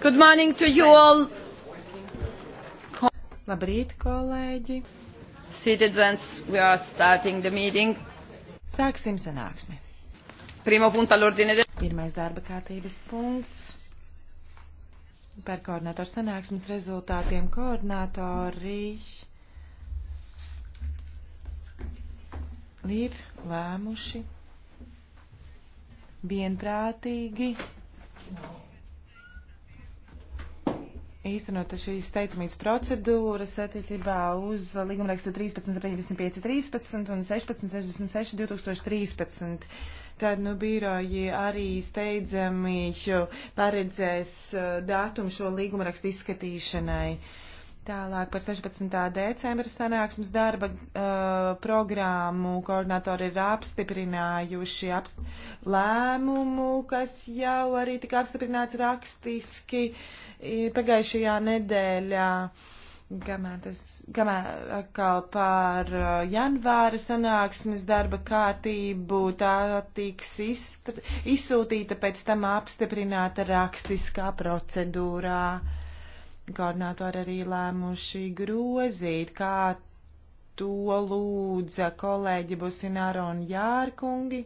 Good morning to you all. Labrīt, kolēģi. Citizens, we are starting the meeting. Sāksim sanāksmi. Primo punta all'ordine del... Pirmais darba kārtības punkts par koordinatoru sanāksmes rezultātiem. Koordinatori ir lēmuši vienprātīgi īstenot šīs steidzamības procedūras attiecībā uz līgumraksta 13.75.13 13 un 16.66.2013. Tad, nu, biroji arī steidzami paredzēs uh, datumu šo līgumrakstu izskatīšanai. Uh, Tālāk par 16. decembra sanāksmes darba uh, programmu koordinatori ir apstiprinājuši apst lēmumu, kas jau arī tika apstiprināts rakstiski eh, pagājušajā nedēļā. Kamēr, tas, kamēr atkal par uh, janvāra sanāksmes darba kārtību tā tiks izsūtīta, pēc tam apstiprināta rakstiskā procedūrā koordinātori arī lēmuši grozīt, kā to lūdza kolēģi Bosināro un Jārkungi.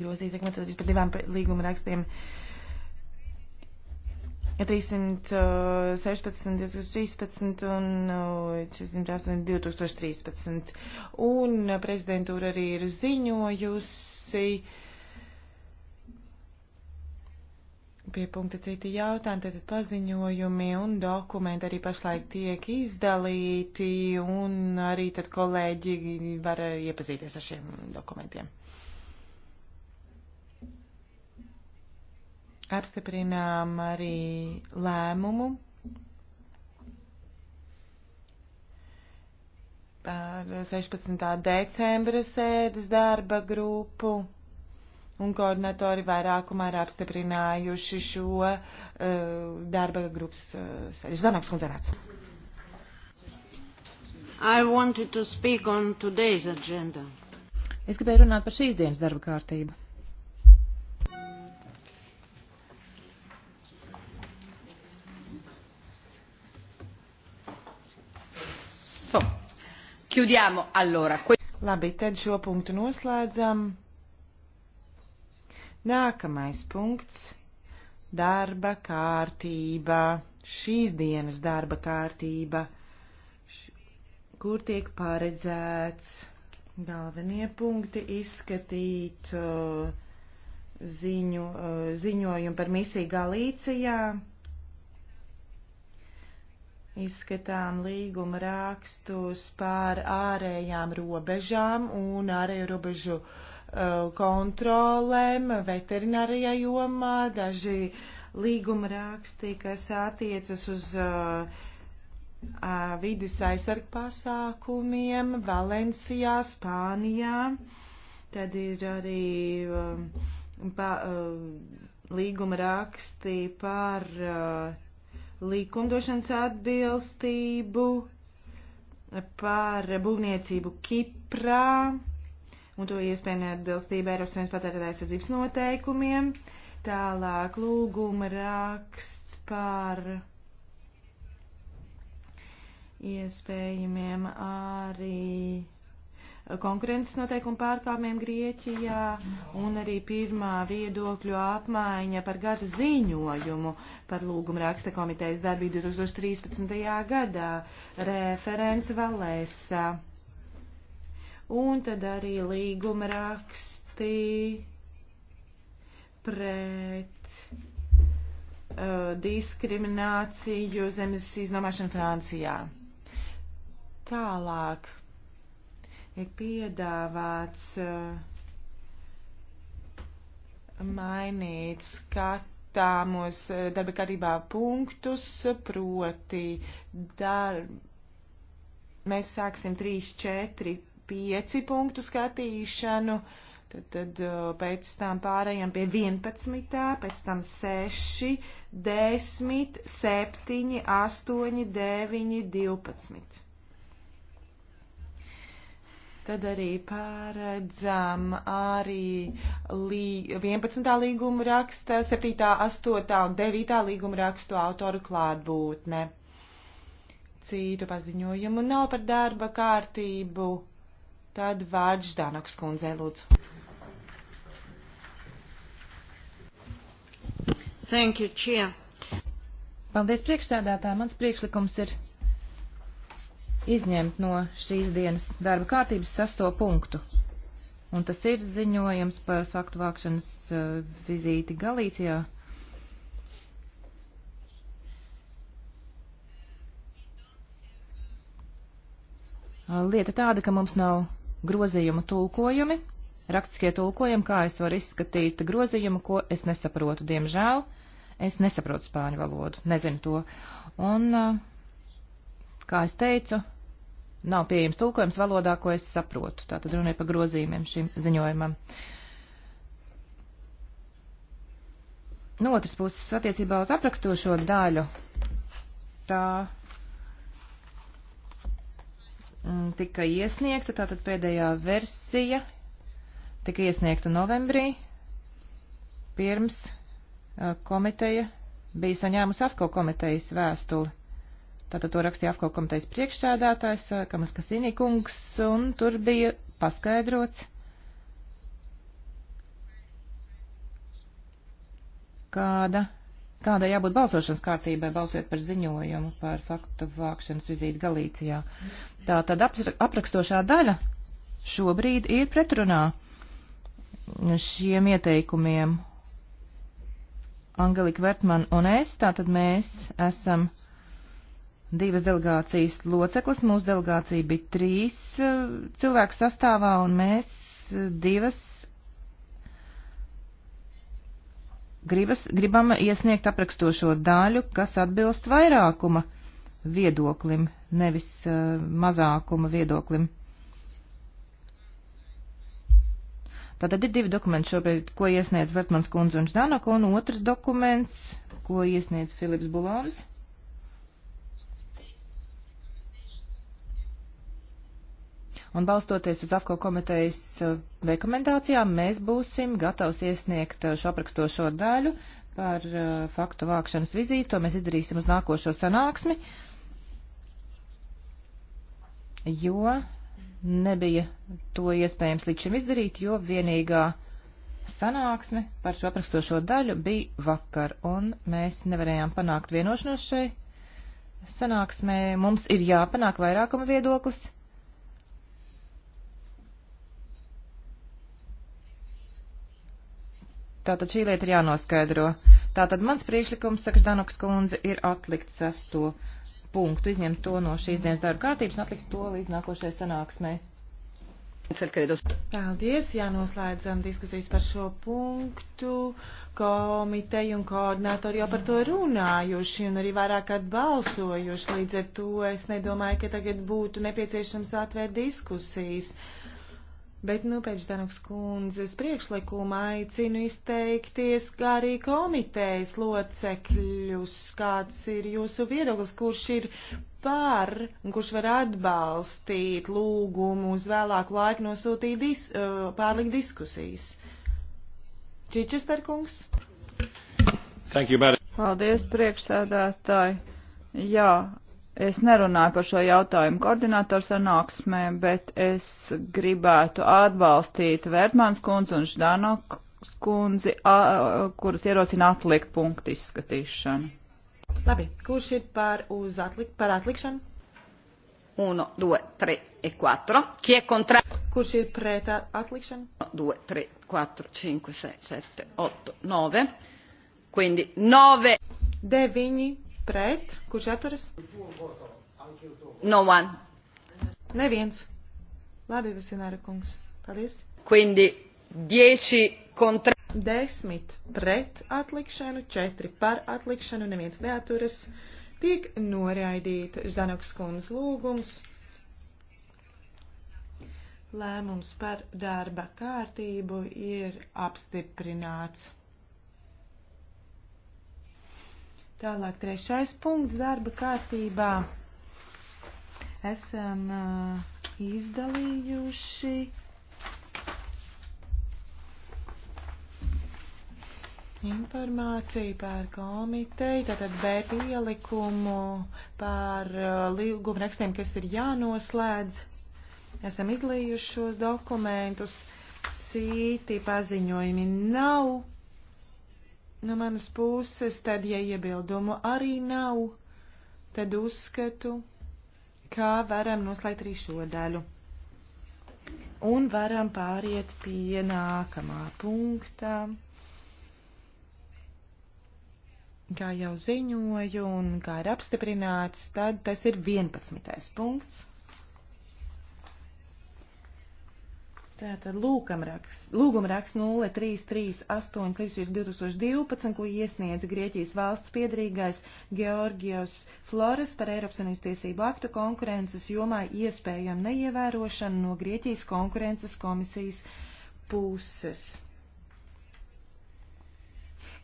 Grozīt rekomendācijas par divām līguma rakstiem. 316, 2013 uh, un 408, uh, 2013. Un uh, prezidentūra arī ir ziņojusi Pie punkta citi jautājumi, tad paziņojumi un dokumenti arī pašlaik tiek izdalīti, un arī tad kolēģi var iepazīties ar šiem dokumentiem. Apstiprinām arī lēmumu par 16. decembra sēdes darba grupu un koordinatori vairākumā ir apstiprinājuši šo uh, darba grupas uh, eh, sēdzi. Zanāks kundze vārds. Es gribēju runāt par šīs dienas darba kārtību. So, chiudiamo allora. Labi, tad šo punktu noslēdzam. Nākamais punkts - darba kārtība, šīs dienas darba kārtība, kur tiek paredzēts galvenie punkti izskatīt uh, ziņu, uh, ziņojumu par misiju Galīcijā izskatām līguma rakstus par ārējām robežām un ārējo robežu Uh, kontrolēm veterinārijā jomā, daži līguma raksti, kas attiecas uz uh, uh vidas aizsarg pasākumiem Valencijā, Spānijā. Tad ir arī um, pa, uh, līguma raksti par likumdošanas atbilstību, par būvniecību Kiprā un to iespēju neatbilstību Eiropas Savienības patērētāju aizsardzības noteikumiem. Tālāk lūguma raksts par iespējamiem arī konkurences noteikumu pārkāpumiem Grieķijā un arī pirmā viedokļu apmaiņa par gada ziņojumu par lūgumu raksta komitejas darbību 2013. gadā. Referents Valēsa un tad arī līguma raksti pret uh, diskrimināciju zemes iznomāšanu Francijā. Tālāk ir piedāvāts uh, mainīt skatu skatāmos uh, darba kārtībā punktus, proti dar... mēs sāksim 3, 4, 5 punktu skatīšanu, tad, tad uh, pēc tam pārējām pie 11, pēc tam 6, 10, 7, 8, 9, 12. Tad arī pārredzam arī lī, 11. līguma raksta, 7., 8. un 9. līguma rakstu autoru klātbūtne. Citu paziņojumu nav par darba kārtību. Tad vārds Dānoks kundzei lūdzu. Thank you, Chia. Paldies priekšsēdētāji. Mans priekšlikums ir izņemt no šīs dienas darba kārtības sasto punktu. Un tas ir ziņojums par faktu vākšanas uh, vizīti Galīcijā. Lieta tāda, ka mums nav grozījumu tulkojumi, rakstiskie tulkojumi, kā es varu izskatīt grozījumu, ko es nesaprotu, diemžēl. Es nesaprotu spāņu valodu, nezinu to. Un, eh, kā es teicu, nav pieejams tulkojums valodā, ko es saprotu. Tātad runa ir par grozījumiem šim ziņojumam. No otras puses, attiecībā uz aprakstošo daļu, tā Mm, tika iesniegta, tātad pēdējā versija tika iesniegta novembrī, pirms komiteja bija saņēmusi AFCO komitejas vēstuli. Tātad to rakstīja AFCO komitejas priekšsēdētājs Kamas Kasinī kungs, un tur bija paskaidrots, kāda Kādai jābūt balsošanas kārtībai balsot par ziņojumu par faktu vākšanas vizīti Galīcijā? Tā tad aprakstošā daļa šobrīd ir pretrunā šiem ieteikumiem. Angelika Vertman un es, tātad mēs esam divas delegācijas loceklis, mūsu delegācija bija trīs eh, cilvēku sastāvā un mēs eh, divas gribas, gribam iesniegt aprakstošo daļu, kas atbilst vairākuma viedoklim, nevis uh, mazākuma viedoklim. Tātad ir divi dokumenti šobrīd, ko iesniedz Vertmans kundze un Ždanaka, un otrs dokuments, ko iesniedz Filips Bulons. Uh, Un balstoties uz AFCO komitejas uh, rekomendācijām, mēs būsim gatavs iesniegt uh, šo aprakstošo daļu par uh, faktu vākšanas vizīti. To mēs izdarīsim uz nākošo sanāksmi, jo nebija to iespējams līdz šim izdarīt, jo vienīgā sanāksme par šo aprakstošo daļu bija vakar, un mēs nevarējām panākt vienošanos šai sanāksmē. Mums ir jāpanāk vairākuma viedoklis Tātad šī lieta ir jānoskaidro. Tātad mans priekšlikums, saka Danuks kundze, ir atlikt sesto punktu, izņemt to no šīs dienas darba kārtības un atlikt to līdz nākošajai sanāksmei. Paldies, jānoslēdzam diskusijas par šo punktu. Komiteja un koordinātori jau par to runājuši un arī vairāk kārt balsojuši. Līdz ar to es nedomāju, ka tagad būtu nepieciešams atvērt diskusijas. Uh, Bet, nu, pēc Danuks kundzes priekšlikuma aicinu izteikties kā arī komitejas locekļus, kāds ir jūsu viedoklis, kurš ir par un kurš var atbalstīt lūgumu uz vēlāku laiku nosūtīt dis, uh, pārlikt diskusijas. Čičester kungs. Thank you, Paldies, priekšsēdētāji. Jā, Es nerunāju par šo jautājumu koordinātoru sanāksmē, bet es gribētu atbalstīt Vērtmāns kundzi un Ždanok kundzi, a, kuras ierosina atlikt punktu izskatīšanu. Labi, kurš ir par, uz atlik, par atlikšanu? 1, 2, 3 e 4. Chi è contrario? Kurš ir pret atlikšanu? 2, 3, 4, 5, 6, 7, 8, 9. Quindi 9. 9 pret, kurš atturas? No one. Neviens. Labi, Visinēra kungs. Paldies. Quindi, dieci kontra. Desmit pret atlikšanu, četri par atlikšanu, neviens neaturas. Tiek noraidīta Ždanoks kundas lūgums. Lēmums par darba kārtību ir apstiprināts. Tālāk trešais punkts darba kārtībā. Esam uh, izdalījuši. Informācija par komiteju, tātad B pielikumu par uh, līguma rakstiem, kas ir jānoslēdz. Esam izlījuši šos dokumentus. Sīti paziņojumi nav no manas puses, tad, ja iebildumu arī nav, tad uzskatu, kā varam noslēgt arī šo daļu. Un varam pāriet pie nākamā punktā kā jau ziņoju un kā ir apstiprināts, tad tas ir 11. punkts. Tātad lūgumraksts 0338 līdz 2012, ko iesniedz Grieķijas valsts piedrīgais Georgios Flores par Eiropas Savienības tiesību aktu konkurences jomā iespējam neievērošanu no Grieķijas konkurences komisijas puses.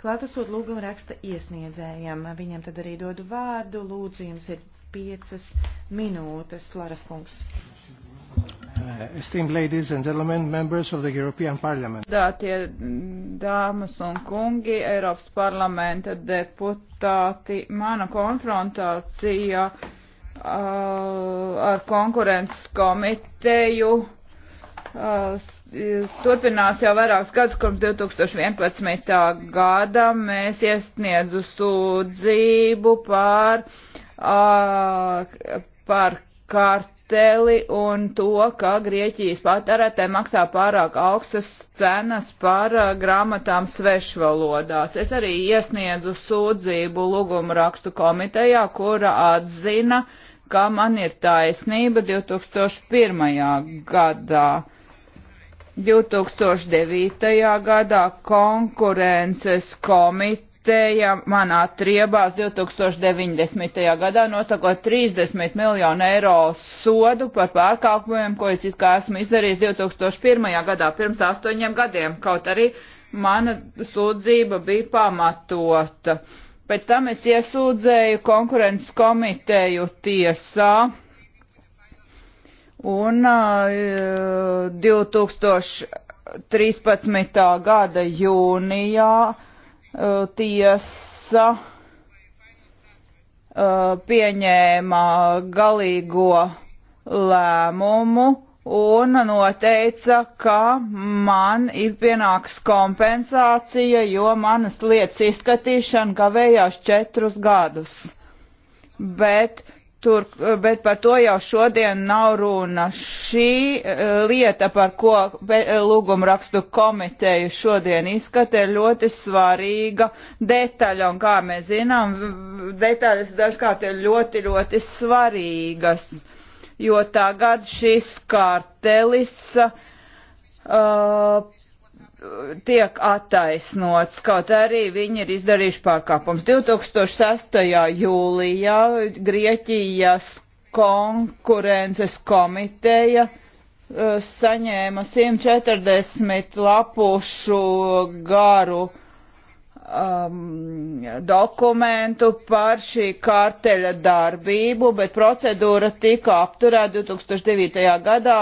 Klātesot lūguma raksta iesniedzējam, viņam tad arī dodu vārdu, lūdzu jums ir piecas minūtes, Floras kungs. Šim. Uh, esteemed ladies and gentlemen, members of the European Parliament. Dātie dāmas un kungi, Eiropas parlamenta deputāti, mana konfrontācija uh, ar konkurences komiteju uh, turpinās jau vairākus gadus, kopš 2011. gada mēs iesniedzu sūdzību par, uh, par kārt dzelzteli un to, ka Grieķijas patērētē maksā pārāk augstas cenas par uh, grāmatām svešvalodās. Es arī iesniedzu sūdzību lūgumu rakstu komitejā, kura atzina, ka man ir taisnība 2001. gadā. 2009. gadā konkurences komiteja investēja manā triebās 2090. gadā, nosakot 30 miljonu eiro sodu par pārkāpumiem, ko es it kā esmu izdarījis 2001. gadā, pirms astoņiem gadiem, kaut arī mana sūdzība bija pamatota. Pēc tam es iesūdzēju konkurences komiteju tiesā un uh, 2013. gada jūnijā Eh, tiesa eh, pieņēma galīgo lēmumu un noteica, ka man ir pienāks kompensācija, jo manas lietas izskatīšana kavējās četrus gadus. Bet Tur, bet par to jau šodien nav runa. Šī e, lieta, par ko e, lūgumrakstu komiteju šodien izskata, ir ļoti svarīga detaļa, un kā mēs zinām, detaļas dažkārt ir ļoti, ļoti svarīgas, jo tagad šis kartelis uh, tiek attaisnots, kaut arī viņi ir izdarījuši pārkāpums. 2006. jūlijā Grieķijas konkurences komiteja eh, saņēma 140 lapušu garu um, dokumentu par šī kārteļa darbību, bet procedūra tika apturēta 2009. gadā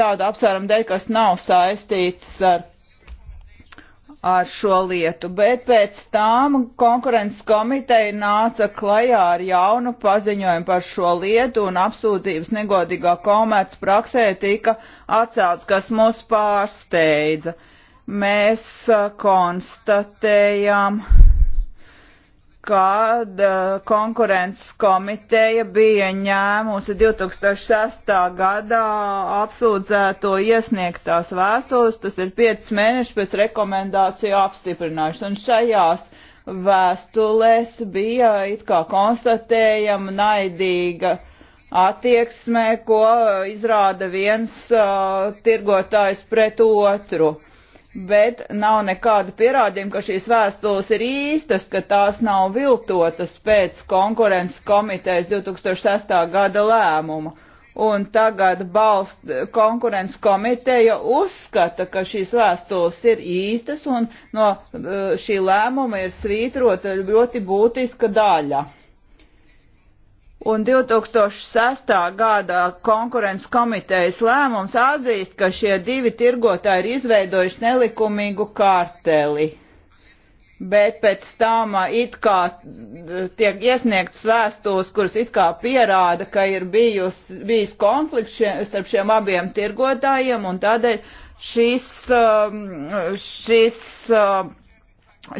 tādu apsvērumu dēļ, kas nav saistīts ar ar šo lietu, bet pēc tām konkurences komiteja nāca klajā ar jaunu paziņojumu par šo lietu un apsūdzības negodīgā komerc praksē tika atcelts, kas mūs pārsteidza. Mēs konstatējām, uh, kad eh, konkurences komiteja bija ņēmusi 2006. gadā apsūdzēto iesniegtās vēstules, tas ir 5 mēneši pēc rekomendāciju apstiprināšanas. Un šajās vēstulēs bija it kā konstatējama naidīga attieksme, ko izrāda viens uh, tirgotājs pret otru. Uh, bet nav nekādu pierādījumu, ka šīs vēstules ir īstas, ka tās nav viltotas pēc konkurences komitejas 2006. gada lēmuma. Un tagad balst konkurences komiteja uzskata, ka šīs vēstules ir īstas un no eh, šī lēmuma ir svītrota ļoti būtiska daļa. Un 2006. gada konkurences komitejas lēmums atzīst, ka šie divi tirgotāji ir izveidojuši nelikumīgu kārteli. Bet pēc tam uh, it kā uh, tiek iesniegts vēstules, kuras it kā pierāda, ka ir bijus, bijis konflikts šie, starp šiem abiem tirgotājiem, un tādēļ šis, um, šis uh,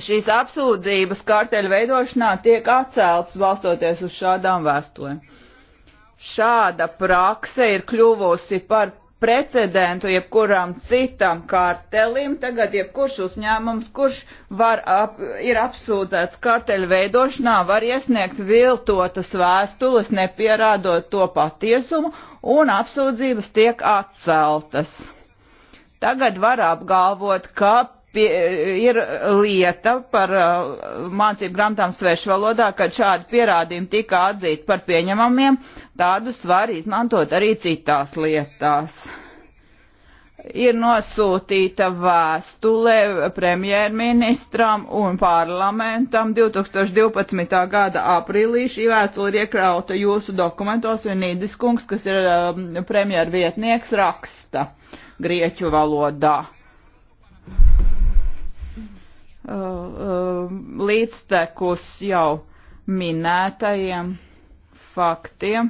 šīs apsūdzības kārteļu veidošanā tiek atceltas balstoties uz šādām vēstulēm. Šāda prakse ir kļuvusi par precedentu jebkuram citam kartelim. Tagad jebkurš uzņēmums, kurš var ap, ir apsūdzēts karteļu veidošanā, var iesniegt viltotas vēstules, nepierādot to patiesumu, un apsūdzības tiek atceltas. Tagad var apgalvot, ka pie, ir lieta par uh, mācību grāmatām svešu valodā, kad šādi pierādījumi tika atzīti par pieņemamiem, tādus var izmantot arī citās lietās. Ir nosūtīta vēstule premjerministram un parlamentam 2012. gada aprīlī. Šī vēstule ir iekrauta jūsu dokumentos, un Nīdis kungs, kas ir um, premjervietnieks, raksta grieķu valodā Uh, līdztekus jau minētajiem faktiem.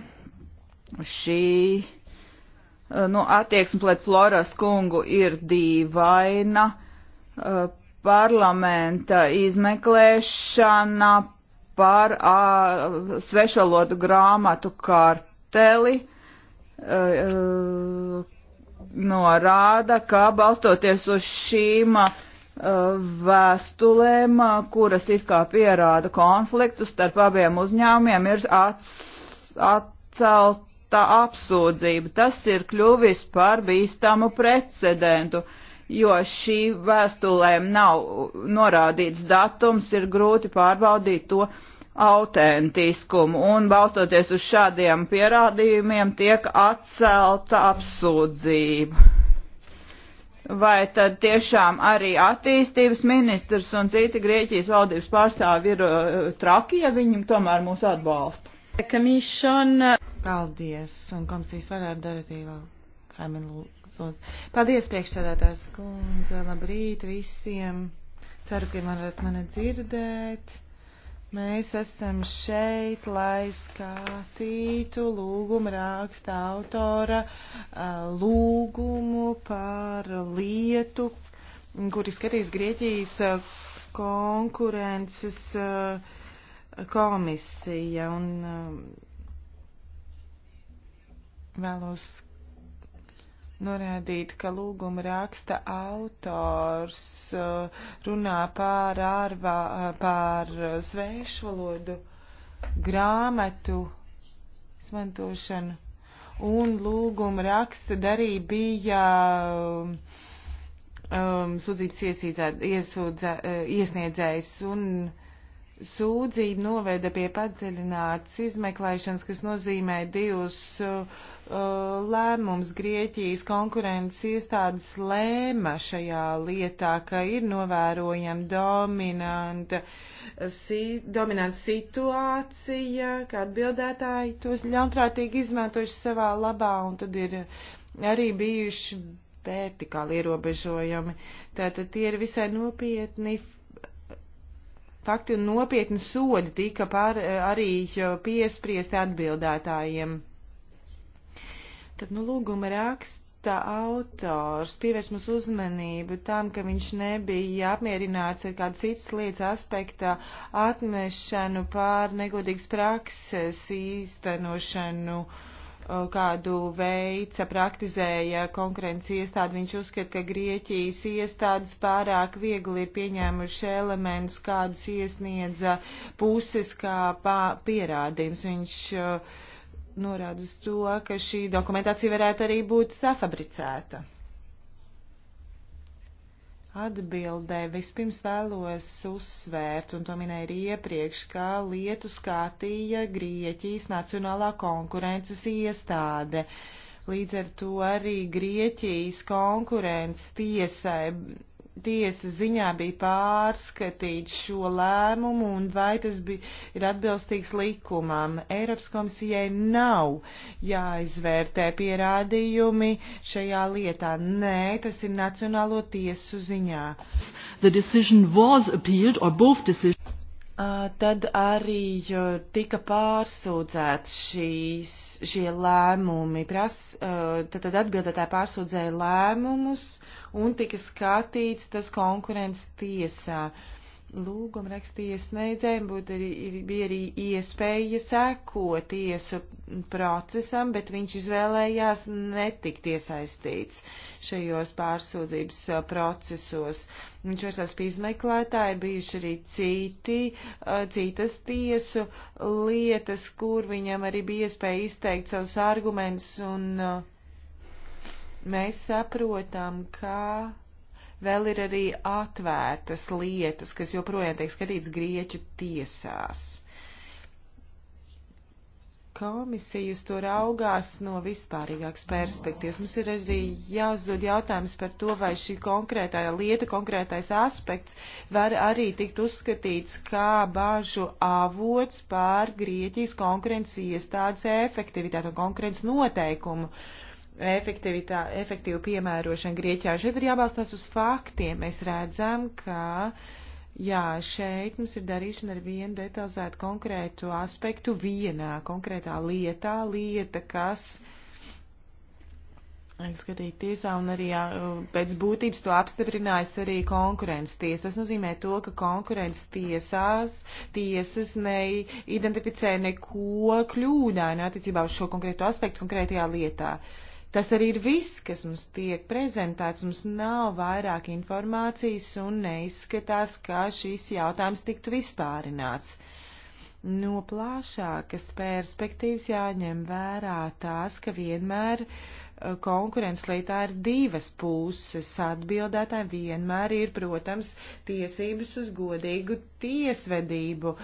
Šī uh, nu, attieksme pret Floras kungu ir dīvaina. Uh, parlamenta izmeklēšana par a, svešvalodu grāmatu karteli a, a, norāda, ka balstoties uz šīm a, vēstulēm, kuras it kā pierāda konfliktu starp abiem uzņēmumiem, ir atcelta apsūdzība. Tas ir kļuvis par bīstamu precedentu, jo šī vēstulēm nav norādīts datums, ir grūti pārbaudīt to autentiskumu, un balstoties uz šādiem pierādījumiem tiek atcelta apsūdzība vai tad tiešām arī attīstības ministrs un citi Grieķijas valdības pārstāvi ir uh, traki, ja viņam tomēr mūs atbalsta? Commission. Paldies, un komisijas varētu darīt vēl Kaimiņlūzos. Paldies, priekšsēdētājs kundze, labrīt visiem. Ceru, ka varat mani dzirdēt. Mēs esam šeit, lai skatītu lūgumu raksta autora lūgumu par lietu, kuri skatīs Grieķijas konkurences komisija. Un vēlos norādīt, ka lūguma raksta autors uh, runā pār ārvā, uh, pār svešvalodu grāmatu izmantošanu. Un lūguma raksta arī bija um, um sūdzības iesūdzē, uh, iesniedzējs un sūdzība noveda pie padziļināts izmeklēšanas, kas nozīmē divus uh, Uh, lēmums Grieķijas konkurences iestādes lēma šajā lietā, ka ir novērojama dominanta, si, dominanta situācija, kā atbildētāji tos ļaunprātīgi izmantojuši savā labā, un tad ir arī bijuši vertikāli ierobežojumi. Tātad tie ir visai nopietni fakti un nopietni soļi tika par, eh, arī piespriesti atbildētājiem. Tad, nu, lūguma raksta autors pievērš mums uzmanību tam, ka viņš nebija apmierināts ar kādu citas lietas aspektā atmešanu pār negodīgas prakses īstenošanu kādu veica praktizēja konkurences iestādi. Viņš uzskata, ka Grieķijas iestādes pārāk viegli ir pieņēmuši elementus, kādus iesniedza puses kā pierādījums. Viņš uh, norāda uz to, ka šī dokumentācija varētu arī būt safabricēta. Atbildē vispirms vēlos uzsvērt, un to minēja arī iepriekš, ka lietu skatīja Grieķijas Nacionālā konkurences iestāde. Līdz ar to arī Grieķijas konkurences tiesai tiesa ziņā bija pārskatīt šo lēmumu un vai tas bija, ir atbilstīgs likumam. Eiropas komisijai nav jāizvērtē pierādījumi šajā lietā. Nē, tas ir nacionālo tiesu ziņā tad arī tika pārsūdzēts šīs, šie lēmumi. Pras, tad, tad atbildētāji pārsūdzēja lēmumus un tika skatīts tas konkurences tiesā. Uh, lūguma rakstīja sniedzējiem, būtu arī, ir, bija arī iespēja sekot tiesu procesam, bet viņš izvēlējās netikt iesaistīts šajos pārsūdzības uh, procesos. Viņš vairs pie izmeklētāji bijuši arī citi, uh, citas tiesu lietas, kur viņam arī bija iespēja izteikt savus argumentus, un uh, mēs saprotam, ka. Kā Vēl ir arī atvērtas lietas, kas joprojām tiek skatīts Grieķu tiesās. Komisijas to raugās no vispārīgākas perspektīvas. Mums ir arī jāuzdod jautājums par to, vai šī konkrētā lieta, konkrētais aspekts var arī tikt uzskatīts kā bāžu avots pār Grieķijas konkurences iestādes efektivitātu un konkurences noteikumu uh, efektīvu piemērošanu Grieķijā. Šeit ir jābalstās uz faktiem. Mēs redzam, ka jā, šeit mums ir darīšana ar vienu detalizētu konkrētu aspektu vienā konkrētā lietā, lieta, kas skatīt tiesā un arī jā, pēc būtības to apstiprinājis arī konkurences tiesa. Tas nozīmē to, ka konkurences tiesās tiesas neidentificē neko kļūdainu attiecībā uz šo konkrēto aspektu konkrētajā lietā. Uh, Tas arī ir viss, kas mums tiek prezentēts. Mums nav vairāk informācijas un neizskatās, kā šīs jautājums tiktu vispārināts. No plašākas perspektīvas jāņem vērā tās, ka vienmēr eh, konkurences lietā ir divas puses. Atbildētājiem vienmēr ir, protams, tiesības uz godīgu tiesvedību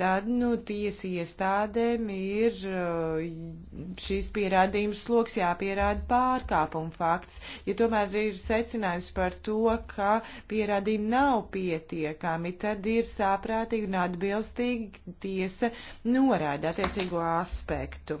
tad nu, tiesa iestādēm ir uh, šis pierādījums sloks jāpierāda pārkāpuma fakts. Ja tomēr ir secinājums par to, ka pierādījumi nav pietiekami, tad ir sāprātīgi un atbilstīgi tiesa norāda attiecīgo aspektu.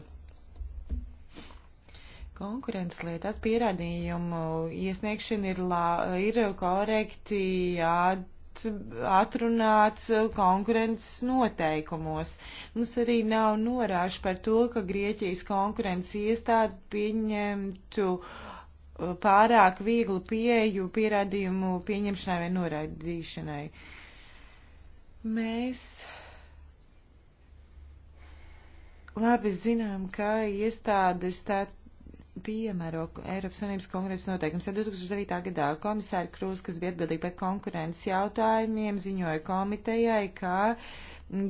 Konkurences lietās pierādījumu iesniegšana ir, la, ir korekti jāatbalsta atrunāts konkurences noteikumos. Mums arī nav norāžu par to, ka Grieķijas konkurences iestāde pieņemtu uh, pārāk vieglu pieeju pierādījumu pieņemšanai vai noraidīšanai. Mēs labi zinām, ka iestādes tad piemēro Eiropas Savienības konkurences noteikums. Ja 2009. gadā komisāra Krūz, kas bija atbildīga par konkurences jautājumiem, ziņoja komitejai, ka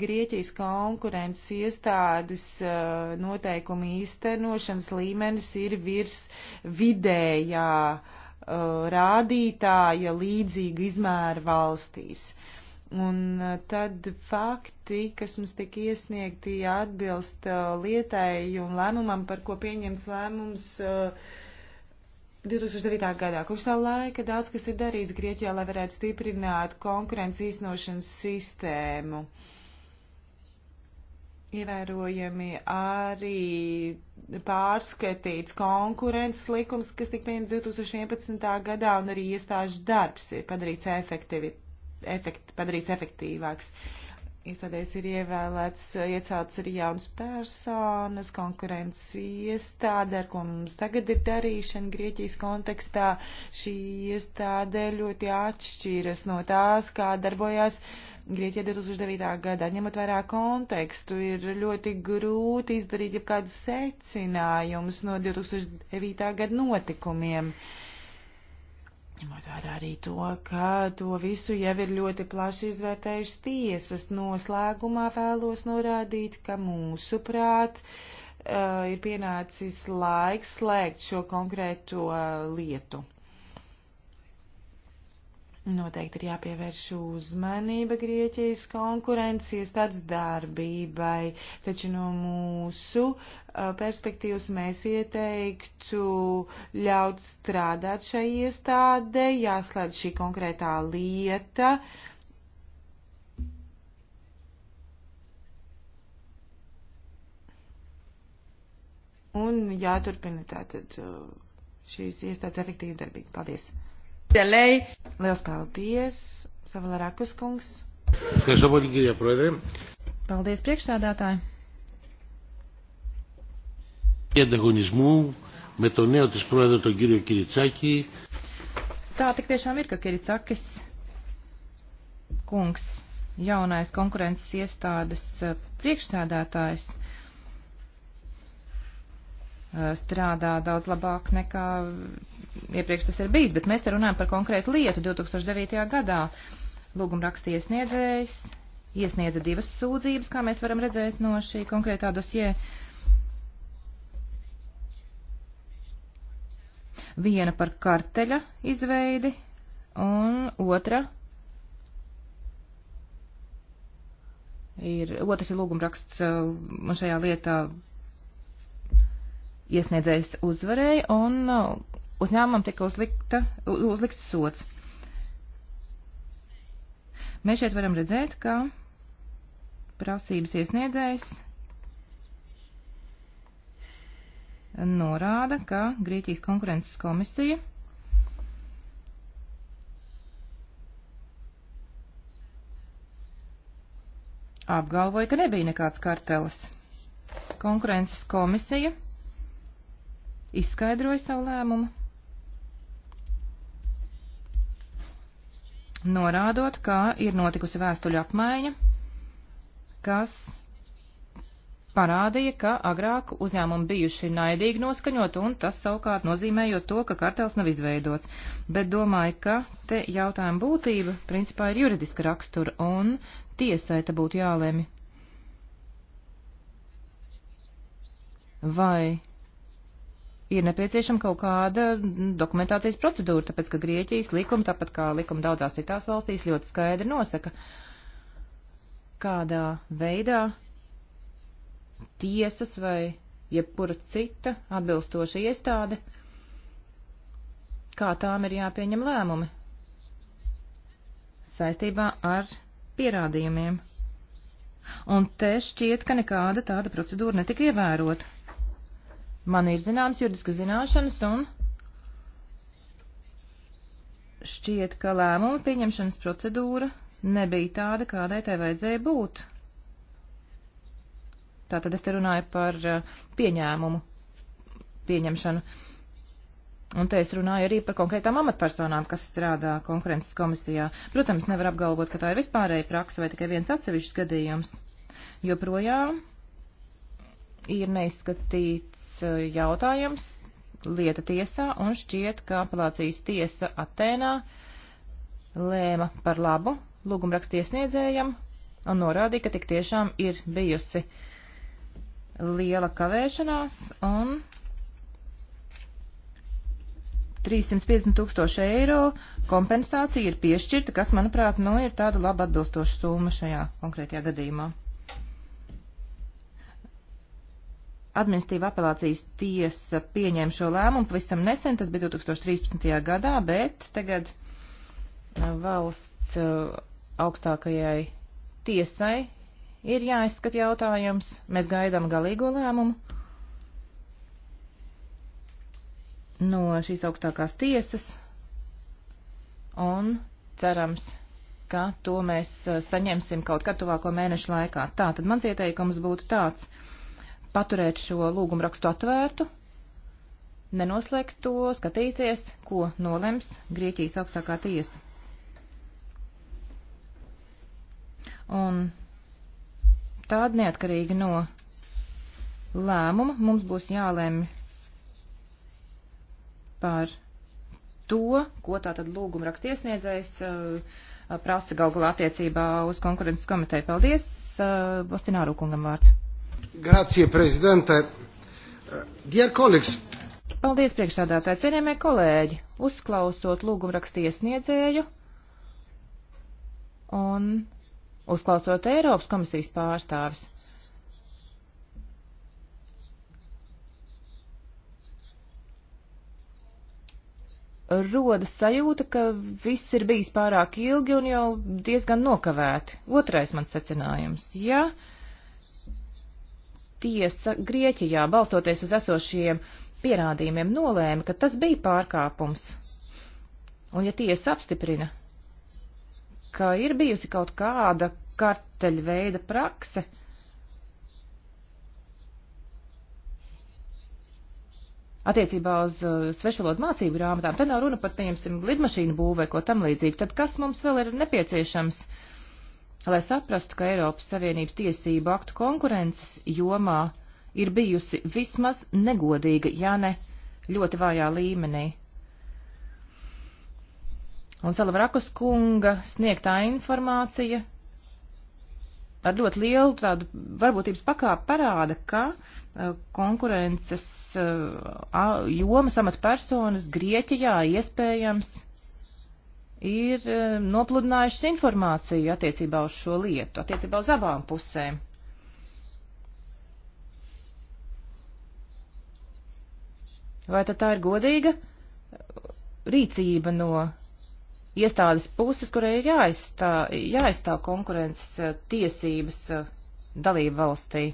Grieķijas konkurences iestādes uh, noteikumu īstenošanas līmenis ir virs vidējā uh, rādītāja līdzīga izmēra valstīs. Uh, Un eh, tad fakti, kas mums tiek iesniegti, atbilst eh, lietai un lēmumam, par ko pieņems lēmums 2009. Eh, gadā. Kopš tā laika daudz kas ir darīts Grieķijā, lai varētu stiprināt konkurences īstenošanas sistēmu. Ievērojami arī pārskatīts konkurences likums, kas tika pieņemts 2011. gadā, un arī iestāžu darbs ir padarīts efektivitāti efekt, padarīts efektīvāks. Iestādēs ir ievēlēts, iecelts arī jauns personas, konkurences iestāde, ar ko mums tagad ir darīšana Grieķijas kontekstā. Šī iestāde ļoti atšķiras no tās, kā darbojās Grieķija 2009. gadā. Ņemot vērā kontekstu, ir ļoti grūti izdarīt jebkādus secinājumus no 2009. gada notikumiem. Uh, ņemot vērā arī to, ka to visu jau ir ļoti plaši izvērtējušas tiesas. Noslēgumā vēlos norādīt, ka mūsuprāt uh, ir pienācis laiks slēgt šo konkrēto uh, lietu. Noteikti ir jāpievērš uzmanība Grieķijas konkurences tāds darbībai, taču no mūsu perspektīvas mēs ieteiktu ļaut strādāt šai iestādē, jāslēdz šī konkrētā lieta. Un jāturpina tātad šīs iestādes efektīva darbība. Paldies! Τελέη. Liels paldies, Savalarakis kungs. Ευχαριστώ πολύ, κύριε Πρόεδρε. Paldies, priekšsādātāji. Και ανταγωνισμού με το νέο της Πρόεδρο, τον κύριο Κυριτσάκη. Tā tik tiešām ir, ka Kiricakis kungs, jaunais konkurences iestādes priekšsādātājs, Eh, strādā daudz labāk nekā iepriekš tas ir bijis, bet mēs te runājam par konkrētu lietu 2009. gadā. Lūguma raksta iesniedzējs, iesniedza divas sūdzības, kā mēs varam redzēt no šī konkrētā dosie. Viena par karteļa izveidi un otra ir, otrs ir lūguma raksts eh, un šajā lietā iesniedzējs uzvarēja un uh, uzņēmumam tika uzlikta, uzlikts sots. Mēs šeit varam redzēt, ka prasības iesniedzējs norāda, ka Grieķijas konkurences komisija apgalvoja, ka nebija nekāds kartelis. Konkurences komisija izskaidroja savu lēmumu, norādot, ka ir notikusi vēstuļu apmaiņa, kas parādīja, ka agrāk uzņēmumi bijuši naidīgi noskaņot, un tas savukārt nozīmējot to, ka kartels nav izveidots. Bet domāju, ka te jautājuma būtība principā ir juridiska rakstura, un tiesai te būtu jālēmi. Vai ir nepieciešama kaut kāda dokumentācijas procedūra, tāpēc ka Grieķijas likuma, tāpat kā likuma daudzās citās valstīs, ļoti skaidri nosaka, kādā veidā tiesas vai jebkura cita atbilstoša iestāde, kā tām ir jāpieņem lēmumi saistībā ar pierādījumiem. Un te šķiet, ka nekāda tāda procedūra netika ievērota. Man ir zināmas juridiskas zināšanas un šķiet, ka lēmuma pieņemšanas procedūra nebija tāda, kādai tai vajadzēja būt. Tātad es te runāju par uh, pieņēmumu, pieņemšanu. Un te es runāju arī par konkrētām amatpersonām, kas strādā konkurences komisijā. Protams, nevar apgalvot, ka tā ir vispārēja praksa vai tikai viens atsevišķs gadījums. Joprojām ir neizskatīts jautājums lieta tiesā un šķiet, ka apelācijas tiesa Atēnā lēma par labu lūgumrakstiesniedzējam un norādīja, ka tik tiešām ir bijusi liela kavēšanās un 350 tūkstoši eiro kompensācija ir piešķirta, kas, manuprāt, nu, ir tāda laba atbilstoša summa šajā konkrētajā gadījumā. administratīva apelācijas tiesa pieņēma šo lēmumu pavisam nesen, tas bija 2013. gadā, bet tagad uh, valsts uh, augstākajai tiesai ir jāizskat jautājums. Mēs gaidām galīgo lēmumu no šīs augstākās tiesas un cerams, ka to mēs uh, saņemsim kaut kad tuvāko mēnešu laikā. Tā tad mans ieteikums būtu tāds paturēt šo lūgumu rakstu atvērtu, nenoslēgt to, skatīties, ko nolems Grieķijas augstākā tiesa. Un tād neatkarīgi no lēmuma mums būs jālēm par to, ko tātad lūguma rakstiesniedzējs uh, prasa galgalā attiecībā uz konkurences komiteju. Paldies, uh, Bostināru kungam vārds. Grazie, prezidente. Dear colleagues. Paldies, priekšsādātāji. Cienījamie kolēģi, uzklausot lūgumrakstu iesniedzēju un uzklausot Eiropas komisijas pārstāvis. rodas sajūta, ka viss ir bijis pārāk ilgi un jau diezgan nokavēti. Otrais mans secinājums. Ja tiesa Grieķijā, balstoties uz esošajiem pierādījumiem, nolēma, ka tas bija pārkāpums. Un ja tiesa apstiprina, ka ir bijusi kaut kāda karteļa veida prakse, Attiecībā uz uh, svešvalodu mācību grāmatām, te nav runa par, pieņemsim, lidmašīnu būvē, ko tam līdzīgi, tad kas mums vēl ir nepieciešams? Uh, lai saprastu, ka Eiropas Savienības tiesību aktu konkurences jomā ir bijusi vismaz negodīga, ja ne ļoti vājā līmenī. Un Salavrakus kunga sniegtā informācija ar ļoti lielu tādu varbūtības pakāpi parāda, ka uh, konkurences uh, joma samatpersonas Grieķijā iespējams ir e, nopludinājušas informāciju attiecībā uz šo lietu, attiecībā uz abām pusēm. Vai tad tā ir godīga rīcība no iestādes puses, kurai ir jāaizstāv, jāaizstāv konkurences e, tiesības e, dalību valstī?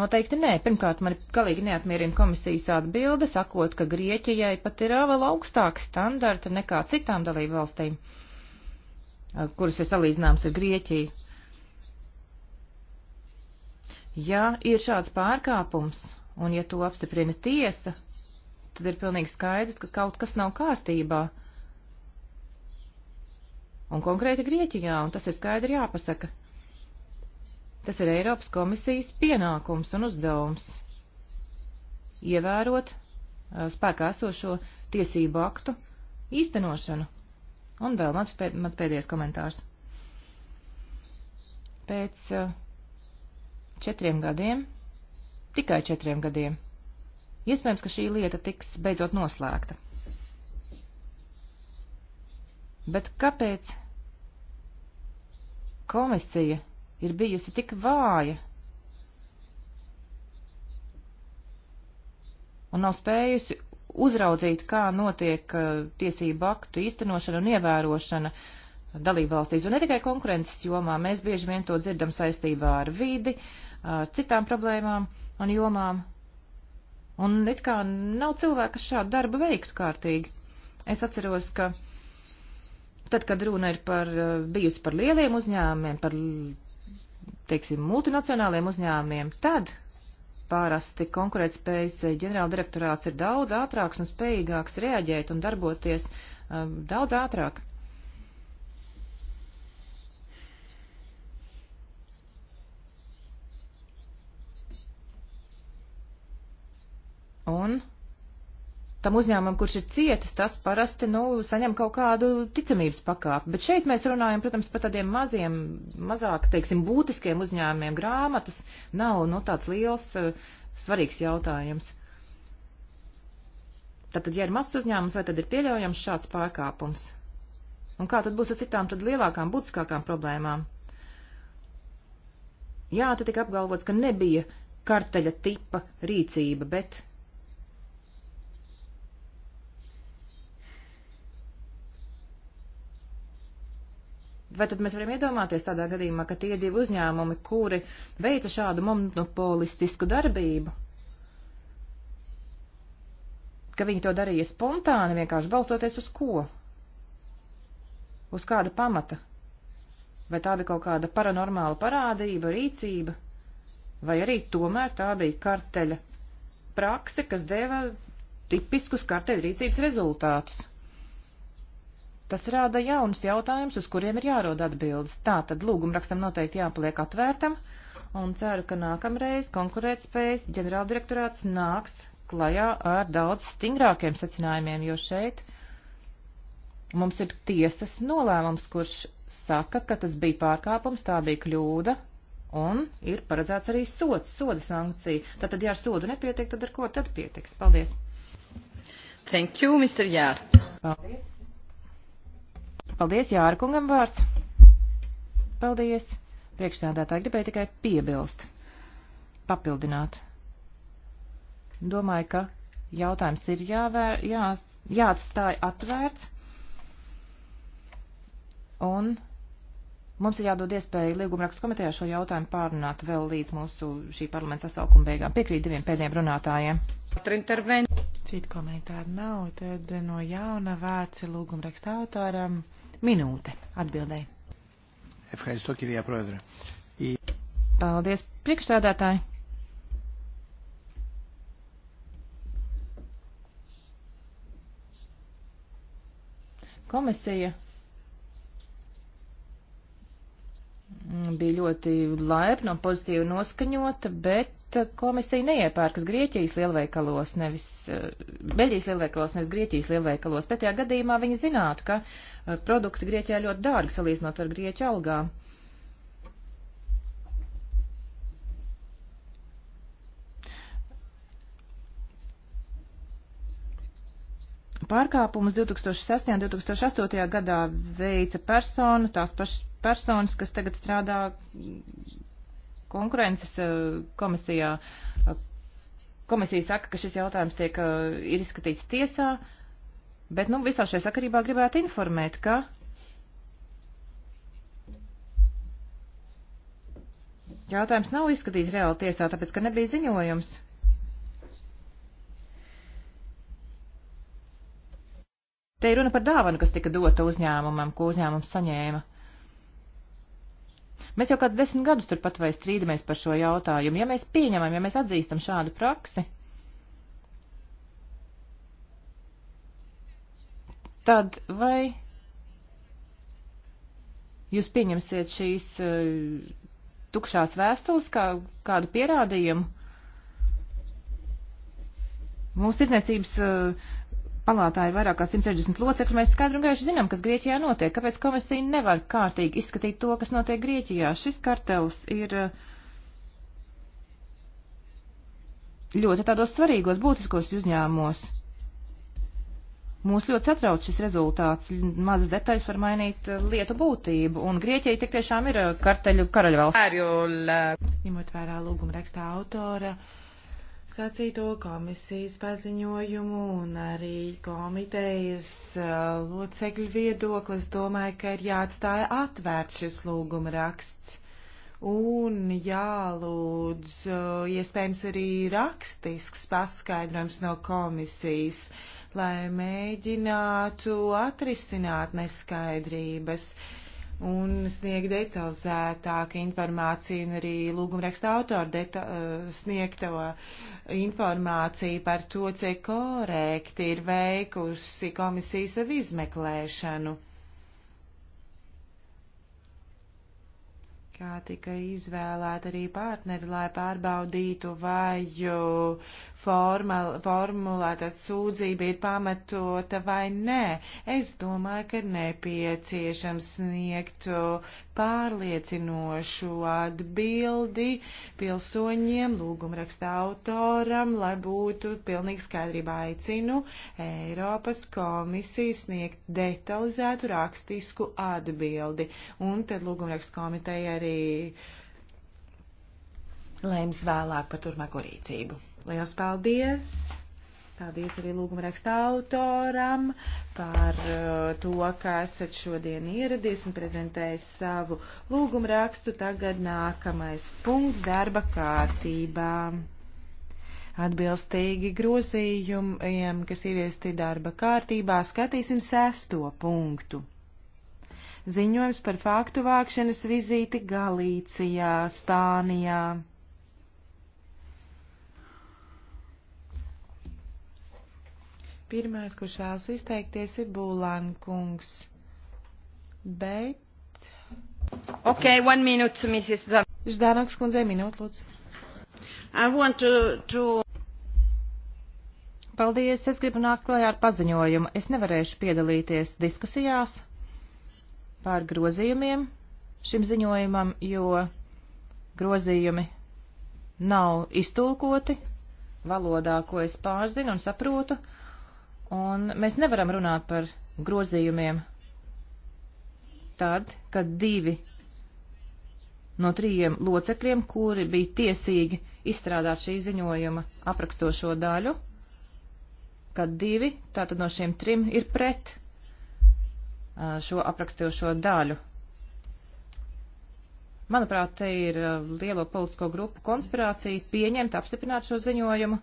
Noteikti nē. Pirmkārt, man galīgi neapmierina komisijas atbilde, sakot, ka Grieķijai pat ir vēl augstāki standarti nekā citām dalību valstīm, eh, kuras ir salīdzināmas ar Grieķiju. Ja ir šāds pārkāpums, un ja to apstiprina tiesa, tad ir pilnīgi skaidrs, ka kaut kas nav kārtībā. Un konkrēti Grieķijā, un tas ir skaidri jāpasaka. Tas ir Eiropas komisijas pienākums un uzdevums ievērot uh, spēkā esošo tiesību aktu īstenošanu. Un vēl mans, pēd, mans pēdējais komentārs. Pēc uh, četriem gadiem, tikai četriem gadiem, iespējams, ka šī lieta tiks beidzot noslēgta. Bet kāpēc komisija ir bijusi tik vāja un nav spējusi uzraudzīt, kā notiek uh, tiesību aktu īstenošana un ievērošana dalībvalstīs. Un ne tikai konkurences jomā, mēs bieži vien to dzirdam saistībā ar vidi, ar citām problēmām un jomām. Un it kā nav cilvēka, kas šādu darbu veiktu kārtīgi. Es atceros, ka tad, kad runa ir par, uh, bijusi par lieliem uzņēmumiem, par teiksim, multinacionāliem uzņēmumiem, tad parasti konkurētspējas ģenerāldirektorāts ir daudz ātrāks un spējīgāks reaģēt un darboties um, daudz ātrāk. Un tam uzņēmumam, kurš ir cietis, tas parasti, nu, saņem kaut kādu ticamības pakāpi. Bet šeit mēs runājam, protams, par tādiem maziem, mazāk, teiksim, būtiskiem uzņēmumiem. Grāmatas nav, nu, tāds liels, eh, svarīgs jautājums. Tātad, ja ir mazs uzņēmums, vai tad ir pieļaujams šāds pārkāpums? Un kā tad būs ar citām tad lielākām, būtiskākām problēmām? Jā, te tika apgalvots, ka nebija karteļa tipa rīcība, bet Vai tad mēs varam iedomāties tādā gadījumā, ka tie divi uzņēmumi, kuri veica šādu monopolistisku darbību, ka viņi to darīja spontāni, vienkārši balstoties uz ko? Uz kāda pamata? Vai tā bija kaut kāda paranormāla parādība, rīcība? Vai arī tomēr tā bija karteļa prakse, kas deva tipiskus karteļa rīcības rezultātus? Tas rada jaunus jautājumus, uz kuriem ir jārod atbildes. Tā tad lūgumrakstam noteikti jāpaliek atvērtam, un ceru, ka nākamreiz konkurētspējas ģenerāldirektorāts nāks klajā ar daudz stingrākiem secinājumiem, jo šeit mums ir tiesas nolēmums, kurš saka, ka tas bija pārkāpums, tā bija kļūda, un ir paredzēts arī sots, soda sankcija. Tātad, ja ar sodu nepietiek, tad ar ko tad pietiks? Paldies! Thank you, Mr. Jārt. Paldies. Paldies, Jāra kungam vārds. Paldies. Priekšsēdētāji gribēja tikai piebilst, papildināt. Domāju, ka jautājums ir jāvēr, jā, jāatstāj atvērts, un mums ir jādod iespēja līgumrakstu komitejā šo jautājumu pārunāt vēl līdz mūsu šī parlamenta sasaukuma beigām. Piekrīt diviem pēdējiem runātājiem. Citu komentāru nav, tad no jauna vārds ir lūgumraksta autoram. Minūte atbildēji. Paldies, priekšstādātāji! Komisija bija ļoti laipna un pozitīvi noskaņota, bet komisija neiepērkas Grieķijas lielveikalos, nevis eh, Beļģijas lielveikalos, nevis Grieķijas lielveikalos. Pētajā gadījumā viņi zinātu, ka eh, produkti Grieķijā ļoti dārgi salīdzinot ar Grieķu algām. Pārkāpumus 2006. un 2008. gadā veica persona, tās pašas personas, kas tagad strādā konkurences eh, komisijā. Komisija saka, ka šis jautājums tiek, eh, ir izskatīts tiesā, bet, nu, visā šajā sakarībā gribētu informēt, ka jautājums nav izskatīts reāli tiesā, tāpēc, ka nebija ziņojums. Te ir runa par dāvanu, kas tika dota uzņēmumam, ko uzņēmums saņēma. Mēs jau kāds desmit gadus turpat vai strīdamies par šo jautājumu. Ja mēs pieņemam, ja mēs atzīstam šādu praksi, tad vai jūs pieņemsiet šīs uh, tukšās vēstules kā kādu pierādījumu? Mūsu tirdzniecības uh, palātā ir vairāk kā 160 locekļi, mēs skaidri un gaiši zinām, kas Grieķijā notiek. Kāpēc komisija nevar kārtīgi izskatīt to, kas notiek Grieķijā? Šis kartels ir eh, ļoti tādos svarīgos, būtiskos uzņēmumos. Mūs ļoti satrauc šis rezultāts. Mazas detaļas var mainīt eh, lietu būtību, un Grieķija tik tiešām ir eh, karteļu karaļvalsts. Ņemot vērā lūguma rakstā autora. Uh, sacīto komisijas paziņojumu un arī komitejas locekļu viedoklis, domāju, ka ir jāatstāja atvērts šis lūguma raksts. Un jālūdz iespējams arī rakstisks paskaidrojums no komisijas, lai mēģinātu atrisināt neskaidrības. Uh, un sniegt detalizētāku informāciju un arī lūgumraksta autoru eh, sniegto informāciju par to, cik korekti ir veikusi komisija savu izmeklēšanu. kā tika izvēlēta arī partneri, lai pārbaudītu, vai uh, formal, formulēta sūdzība ir pamatota vai nē. Es domāju, ka ir nepieciešams sniegt uh, pārliecinošu atbildi pilsoņiem, lūgumraksta autoram, lai būtu pilnīgi skaidrība aicinu Eiropas komisiju sniegt detalizētu rakstisku atbildi. Un tad lūgumraksta komiteja arī arī lēms vēlāk par turpmāko rīcību. Lielas paldies! Paldies arī lūguma raksta autoram par uh, to, ka esat šodien ieradies un prezentējis savu lūguma rakstu. Tagad nākamais punkts darba kārtībā. Atbilstīgi grozījumiem, kas ieviesti darba kārtībā, skatīsim sesto punktu. Ziņojums par faktu vākšanas vizīti Galīcijā, Spānijā. Pirmais, kurš vēlas izteikties, ir Būlānkungs. Bet. Ok, one minute, Mrs. Zan. Ždānoks kundze, minūte, lūdzu. I want to, to... Paldies, es gribu nākt klajā ar paziņojumu. Es nevarēšu piedalīties diskusijās pār grozījumiem šim ziņojumam, jo grozījumi nav iztulkoti valodā, ko es pārzinu un saprotu, un mēs nevaram runāt par grozījumiem tad, kad divi no trījiem locekļiem, kuri bija tiesīgi izstrādāt šī ziņojuma aprakstošo daļu, kad divi, tātad no šiem trim, ir pret šo aprakstījušo daļu. Manuprāt, te ir lielo politisko grupu konspirācija pieņemt, apstiprināt šo ziņojumu,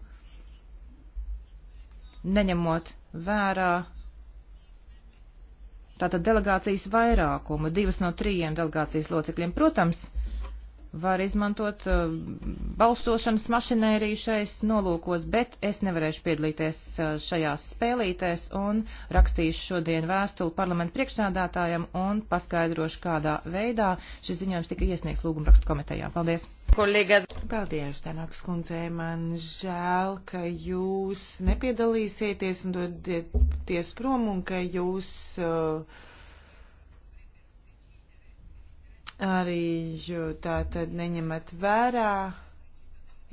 neņemot vērā tātad delegācijas vairākumu, divas no trījiem delegācijas locekļiem. Protams, var izmantot uh, balsošanas mašinēriju šais nolūkos, bet es nevarēšu piedalīties uh, šajās spēlītēs un rakstīšu šodien vēstuli parlamentu priekšsādātājam un paskaidrošu, kādā veidā šis ziņojums tika iesniegts lūgumrakstu komitejā. Paldies! Kolēga. Paldies, Tanaks kundze, man žēl, ka jūs nepiedalīsieties un dodieties prom un ka jūs uh, arī tā tad neņemat vērā,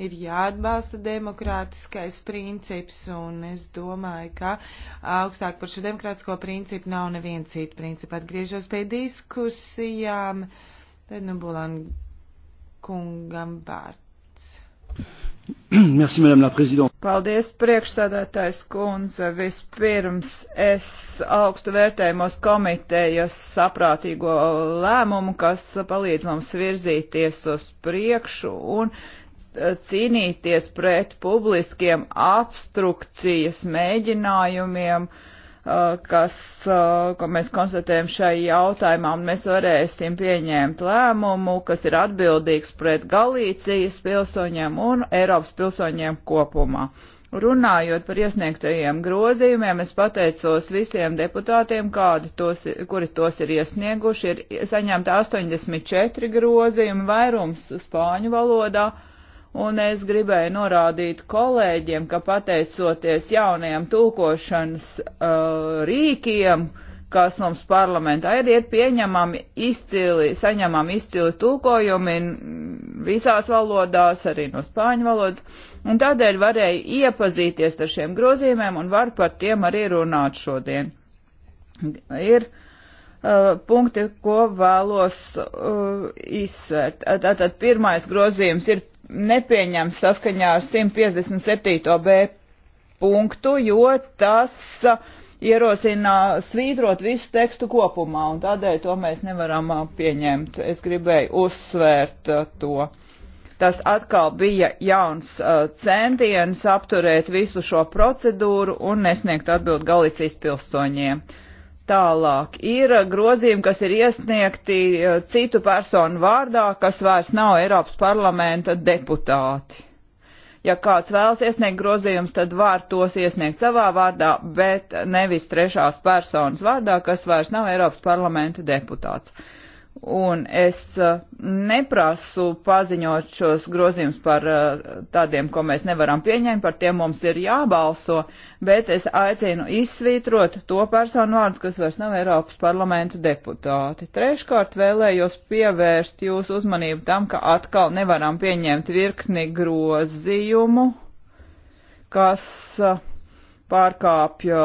ir jāatbalsta demokrātiskais princips, un es domāju, ka augstāk par šo demokrātisko principu nav neviens cits princips. Atgriežos pie diskusijām, tad nu Bulan kungam vārds. Merci, Madame la Présidente. Paldies, priekšsēdētājs kundze. Vispirms es augstu vērtējumos komitejas saprātīgo lēmumu, kas palīdz mums virzīties uz priekšu un eh, cīnīties pret publiskiem obstrukcijas mēģinājumiem uh, Uh, kas, uh, ko mēs konstatējam šai jautājumā, un mēs varēsim pieņemt lēmumu, kas ir atbildīgs pret Galīcijas pilsoņiem un Eiropas pilsoņiem kopumā. Runājot par iesniegtajiem grozījumiem, es pateicos visiem deputātiem, kādi tos, kuri tos ir iesnieguši. Ir saņemta 84 grozījumi, vairums spāņu valodā. Uh, Un es gribēju norādīt kolēģiem, ka pateicoties jaunajiem tulkošanas uh, rīkiem, kas mums parlamentā ir, ir pieņemami izcili, saņemam izcili tulkojumi visās valodās, arī no spāņu valodas, un tādēļ varēju iepazīties ar šiem grozījumiem un var par tiem arī runāt šodien. Ir uh, punkti, ko vēlos uh, izsvērt. Tātad pirmais grozījums ir nepieņems saskaņā ar 157. b punktu, jo tas ierosina svītrot visu tekstu kopumā, un tādēļ to mēs nevaram pieņemt. Es gribēju uzsvērt to. Tas atkal bija jauns centiens apturēt visu šo procedūru un nesniegt atbildi Galicijas pilsoņiem. Tālāk ir uh, grozījumi, kas ir iesniegti uh, citu personu vārdā, kas vairs nav Eiropas parlamenta deputāti. Ja kāds vēlas iesniegt grozījumus, tad var tos iesniegt savā vārdā, bet nevis trešās personas vārdā, kas vairs nav Eiropas parlamenta deputāts. Un es uh, neprasu paziņot šos grozījumus par uh, tādiem, ko mēs nevaram pieņemt, par tiem mums ir jābalso, bet es aicinu izsvītrot to personu vārdus, kas vairs nav Eiropas parlamenta deputāti. Treškārt vēlējos pievērst jūsu uzmanību tam, ka atkal nevaram pieņemt virkni grozījumu, kas uh, pārkāpja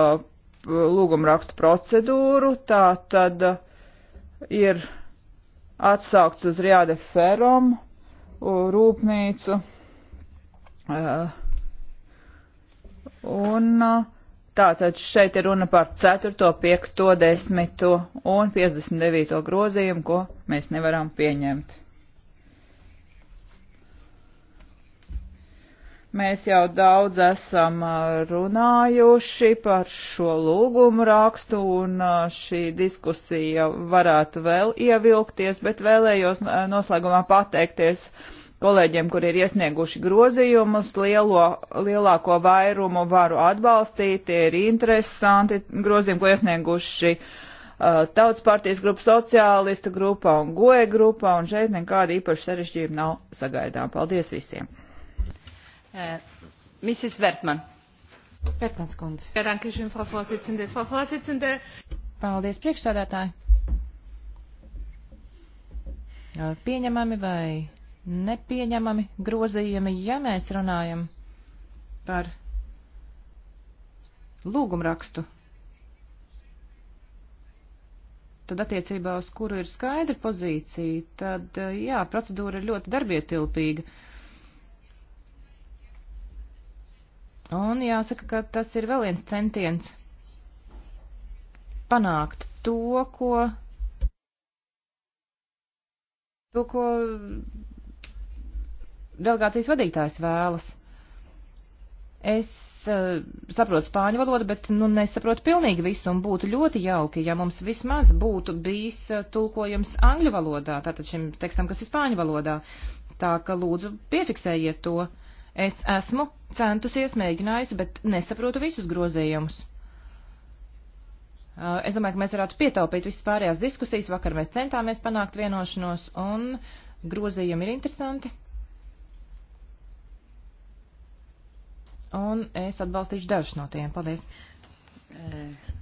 lūgumrakstu procedūru, tā tad ir atsaukts uz Riāde Ferom rūpnīcu. E, un tātad šeit ir runa par 4., 5., 10. un 59. grozījumu, ko mēs nevaram pieņemt. Mēs jau daudz esam uh, runājuši par šo lūgumu rakstu, un uh, šī diskusija varētu vēl ievilkties, bet vēlējos uh, noslēgumā pateikties kolēģiem, kur ir iesnieguši grozījumus. Lielo, lielāko vairumu varu atbalstīt, tie ir interesanti grozījumi, ko iesnieguši Tautas partijas grupa, sociālistu grupa un goja grupa, un šeit nekāda īpaša sarežģījuma nav sagaidām. Paldies visiem! Uh, Mrs. Vertman. Vertmans kundze. Ja, danke schön, Frau Vorsitzende. Frau Vorsitzende. Paldies, priekšsādātāji. Pieņemami vai nepieņemami grozījumi, ja mēs runājam par lūgumrakstu, tad attiecībā uz kuru ir skaidra pozīcija, tad jā, procedūra ir ļoti darbietilpīga. Uh, Un jāsaka, ka tas ir vēl viens centiens panākt to, ko, to, ko delegācijas vadītājs vēlas. Es uh, saprotu spāņu valodu, bet nu, nesaprotu pilnīgi visu, un būtu ļoti jauki, ja mums vismaz būtu bijis uh, tulkojums angļu valodā, tātad šim tekstam, kas ir spāņu valodā. Tā ka lūdzu piefiksējiet to. Uh, Es esmu centusies, mēģinājusi, bet nesaprotu visus grozējumus. Es domāju, ka mēs varētu pietaupīt visas pārējās diskusijas. Vakar mēs centāmies panākt vienošanos, un grozījumi ir interesanti. Un es atbalstīšu dažus no tiem. Paldies.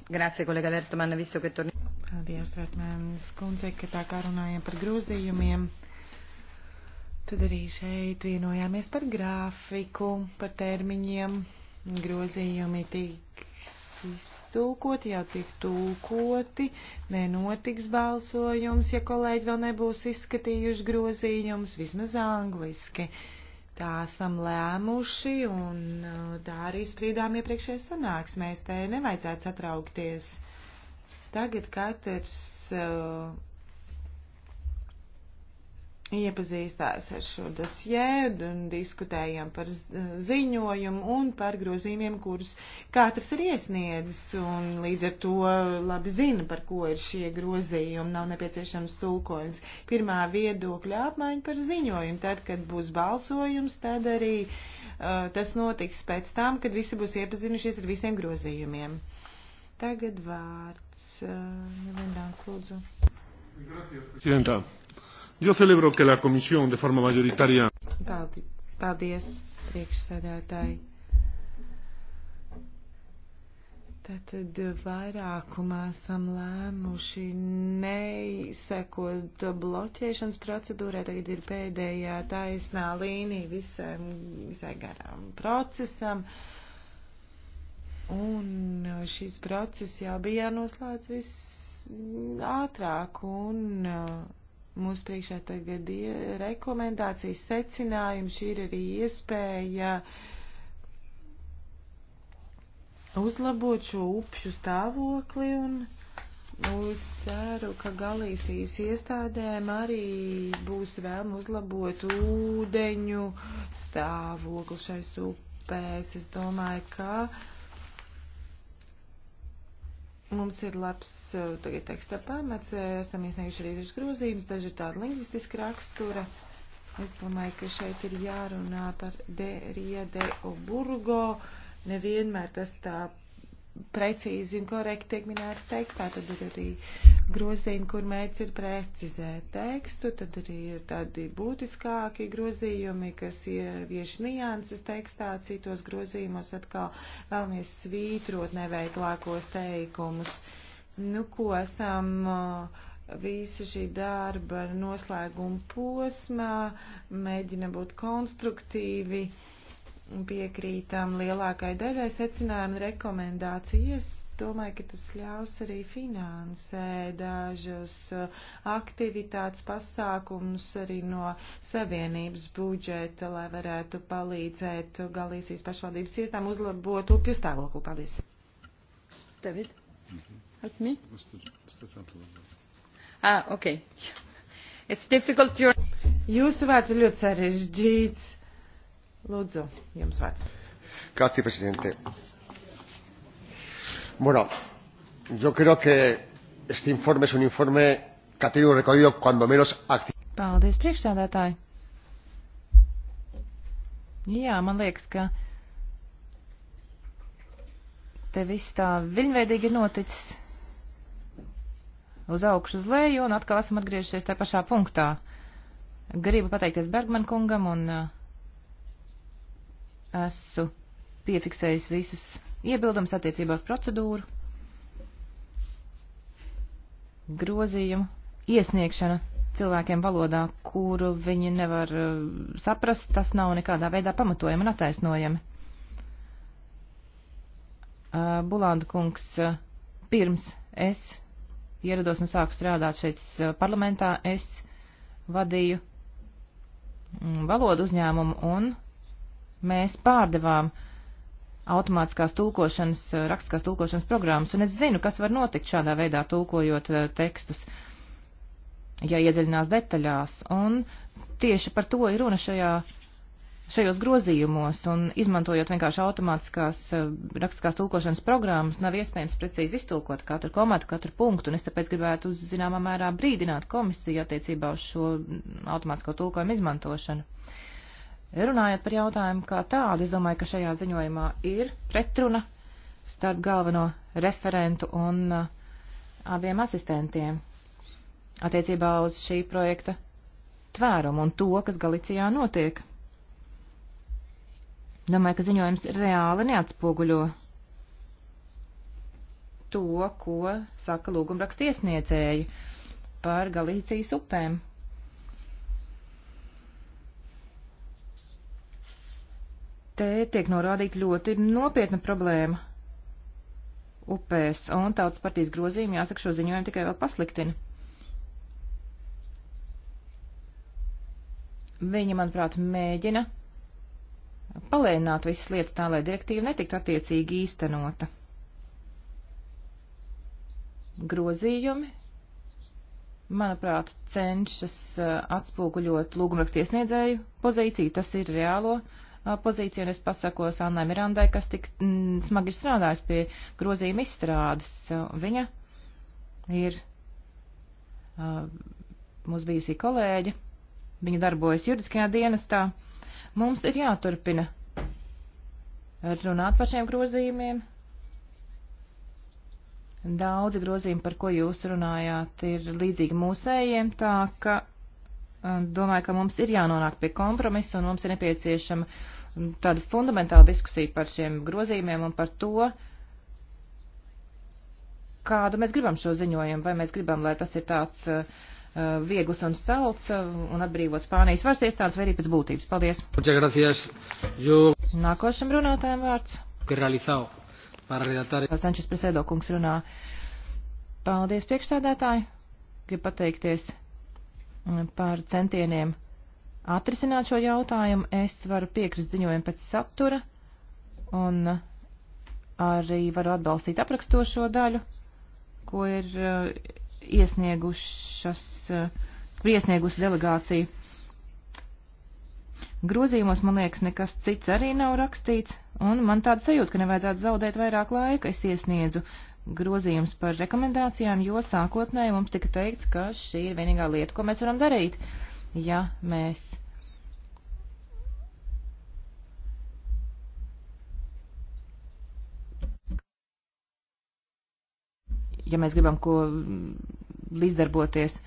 Grācie, kolēga Vertman, visu, ka tur. Paldies, Vertman, skundze, ka tā kā runājam par grozījumiem. Tad arī šeit vienojāmies par grāfiku, par termiņiem. Grozījumi tiks iztūkoti, jau tiek tūkoti, nenotiks balsojums, ja kolēģi vēl nebūs izskatījuši grozījumus, vismaz angliski. Tā esam lēmuši un uh, tā arī sprīdām iepriekšējā sanāksmēs, te nevajadzētu satraukties. Tagad katrs uh, iepazīstās ar šo dosjēdu un diskutējām par ziņojumu un par grozījumiem, kurus katrs ir iesniedzis un līdz ar to labi zina, par ko ir šie grozījumi, nav nepieciešams tulkojums. Pirmā viedokļa apmaiņa par ziņojumu, tad, kad būs balsojums, tad arī uh, tas notiks pēc tam, kad visi būs iepazinušies ar visiem grozījumiem. Tagad vārds. Uh, Lūdzu. Gracias, presidenta. Yo celebro que la comisión de forma mayoritaria. Paldies, paldies priekšsēdētāji. Tātad vairākumā esam lēmuši neizsekot bloķēšanas procedūrai. Tagad ir pēdējā taisnā līnija visam, visai garām procesam. Un šis process jau bija jānoslēdz viss ātrāk un Mūsu priekšā tagad ir rekomendācijas secinājumi, šī ir arī iespēja uzlabot šo upju stāvokli un uz ceru, ka Galīsijas iestādēm arī būs vēlme uzlabot ūdeņu stāvokli šais upēs. Es domāju, ka Mums ir labs eh, tagad teksta pamats, eh, esam iesnieguši arī dažas grozījumus, daži ir tāda lingvistiska rakstura. Es domāju, ka šeit ir jārunā par de riede oburgo, nevienmēr tas tā precīzi un korekti tiek minēts tekstā, tad ir arī grozījumi, kur mērķis ir precizēt tekstu, tad arī ir tādi būtiskāki grozījumi, kas ievieš nianses tekstā, citos grozījumos atkal vēlamies svītrot neveiklākos teikumus. Nu, ko esam uh, visa šī darba noslēguma posmā, mēģina būt konstruktīvi, piekrītam lielākai daļai secinājumu rekomendācijas domāju, ka tas ļaus arī finansēt dažus uh, aktivitātes pasākumus arī no savienības budžeta, lai varētu palīdzēt Galīsijas pašvaldības iestām uzlabot upju stāvokli. Paldies. David, mhm. help me. Ah, ok. It's difficult to... Jūsu vārds ir ļoti sarežģīts. Lūdzu, jums vārds. Grazie, Presidente. Bueno, yo creo que este informe es un informe que ha tenido un recorrido cuando menos Paldies, priekšsādātāji. Jā, man liekas, ka te viss tā viļņveidīgi ir noticis uz augšu uz leju un atkal esam atgriežies tajā pašā punktā. Gribu pateikties Bergman kungam un uh, esmu piefiksējis visus iebildums attiecībā uz procedūru, grozījumu, iesniegšana cilvēkiem valodā, kuru viņi nevar eh, saprast, tas nav nekādā veidā pamatojami un attaisnojami. Eh, Bulānda kungs, eh, pirms es ierados un sāku strādāt šeit parlamentā, es vadīju mm, valodu uzņēmumu un mēs pārdevām uh, automātiskās tulkošanas, eh, rakstiskās tulkošanas programmas, un es zinu, kas var notikt šādā veidā tulkojot eh, tekstus, ja iedziļinās detaļās, un tieši par to ir runa šajā, šajos grozījumos, un izmantojot vienkārši automātiskās eh, rakstiskās tulkošanas programmas, nav iespējams precīzi iztulkot katru komatu, katru punktu, un es tāpēc gribētu uz zināmā mērā brīdināt komisiju attiecībā uz šo automātisko tulkojumu izmantošanu. Runājot par jautājumu kā tādu, es domāju, ka šajā ziņojumā ir pretruna starp galveno referentu un uh, abiem asistentiem attiecībā uz šī projekta tvērumu un to, kas Galicijā notiek. Domāju, ka ziņojums reāli neatspoguļo to, ko saka lūgumraksta iesniedzēji par Galīcijas upēm. Te tiek norādīta ļoti nopietna problēma upēs, un tautas partijas grozījumi, jāsaka, šo ziņojumu tikai vēl pasliktina. Viņa, manuprāt, mēģina palēnināt visas lietas tā, lai direktīva netiktu attiecīgi īstenota. Grozījumi, manuprāt, cenšas uh, atspūguļot lūgumrakstiesniedzēju pozīciju, tas ir reālo uh, pozīciju, un es pasakos Annai Mirandai, kas tik mm, smagi ir strādājis pie grozījuma izstrādes. Viņa ir uh, mūsu bijusī kolēģe, viņa darbojas juridiskajā dienestā. Mums ir jāturpina runāt par šiem grozījumiem. Daudzi grozījumi, par ko jūs runājāt, ir līdzīgi mūsējiem, tā ka domāju, ka mums ir jānonāk pie kompromisa un mums ir nepieciešama tādu fundamentālu diskusiju par šiem grozījumiem un par to, kādu mēs gribam šo ziņojumu, vai mēs gribam, lai tas ir tāds uh, uh viegls un salds uh, un atbrīvot Spānijas varas iestādes vai arī pēc būtības. Paldies. Jo... Nākošam runātājiem vārds. Sančes Presēdo kungs runā. Paldies priekšsēdētāji. Gribu pateikties mm, par centieniem atrisināt šo jautājumu. Es varu piekrist ziņojumu pēc satura un arī varu atbalstīt aprakstošo daļu, ko ir uh, iesniegušas, uh, iesniegusi delegācija. Grozījumos, man liekas, nekas cits arī nav rakstīts, un man tāda sajūta, ka nevajadzētu zaudēt vairāk laika. Es iesniedzu grozījums par rekomendācijām, jo sākotnēji mums tika teikts, ka šī ir vienīgā lieta, ko mēs varam darīt. Uh, ja mēs ja mēs gribam ko līdzdarboties.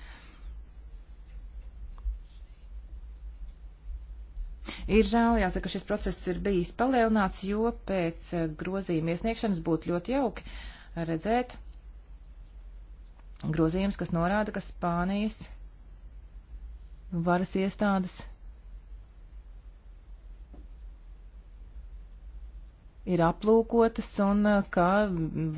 Ir žēl, jāsaka, šis process ir bijis palielināts, jo pēc eh, grozījuma iesniegšanas būtu ļoti jauki redzēt grozījums, kas norāda, ka Spānijas varas iestādes ir aplūkotas un uh, ka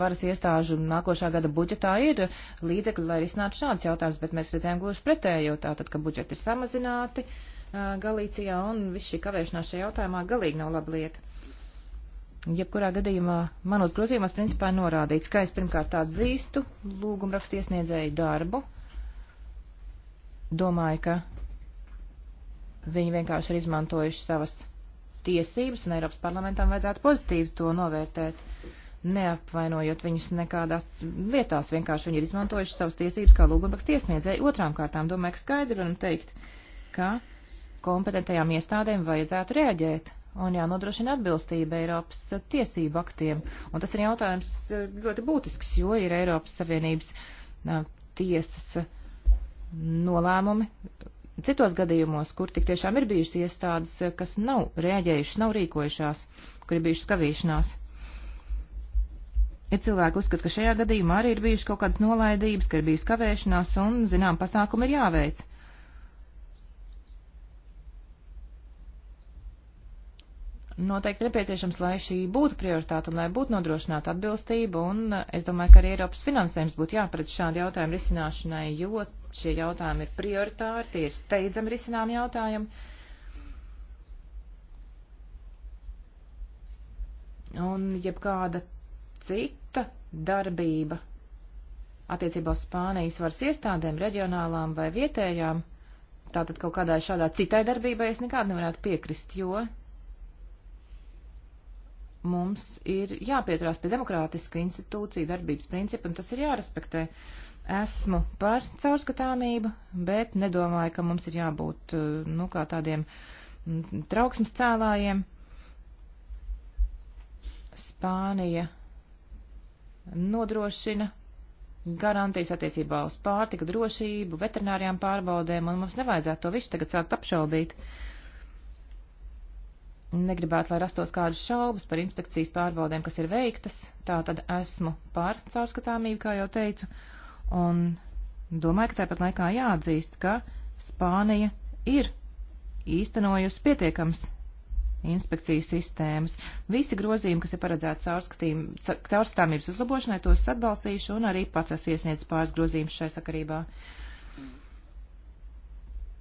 varas iestāžu nākošā gada budžetā ir līdzekļi, lai risinātu šāds jautājums, bet mēs redzējām gluži pretējo tātad, ka budžeti ir samazināti uh, Galīcijā un viss šī kavēšanās šajā jautājumā galīgi nav laba lieta. Jebkurā gadījumā manos grozījumos principā ir norādīts, ka es pirmkārt atzīstu lūgumrakstiesniedzēju darbu. Domāju, ka Viņi vienkārši ir izmantojuši savas tiesības, un Eiropas parlamentam vajadzētu pozitīvi to novērtēt, neapvainojot viņus nekādās lietās. Vienkārši viņi ir izmantojuši savas tiesības kā lūgumraks tiesniedzēji. Otrām kārtām, domāju, ka skaidri varam teikt, ka kompetentajām iestādēm vajadzētu reaģēt un jānodrošina atbilstība Eiropas tiesību aktiem. Un tas ir jautājums eh, ļoti būtisks, jo ir Eiropas Savienības eh, tiesas nolēmumi, citos gadījumos, kur tik tiešām ir bijušas iestādes, eh, kas nav rēģējušas, nav rīkojušās, kur ir bijušas kavēšanās. Ir cilvēki uzskata, ka šajā gadījumā arī ir bijušas kaut kādas nolaidības, ka ir bijusi kavēšanās un, zinām, pasākumi ir jāveic. noteikti nepieciešams, lai šī būtu prioritāte un lai būtu nodrošināta atbilstība. Un es domāju, ka arī Eiropas finansējums būtu jāpredz šādu jautājumu risināšanai, jo šie jautājumi ir prioritāri, tie ir steidzami risinām jautājumi. Un jebkāda cita darbība attiecībā uz Spānijas varas iestādēm, reģionālām vai vietējām, tātad kaut kādai šādā citai darbībai es nekādu nevarētu piekrist, jo mums ir jāpieturās pie demokrātisku institūciju darbības principu, un tas ir jārespektē. Esmu par caurskatāmību, bet nedomāju, ka mums ir jābūt, eh, nu, kā tādiem mm, trauksmes cēlājiem. Spānija nodrošina garantijas attiecībā uz pārtika drošību, veterinārijām pārbaudēm, un mums nevajadzētu to visu tagad sākt apšaubīt. Uh, Negribētu, lai rastos kādas šaubas par inspekcijas pārbaudēm, kas ir veiktas. Tā tad esmu par caurskatāmību, kā jau teicu, un domāju, ka tāpat laikā jāatzīst, ka Spānija ir īstenojusi pietiekams inspekciju sistēmas. Visi grozījumi, kas ir paredzēti caurskatāmības uzlabošanai, tos atbalstīšu un arī pats esmu iesniedzis pāris grozījumus šai sakarībā.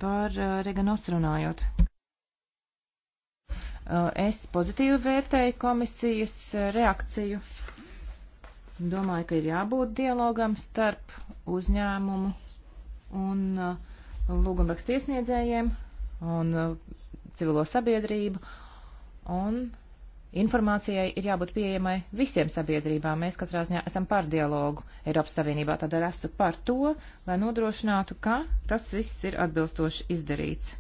Par uh, Reganos runājot. Eh, es pozitīvi vērtēju komisijas eh, reakciju. Domāju, ka ir jābūt dialogam starp uzņēmumu un eh, lūgumrakstu iesniedzējiem un civilo sabiedrību. Un informācijai ir jābūt pieejamai visiem sabiedrībām. Mēs katrā ziņā esam par dialogu Eiropas Savienībā, tādēļ esmu par to, lai nodrošinātu, ka tas viss ir atbilstoši izdarīts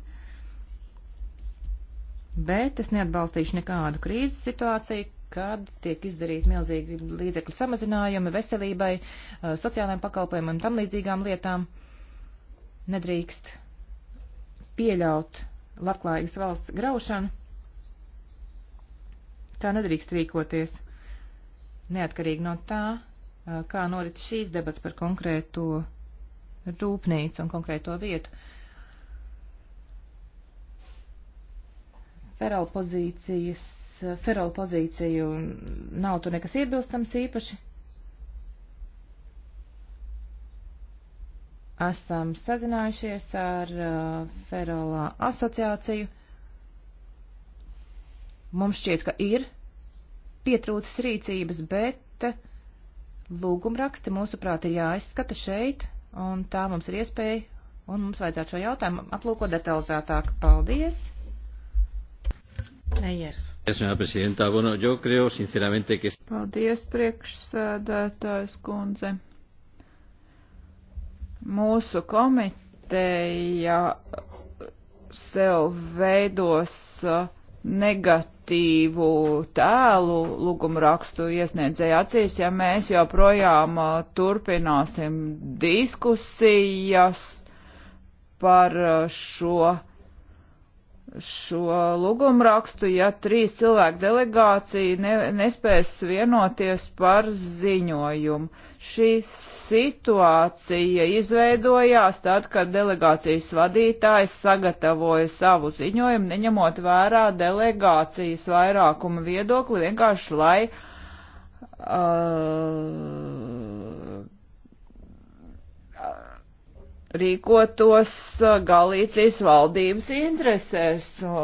bet es neatbalstīšu nekādu krīzes situāciju, kad tiek izdarīti milzīgi līdzekļu samazinājumi veselībai, eh, sociālajiem pakalpojumiem un tam līdzīgām lietām. Nedrīkst pieļaut labklājīgas valsts graušanu. Tā nedrīkst rīkoties. Neatkarīgi no tā, eh, kā norit šīs debats par konkrēto rūpnīcu un konkrēto vietu. Uh, Feral pozīcijas, feral pozīciju nav tur nekas iebilstams īpaši. Esam sazinājušies ar uh, Ferolā asociāciju. Mums šķiet, ka ir pietrūcis rīcības, bet uh, lūgumraksti mūsuprāt ir jāizskata šeit, un tā mums ir iespēja, un mums vajadzētu šo jautājumu aplūkot detalizētāk. Paldies! Eijers. Paldies, priekšsēdētājs kundze. Mūsu komiteja sev veidos uh, negatīvu tēlu lūgumrakstu iesniedzēja acīs, ja mēs joprojām uh, turpināsim diskusijas par uh, šo šo lūgumrakstu, ja trīs cilvēku delegācija ne, nespēs vienoties par ziņojumu. Šī situācija izveidojās tad, kad delegācijas vadītājs sagatavoja savu ziņojumu, neņemot vērā delegācijas vairākuma viedokli, vienkārši lai uh, rīkotos uh, Galīcijas valdības interesēs uh,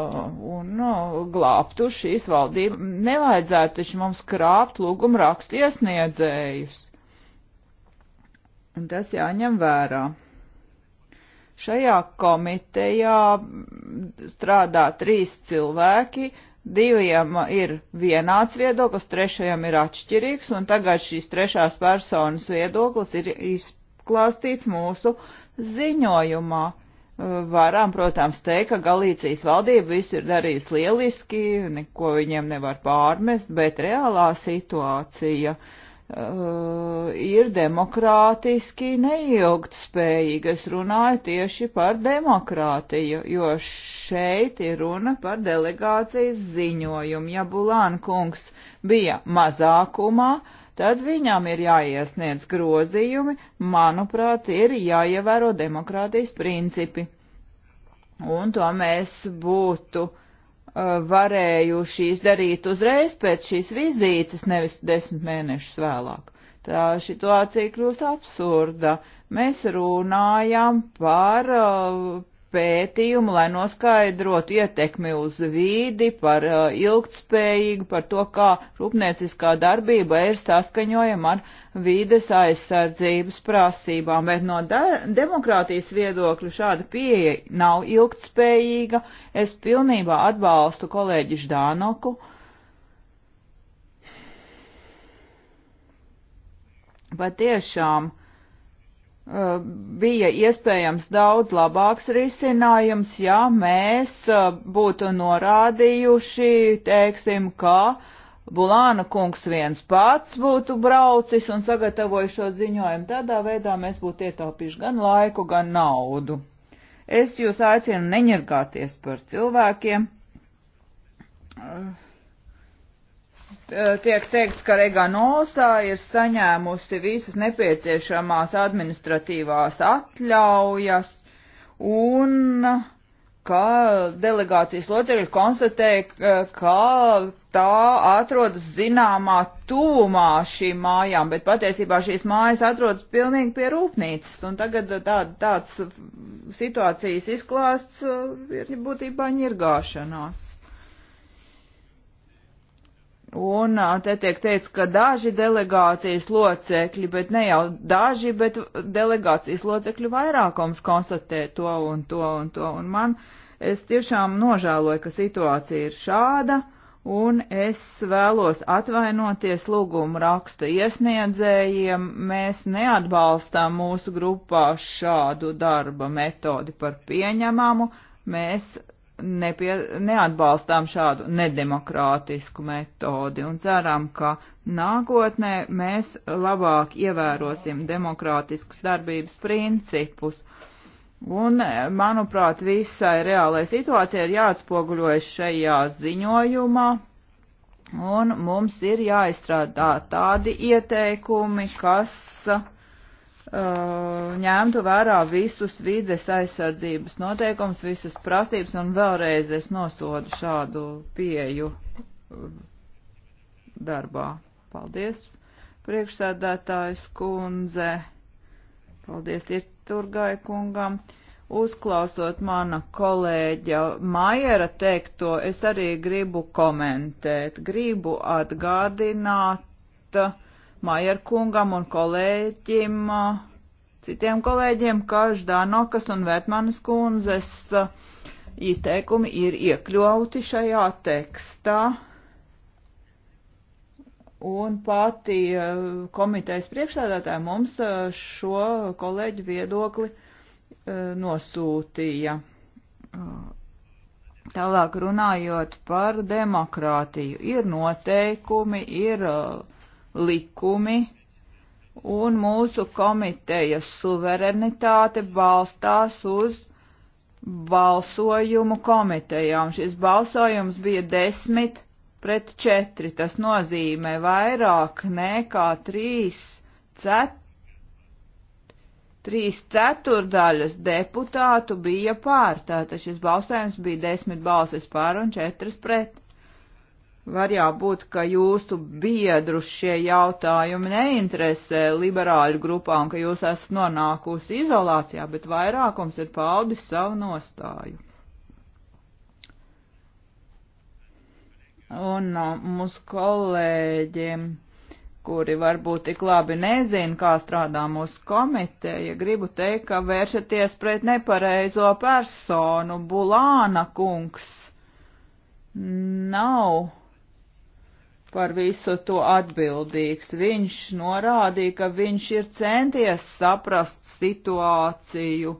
un no, uh, glābtu šīs valdības. Nevajadzētu taču mums krāpt lūgumu rakstu iesniedzējus. Un tas jāņem vērā. Šajā komitejā strādā trīs cilvēki, diviem ir vienāds viedoklis, trešajam ir atšķirīgs, un tagad šīs trešās personas viedoklis ir izpildīts izklāstīts mūsu ziņojumā. Uh, varam, protams, teikt, ka Galīcijas valdība visu ir darījusi lieliski, neko viņiem nevar pārmest, bet reālā situācija uh, ir demokrātiski neilgtspējīga. Es runāju tieši par demokrātiju, jo šeit ir runa par delegācijas ziņojumu. Ja Bulāna kungs bija mazākumā, uh, tad viņam ir jāiesniedz grozījumi, manuprāt, ir jāievēro demokrātijas principi. Un to mēs būtu uh, varējuši izdarīt uzreiz pēc šīs vizītes, nevis desmit mēnešus vēlāk. Tā situācija kļūst absurda. Mēs runājam par uh, pētījumu, lai noskaidrotu ietekmi uz vīdi, par uh, ilgtspējīgu, par to, kā rūpnieciskā darbība ir saskaņojama ar vīdes aizsardzības prasībām. Bet no de demokrātijas viedokļa šāda pieeja nav ilgtspējīga. Es pilnībā atbalstu kolēģi Ždānoku. Patiešām bija iespējams daudz labāks risinājums, ja mēs būtu norādījuši, teiksim, ka Bulāna kungs viens pats būtu braucis un sagatavojis šo ziņojumu. Tādā veidā mēs būtu ietaupījuši gan laiku, gan naudu. Es jūs aicinu neņirgāties par cilvēkiem. Uh Eh, tiek teikts, ka Reganosā ir saņēmusi visas nepieciešamās administratīvās atļaujas un ka delegācijas locekļi konstatēja, ka tā atrodas zināmā tuvumā šīm mājām, bet patiesībā šīs mājas atrodas pilnīgi pie rūpnīcas, un tagad tā, tāds situācijas izklāsts eh, ir būtībā ņirgāšanās. Un te tiek teica, ka daži delegācijas locekļi, bet ne jau daži, bet delegācijas locekļu vairākums konstatē to un to un to. Un man es tiešām nožēloju, ka situācija ir šāda, un es vēlos atvainoties lūgumu raksta iesniedzējiem. Mēs neatbalstām mūsu grupā šādu darba metodi par pieņemamu. Mēs nepie, neatbalstām šādu nedemokrātisku metodi un ceram, ka nākotnē mēs labāk ievērosim demokrātiskus darbības principus. Un, manuprāt, visai reālajai situācijai ir jāatspoguļojas šajā ziņojumā, un mums ir jāizstrādā tādi ieteikumi, kas uh, Uh, ņemtu vērā visus vides aizsardzības noteikums, visas prasības, un vēlreiz es nosodu šādu pieju uh, darbā. Paldies, priekšsēdētājs kundze. Paldies, ir turgai kungam. Uzklausot mana kolēģa Maiera teikto, es arī gribu komentēt, gribu atgādināt, Majerkungam un kolēģim, citiem kolēģiem, ka Ždānokas un Vērtmanas kundzes izteikumi ir iekļauti šajā tekstā. Un pati komitejas priekšsēdētāja mums šo kolēģu viedokli nosūtīja. Tālāk runājot par demokrātiju, ir noteikumi, ir uh, likumi, un mūsu komitejas suverenitāte balstās uz balsojumu komitejām. Šis balsojums bija desmit pret četri. Tas nozīmē vairāk nekā trīs, cet... trīs ceturdaļas deputātu bija pār. Tātad šis balsojums bija desmit balsis pār un četras pret. Var jābūt, ka jūsu biedru šie jautājumi neinteresē liberāļu grupā un ka jūs esat nonākusi izolācijā, bet vairākums ir paudis savu nostāju. Un uh, mūsu kolēģiem, kuri varbūt tik labi nezina, kā strādā mūsu komiteja, gribu teikt, ka vēršaties pret nepareizo personu. Bulāna kungs nav par visu to atbildīgs. Viņš norādīja, ka viņš ir centies saprast situāciju.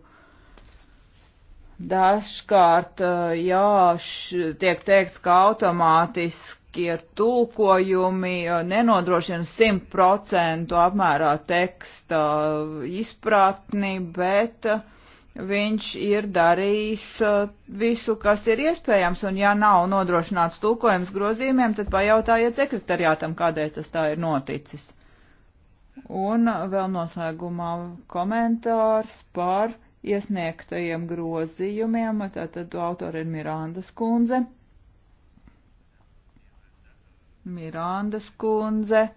Dažkārt, eh, jā, š, tiek teikts, ka automātiskie tulkojumi eh, nenodrošina 100% apmērā teksta eh, izpratni, bet uh, viņš ir darījis uh, visu, kas ir iespējams, un ja nav nodrošināts tulkojums grozījumiem, tad pajautājiet sekretariātam, kādēļ tas tā ir noticis. Un vēl noslēgumā komentārs par iesniegtajiem grozījumiem, tātad autori ir Miranda Skundze. Miranda Skundze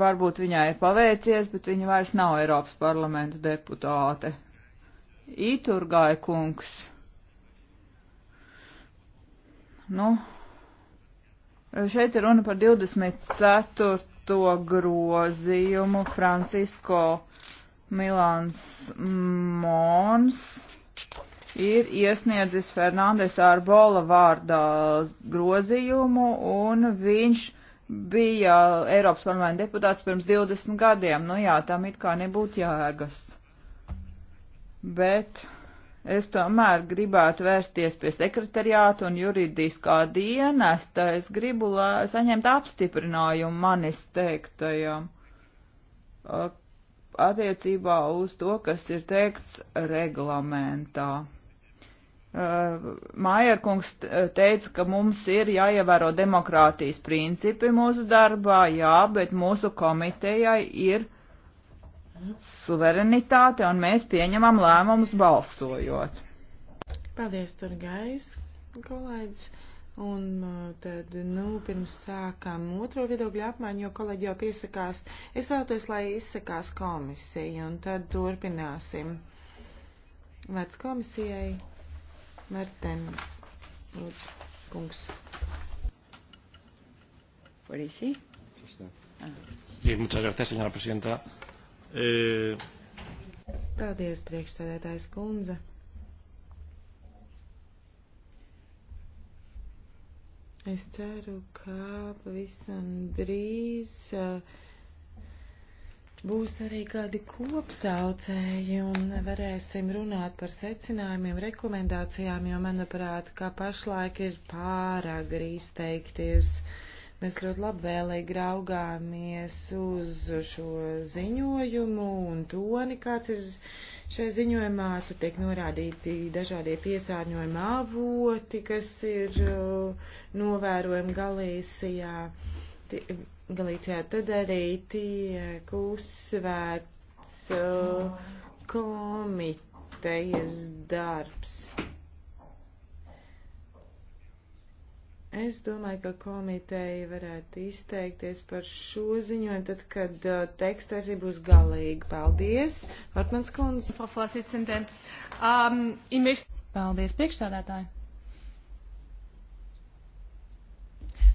Varbūt viņai ir paveicies, bet viņa vairs nav Eiropas parlamenta deputāte. Iturgai kungs. Nu, šeit ir runa par 24. grozījumu Francisko Milāns Mons ir iesniedzis Fernandes Arbola vārdā grozījumu un viņš bija Eiropas parlamenta deputāts pirms 20 gadiem. Nu jā, tam it kā nebūtu jēgas. Bet es tomēr gribētu vērsties pie sekretariāta un juridiskā dienesta. Es gribu saņemt apstiprinājumu manis teiktajam uh, attiecībā uz to, kas ir teikts reglamentā. Eh, Mājerkungs eh, teica, ka mums ir jāievēro demokrātijas principi mūsu darbā, jā, bet mūsu komitejai ir suverenitāte un mēs pieņemam lēmumus balsojot. Paldies, Turgais, kolēģis. Un eh, tad, nu, pirms sākam otro viedokļu apmaiņu, jo kolēģi jau piesakās, es vēlētos, lai izsakās komisija, un tad turpināsim. Vārds komisijai. Mērtēn, lūdzu, kungs. Por ahí sí. Ah. Sí, muchas gracias, señora presidenta. Eh... Paldies, priekšsēdētājs kundze. Es ceru, ka pavisam drīz uh, būs arī kādi kopsaucēji un varēsim runāt par secinājumiem, rekomendācijām, jo, manuprāt, kā pašlaik ir pārāk grīz teikties. Mēs ļoti labvēlīgi raugāmies uz šo ziņojumu un toni, kāds ir šai ziņojumā. Tur tiek norādīti dažādie piesārņojuma avoti, kas ir uh, novērojami Galīsijā Galīcijā tad arī tiek uzsvērts uh, komitejas darbs. Es domāju, ka komiteja varētu izteikties par šo ziņojumu, tad, kad uh, teksts arī būs galīgi. Paldies, Hartmans kundze. Ähm, Paldies, priekšstādātāji.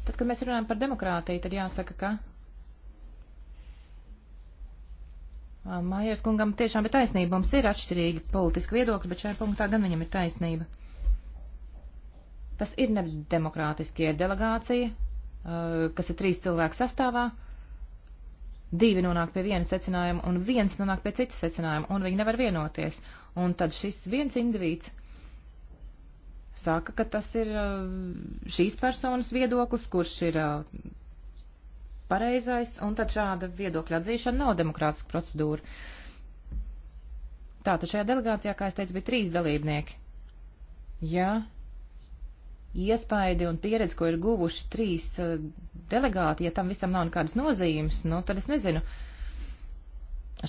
Tad, kad mēs runājam par demokrātiju, tad jāsaka, ka Mājies kungam tiešām ir taisnība. Mums ir atšķirīgi politiski viedokļi, bet šajā punktā gan viņam ir taisnība. Tas ir nedemokrātiskie delegācija, kas ir trīs cilvēku sastāvā. Divi nonāk pie viena secinājuma, un viens nonāk pie citas secinājuma, un viņi nevar vienoties. Un tad šis viens indivīds saka, ka tas ir eh, šīs personas viedoklis, kurš ir eh, pareizais, un tad šāda viedokļa atzīšana nav demokrātiska procedūra. Tātad šajā delegācijā, kā es teicu, bija trīs dalībnieki. Ja iespaidi un pieredze, ko ir guvuši trīs eh, delegāti, ja tam visam nav nekādas nozīmes, nu, tad es nezinu.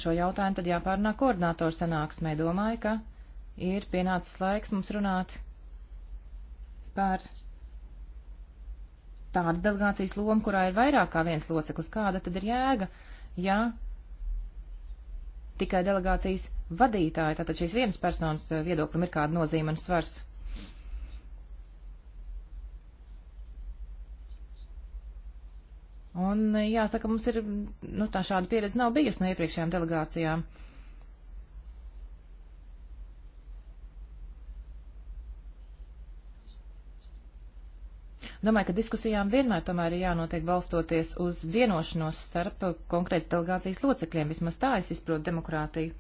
Šo jautājumu tad jāpārnā koordinātoru sanāksmē. Domāju, ka ir pienācis laiks mums runāt par tādu delegācijas lomu, kurā ir vairāk kā viens loceklis. Kāda tad ir jēga, ja tikai delegācijas vadītāja, tātad šīs vienas personas eh, viedoklim ir kāda nozīme un svars? Un eh, jāsaka, mums ir, nu tā šāda pieredze nav bijusi no iepriekšējām delegācijām. Uh, Domāju, ka diskusijām vienmēr tomēr ir jānotiek balstoties uz vienošanos starp konkrētas delegācijas locekļiem. Vismaz tā es izprotu demokrātiju.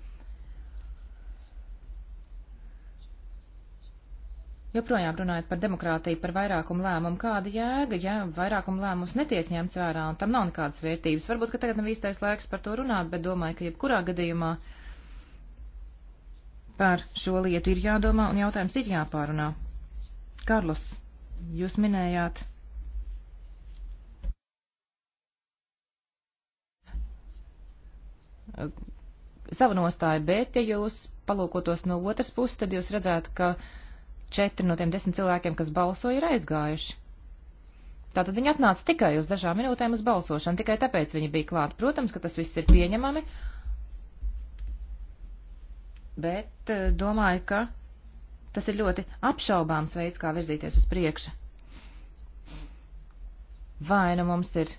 Joprojām runājot par demokrātiju, par vairākumu lēmumu, kāda jēga, ja vairākumu lēmums netiek ņemts vērā un tam nav nekādas vērtības. Varbūt, ka tagad nav īstais laiks par to runāt, bet domāju, ka jebkurā gadījumā par šo lietu ir jādomā un jautājums ir jāpārunā. Karlos Jūs minējāt. savu nostāju, bet ja jūs palūkotos no otras puses, tad jūs redzētu, ka četri no tiem desmit cilvēkiem, kas balsoja, ir aizgājuši. Tātad viņi atnāca tikai uz dažām minūtēm uz balsošanu, tikai tāpēc viņi bija klāt. Protams, ka tas viss ir pieņemami, bet eh, domāju, ka Tas ir ļoti apšaubāms veids, kā virzīties uz priekšu. Vai nu mums ir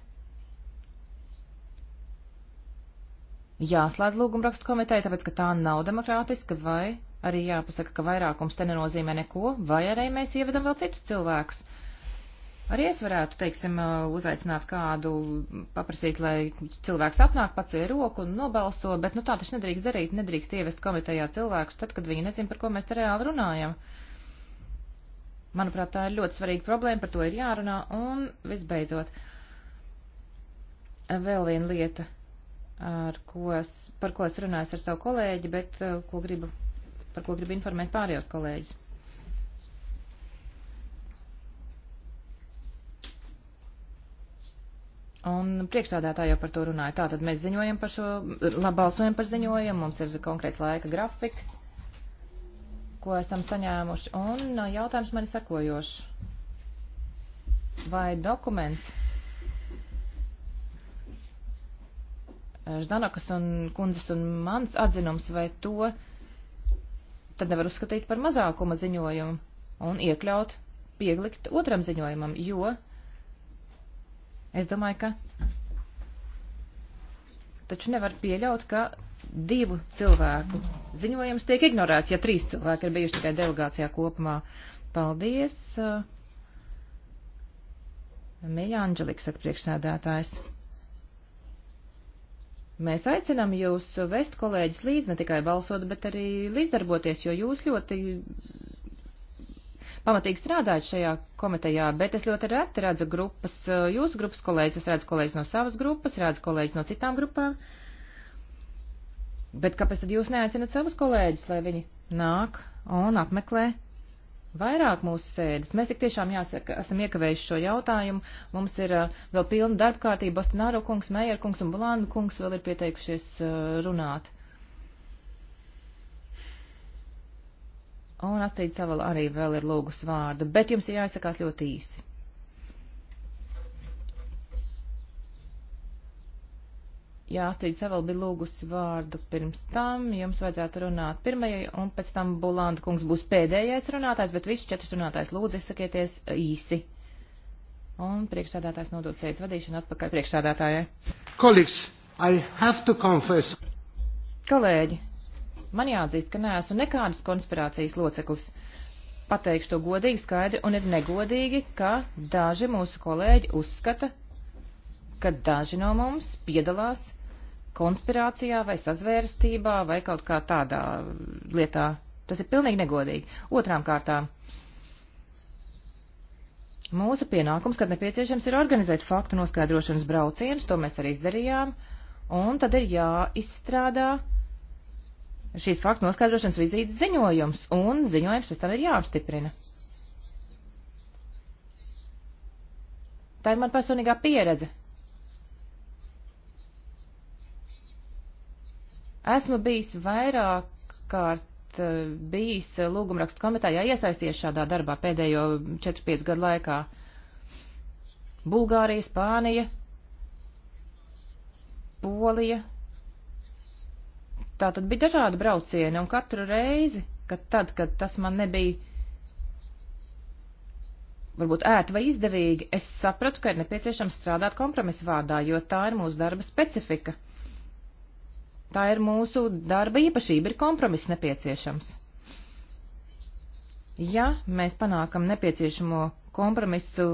jāslēdz lūgumrakstu komiteja, tāpēc, ka tā nav demokrātiska, vai arī jāpasaka, ka vairākums te nenozīmē neko, vai arī mēs ievedam vēl citus cilvēkus. Uh, Arī es varētu, teiksim, uh, uzaicināt kādu, paprasīt, lai cilvēks apnāk, pacēla roku un nobalso, bet nu, tā taču nedrīkst darīt, nedrīkst ievest komitejā cilvēkus, tad, kad viņi nezin, par ko mēs te reāli runājam. Manuprāt, tā ir ļoti svarīga problēma, par to ir jārunā, un visbeidzot, uh, vēl viena lieta, ar ko es, par ko es runāju ar savu kolēģi, bet uh, ko gribu, par ko gribu informēt pārējos kolēģis. Un priekšstādātā jau par to runāja. Tātad mēs ziņojam par šo, balsojam par ziņojumu, mums ir konkrēts laika grafiks, ko esam saņēmuši. Un uh, jautājums man ir sekojošs. Vai dokuments uh, Ždanakas un kundzes un mans atzinums, vai to tad nevar uzskatīt par mazākuma ziņojumu un iekļaut, pieglikt otram ziņojumam, jo Es domāju, ka taču nevar pieļaut, ka divu cilvēku ziņojums tiek ignorēts, ja trīs cilvēki ir bijuši tikai delegācijā kopumā. Paldies! Uh, Mīļa Anģelika, saka priekšsēdētājs. Mēs aicinam jūs vest kolēģis līdz ne tikai balsot, bet arī līdzdarboties, jo jūs ļoti pamatīgi strādājat šajā komitejā, bet es ļoti reti redzu grupas, jūsu grupas kolēģis, es redzu kolēģis no savas grupas, redzu kolēģis no citām grupām. Bet kāpēc tad jūs neaicinat savus kolēģus, lai viņi nāk un apmeklē vairāk mūsu sēdes. Mēs tik tiešām jāsaka, esam iekavējuši šo jautājumu. Mums ir uh, vēl pilna darba kārtība. Bostonāro kungs, Meijer kungs un Bulānu kungs vēl ir pieteikušies uh, runāt. Un Astrid Savala arī vēl ir lūgus vārdu, bet jums ir jāizsakās ļoti īsi. Jā, Astrid Savala bija lūgusi vārdu pirms tam, jums vajadzētu runāt pirmajai, un pēc tam Bulanda kungs būs pēdējais runātājs, bet visus četrus runātājs lūdzu izsakieties īsi. Un priekšsādātājs nodod sēdes vadīšanu atpakaļ priekšsādātājai. Kolīgs, I have to confess. Kolēģi, Man jāatzīst, ka neesmu nekādas konspirācijas loceklis. Pateikšu to godīgi, skaidri, un ir negodīgi, ka daži mūsu kolēģi uzskata, ka daži no mums piedalās konspirācijā vai sazvērstībā vai kaut kā tādā lietā. Tas ir pilnīgi negodīgi. Otrām kārtām. Mūsu pienākums, kad nepieciešams, ir organizēt faktu noskaidrošanas braucienus, to mēs arī izdarījām, un tad ir jāizstrādā šīs faktu noskaidrošanas vizītes ziņojums, un ziņojums pēc tam ir jāapstiprina. Tā ir man personīgā pieredze. Esmu bijis vairāk kārt eh, bijis lūgumrakstu komitējā iesaisties šādā darbā pēdējo 4-5 gadu laikā. Bulgārija, Spānija, Polija, Tā tad bija dažādi braucieni, un katru reizi, kad tad, kad tas man nebija varbūt ērti vai izdevīgi, es sapratu, ka ir nepieciešams strādāt kompromisu vārdā, jo tā ir mūsu darba specifika. Tā ir mūsu darba īpašība, ir kompromiss nepieciešams. Ja mēs panākam nepieciešamo kompromisu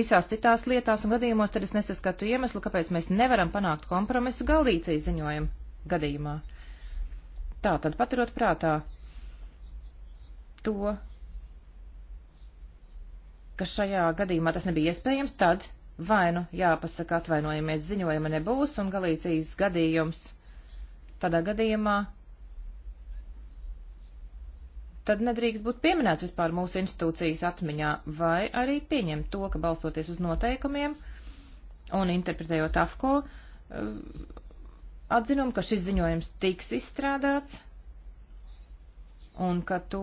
visās citās lietās un gadījumos, tad es nesaskatu iemeslu, kāpēc mēs nevaram panākt kompromisu galdīcijas ziņojumu gadījumā. Tā tad paturot prātā to, ka šajā gadījumā tas nebija iespējams, tad vainu jāpasaka atvainojamies ziņojuma nebūs un galīcijas gadījums tādā gadījumā tad nedrīkst būt pieminēts vispār mūsu institūcijas atmiņā, vai arī pieņemt to, ka balstoties uz noteikumiem un interpretējot AFCO atzinumu, ka šis ziņojums tiks izstrādāts un ka to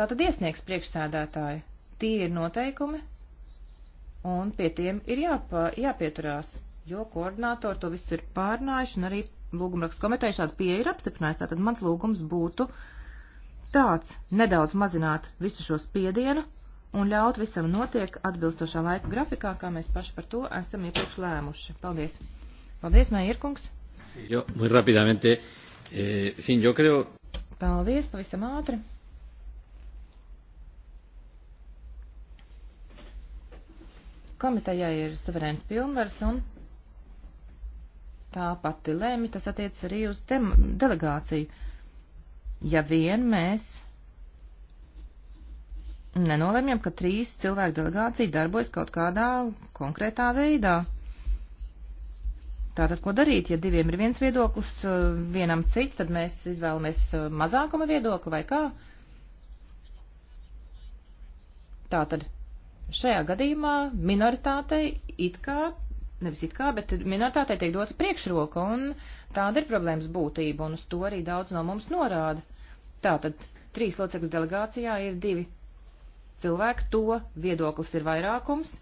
tātad iesniegs priekšsēdētāji. Tie ir noteikumi un pie tiem ir jāpa, jāpieturās, jo koordinātori to visu ir pārnājuši un arī lūgumrakstu komiteja šādu pieeju ir apstiprinājusi. Tātad mans lūgums būtu tāds nedaudz mazināt visu šo spiedienu un ļaut visam notiek atbilstošā laika grafikā, kā mēs paši par to esam iepriekš lēmuši. Paldies! Paldies, Mairkungs. Jo, muy rápidamente. Eh, fin, yo creo. Paldies, pavisam ātri. Komitejai ir suverēns pilnvars un tā pati lēmi, tas attiec arī uz dem, delegāciju. Ja vien mēs nenolemjam, ka trīs cilvēku delegācija darbojas kaut kādā konkrētā veidā. Tātad, ko darīt, ja diviem ir viens viedoklis, eh, vienam cits, tad mēs izvēlamies eh, mazākuma viedokli vai kā? Tātad, šajā gadījumā minoritātei it kā, nevis it kā, bet minoritātei tiek dota priekšroka, un tāda ir problēmas būtība, un uz to arī daudz no mums norāda. Tātad, trīs locekļu delegācijā ir divi cilvēki, to viedoklis ir vairākums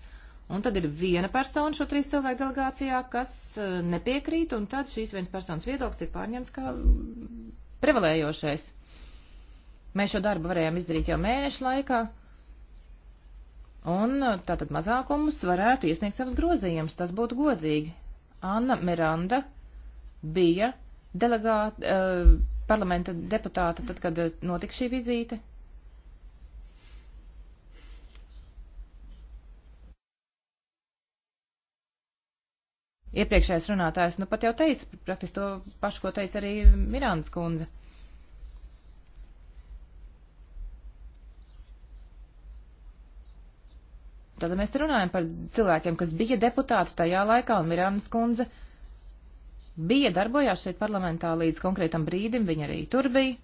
Un tad ir viena persona šo trīs cilvēku delegācijā, kas eh, nepiekrīt, un tad šīs vienas personas viedoklis tiek pārņemts kā prevalējošais. Mēs šo darbu varējām izdarīt jau mēnešu laikā, un eh, tātad mazākumus varētu iesniegt savus grozījumus. Tas būtu godīgi. Anna Miranda bija delegāta, eh, parlamenta deputāta, tad, kad eh, notika šī vizīte, Iepriekšējais runātājs nu pat jau teica, praktiski to pašu, ko teica arī Mirānas kundze. Tad mēs runājam par cilvēkiem, kas bija deputāti tajā laikā, un Mirānas kundze bija darbojās šeit parlamentā līdz konkrētam brīdim, viņa arī tur bija.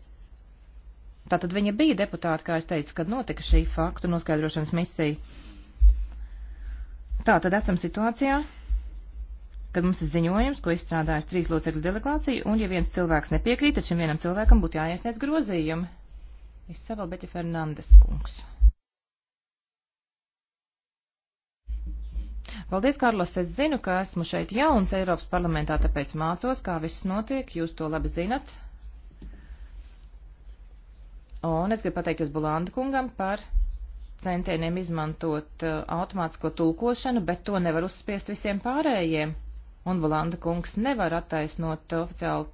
Tātad viņa bija deputāta, kā es teicu, kad notika šī faktu noskaidrošanas misija. Tātad esam situācijā, kad mums ir ziņojums, ko izstrādājas trīs locekļu delegācija, un ja viens cilvēks nepiekrīt, tad šim vienam cilvēkam būtu jāiesniedz grozījumi. Izsabal Beti Fernandes kungs. Paldies, Karlos, es zinu, ka esmu šeit jauns Eiropas parlamentā, tāpēc mācos, kā viss notiek, jūs to labi zinat. Un es gribu pateikties Bulanda kungam par centieniem izmantot uh, automātisko tulkošanu, bet to nevar uzspiest visiem pārējiem un Volanda kungs nevar attaisnot oficiālu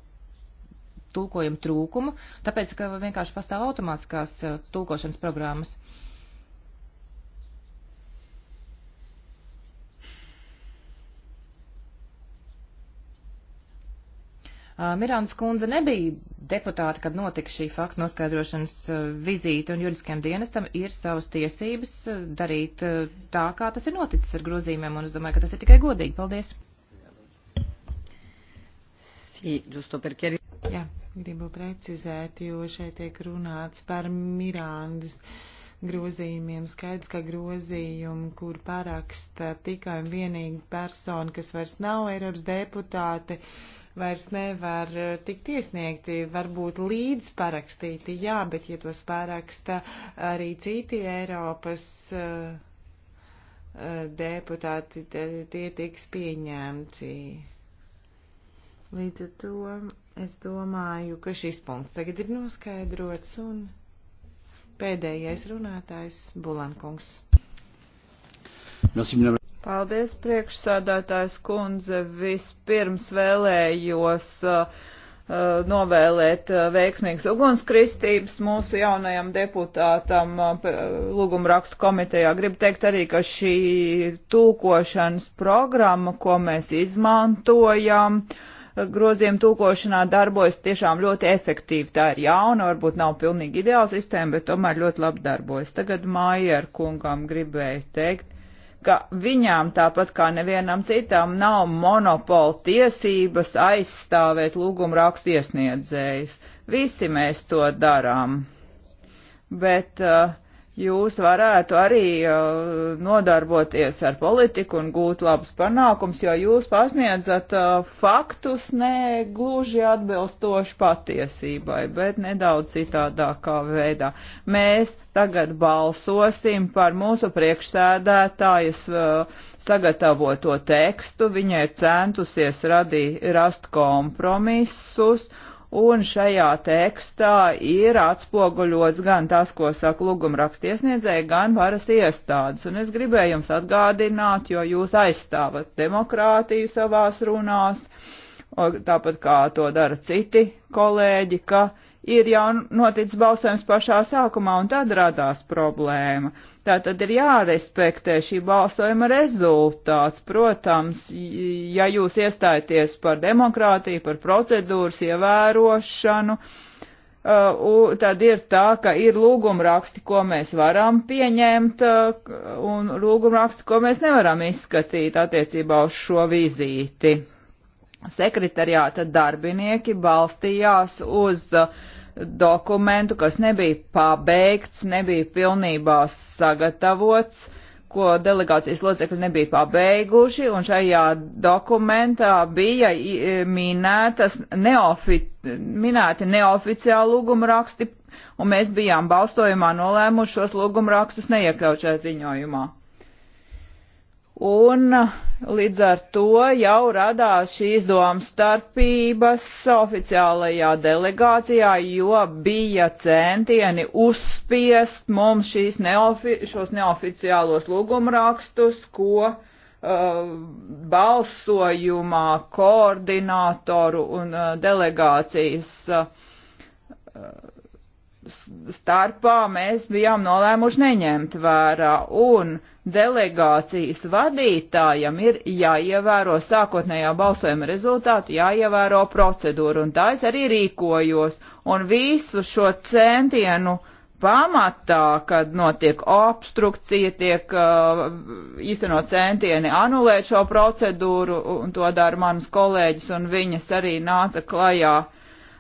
tulkojumu trūkumu, tāpēc, ka vienkārši pastāv automātiskās eh, tulkošanas programmas. Mirāns kundze nebija deputāta, kad notika šī faktu noskaidrošanas vizīte, un juridiskajam dienestam ir savas tiesības darīt tā, kā tas ir noticis ar grozījumiem, un es domāju, ka tas ir tikai godīgi. Paldies! Sì, giusto per chiarire. Jā, gribu precizēt, jo šeit tiek runāts par Mirandas grozījumiem. Skaidrs, ka grozījumi, kur paraksta tikai un vienīgi persona, kas vairs nav Eiropas deputāte, vairs nevar eh, tikt iesniegti, varbūt līdz parakstīti, jā, bet ja tos paraksta arī citi Eiropas uh, deputāti, tie tiks pieņemti. Līdz ar to es domāju, ka šis punkts tagad ir noskaidrots un pēdējais runātājs Bulankungs. Paldies, priekšsādātājs kundze. Vispirms vēlējos uh, uh novēlēt uh, veiksmīgas ugunskristības mūsu jaunajam deputātam uh, lūgumrakstu komitejā. Gribu teikt arī, ka šī tūkošanas programma, ko mēs izmantojam, uh, grozījuma tūkošanā darbojas tiešām ļoti efektīvi. Tā ir jauna, varbūt nav pilnīgi ideāla sistēma, bet tomēr ļoti labi darbojas. Tagad Mājer kungam gribēju teikt, ka viņām tāpat kā nevienam citam nav monopola tiesības aizstāvēt lūgumu rakstu iesniedzējus. Visi mēs to darām. Bet uh, jūs varētu arī uh, nodarboties ar politiku un gūt labus panākums, jo jūs pasniedzat uh, faktus ne gluži atbilstoši patiesībai, bet nedaudz citādākā veidā. Mēs tagad balsosim par mūsu priekšsēdētājas uh, sagatavoto tekstu. Viņa ir centusies radī, rast kompromisus un šajā tekstā ir atspoguļots gan tas, ko saka lūgumrakstiesniedzēji, gan varas iestādes. Un es gribēju jums atgādināt, jo jūs aizstāvat demokrātiju savās runās, tāpat kā to dara citi kolēģi, ka uh, ir jau noticis balsojums pašā sākumā, un tad radās problēma. Tā tad ir jārespektē šī balsojuma rezultāts. Protams, ja jūs iestājaties par demokrātiju, par procedūras ievērošanu, Uh, tad ir tā, ka ir lūgumraksti, ko mēs varam pieņemt, uh, un lūgumraksti, ko mēs nevaram izskatīt attiecībā uz šo vizīti. Sekretariāta darbinieki balstījās uz uh, dokumentu, kas nebija pabeigts, nebija pilnībā sagatavots, ko delegācijas locekļi nebija pabeiguši, un šajā dokumentā bija e, minētas neofi, minēti neoficiāli lūguma raksti, un mēs bijām balstojumā nolēmuši šos lūguma rakstus neiekļaut šajā ziņojumā. Un uh, līdz ar to jau radās šīs domas starpības oficiālajā delegācijā, jo bija centieni uzspiest mums šīs neofi šos neoficiālos lūgumrakstus, ko uh, balsojumā koordinātoru un uh, delegācijas uh, starpā mēs bijām nolēmuši neņemt vērā. Un, uh, delegācijas vadītājam ir jāievēro sākotnējā balsojuma rezultātu, jāievēro procedūru, un tā es arī rīkojos. Un visu šo centienu pamatā, kad notiek obstrukcija, tiek uh, īstenot centieni anulēt šo procedūru, un to dara manas kolēģis, un viņas arī nāca klajā uh,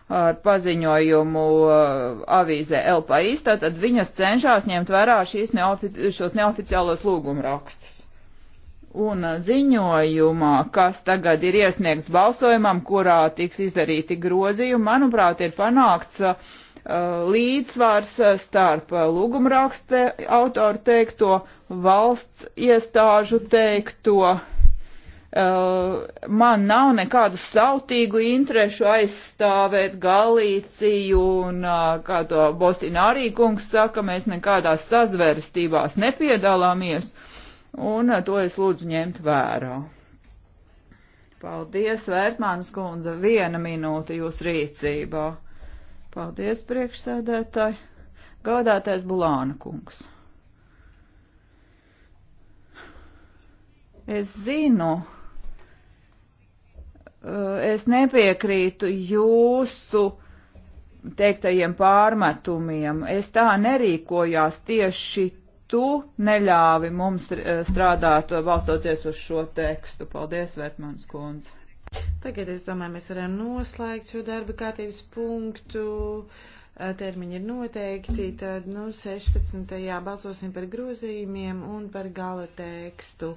ar paziņojumu uh, avīzē El Pais, tad viņas cenšas ņemt vērā šīs neofici šos neoficiālos lūgumu rakstus. Un uh, ziņojumā, kas tagad ir iesniegts balsojumam, kurā tiks izdarīti grozījumi, manuprāt, ir panākts uh, līdzsvars uh, starp uh, lūgumraksta autoru teikto, valsts iestāžu teikto, uh, Uh, man nav nekādu sautīgu interešu aizstāvēt Galīciju un, uh, kā to Bostina arī kungs saka, mēs nekādās sazvērstībās nepiedalāmies, un uh, to es lūdzu ņemt vērā. Paldies, Vērtmānas kundze, viena minūte jūs rīcībā. Paldies, priekšsēdētāji. Godātais Bulāna kungs. Es zinu, Eh, es nepiekrītu jūsu teiktajiem pārmetumiem. Es tā nerīkojās tieši tu neļāvi mums eh, strādāt balstoties uz šo tekstu. Paldies, Vērtmans kundze. Tagad es domāju, mēs varam noslēgt šo darba kārtības punktu. Uh, termiņi ir noteikti, tad nu, 16. balsosim par grozījumiem un par gala tekstu.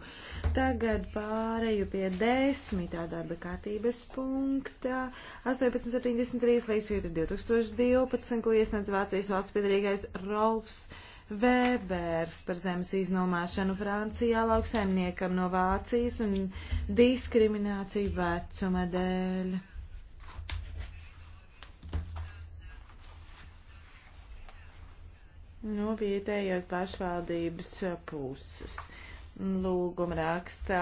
Tagad pāreju pie 10. darba kārtības punkta 1873 līdz 2012, ko iesniedz Vācijas valsts piedarīgais Rolfs. Vēbērs par zemes iznomāšanu Francijā lauksaimniekam no Vācijas un diskrimināciju vecuma dēļ. no vietējās pašvaldības puses. Lūguma rakstā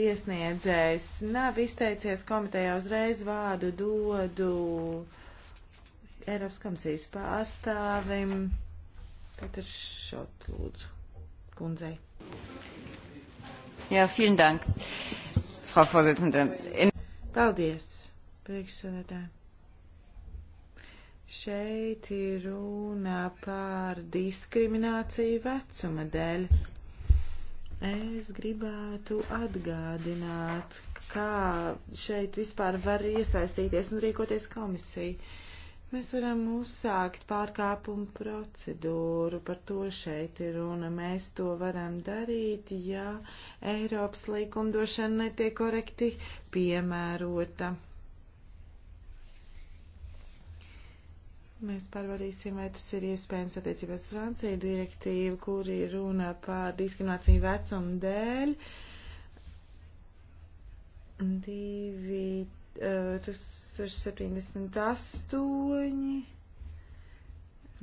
iesniedzējs nav izteicies komitejā uzreiz vārdu dodu Eiropas komisijas pārstāvim Petrs Šot, lūdzu, kundzei. Jā, vielen dank, Frau Vorsitzende. Paldies, priekšsēdētāji. Šeit ir runa par diskrimināciju vecuma dēļ. Es gribētu atgādināt, kā šeit vispār var iesaistīties un rīkoties komisija. Mēs varam uzsākt pārkāpumu procedūru, par to šeit ir runa. Mēs to varam darīt, ja Eiropas likumdošana netiek korekti piemērota. Mēs pārbaudīsim, vai tas ir iespējams attiecībās Francija direktīva, kur ir runa par diskrimināciju vecumu dēļ. 2078. Eh,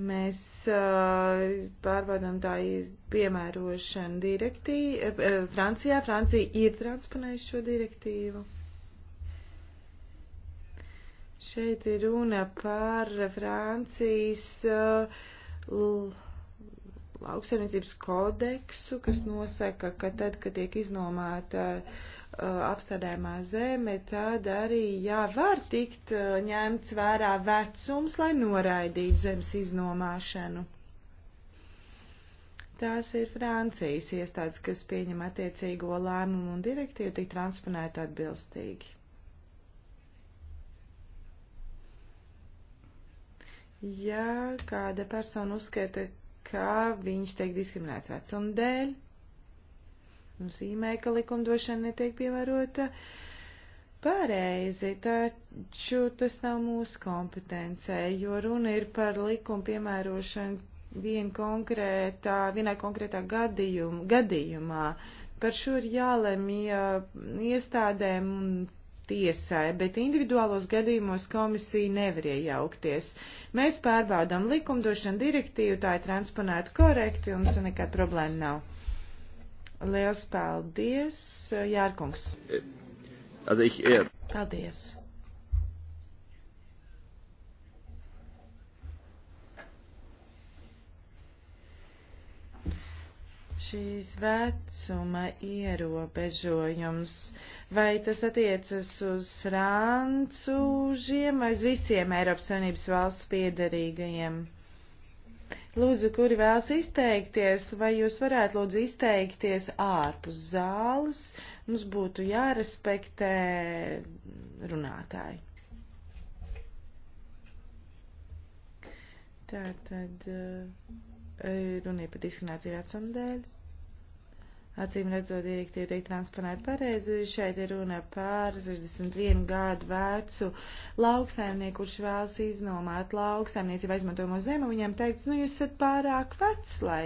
Mēs eh, pārbaudām tā piemērošanu direktīvu. Eh, Francijā Francija ir transponējusi šo direktīvu. Šeit ir runa par Francijas uh, lauksaimniecības kodeksu, kas nosaka, ka tad, kad tiek iznomāta uh, apstrādājumā zeme, tad arī jā, var tikt uh, ņemts vērā vecums, lai noraidītu zemes iznomāšanu. Tās ir Francijas iestādes, kas pieņem attiecīgo lēmumu un direktīvu, tik transponēta atbilstīgi. Ja kāda persona uzskata, ka viņš tiek diskriminēts vecuma dēļ, nozīmē, ka likumdošana netiek pievērota pareizi, taču tas nav mūsu kompetencē, jo runa ir par likumu piemērošanu vien konkrētā, vienā konkrētā gadījum, gadījumā. Par šo ir jālemj iestādēm un tiesai, bet individuālos gadījumos komisija nevar iejaukties. Mēs pārbaudām likumdošanu direktīvu, tā ir transponēta korekti, un mums nekāda problēma nav. Liels paldies, Jārkungs. Eh, also ich, ja. Eh, paldies. šīs vecuma ierobežojums, vai tas attiecas uz francūžiem vai uz visiem Eiropas Savienības valsts piedarīgajiem? Lūdzu, kuri vēlas izteikties, vai jūs varētu lūdzu izteikties ārpus zāles, mums būtu jārespektē runātāji. Tātad eh, runa ir par diskrimināciju vecuma dēļ acīm redzot direktīvu tiek transponēt pareizi. Šeit ir runa par 61 gadu vecu lauksaimnieku, kurš vēlas iznomāt lauksaimniecību aizmantojamo zemi. Viņam teikts, nu jūs esat pārāk vecs, lai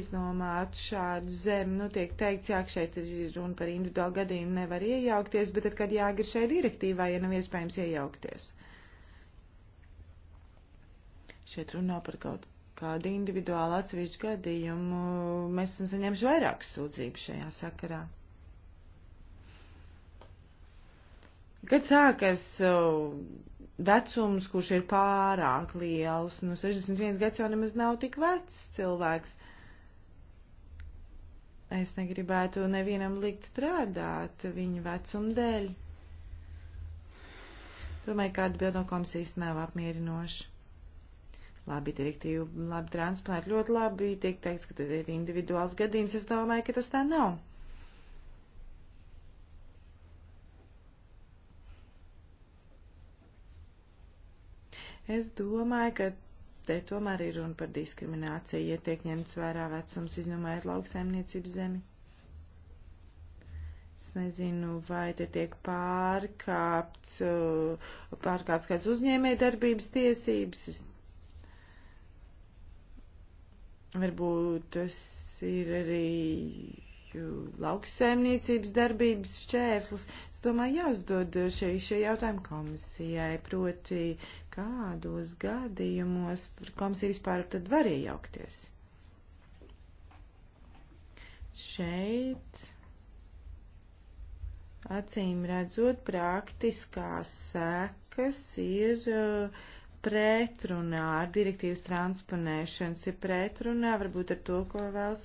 iznomātu šādu zemi. Nu tiek teikts, jā, šeit ir runa par individuālu gadījumu, nevar iejaukties, bet tad, kad jāgir šai direktīvai, ja nav iespējams iejaukties. Šeit runa nav par kaut kādu individuālu atsevišķu gadījumu. Mēs esam saņēmuši vairākas sūdzības šajā sakarā. Kad sākas vecums, kurš ir pārāk liels, nu 61 gads jau nemaz nav tik vecs cilvēks. Es negribētu nevienam likt strādāt viņa vecuma dēļ. Domāju, ka atbild no komisijas nav apmierinoša. Labi direktīva, labi transplanti, ļoti labi tiek teikts, ka tas ir individuāls gadījums. Es domāju, ka tas tā nav. Es domāju, ka te tomēr ir runa par diskrimināciju, ja tiek ņemts vērā vecums, izņemot lauksaimniecības zemi. Es nezinu, vai te tiek pārkāpts, uh, pārkāpts kāds uzņēmē darbības tiesības. Es Varbūt tas ir arī lauksaimniecības darbības šķērslis. Es domāju, jāuzdod šie, šie jautājumi komisijai, proti, kādos gadījumos komisija vispār tad var iejaukties. Šeit acīm redzot praktiskās sekas ir uh, pretrunā ar direktīvas transponēšanas, ir pretrunā varbūt ar to, ko vēlas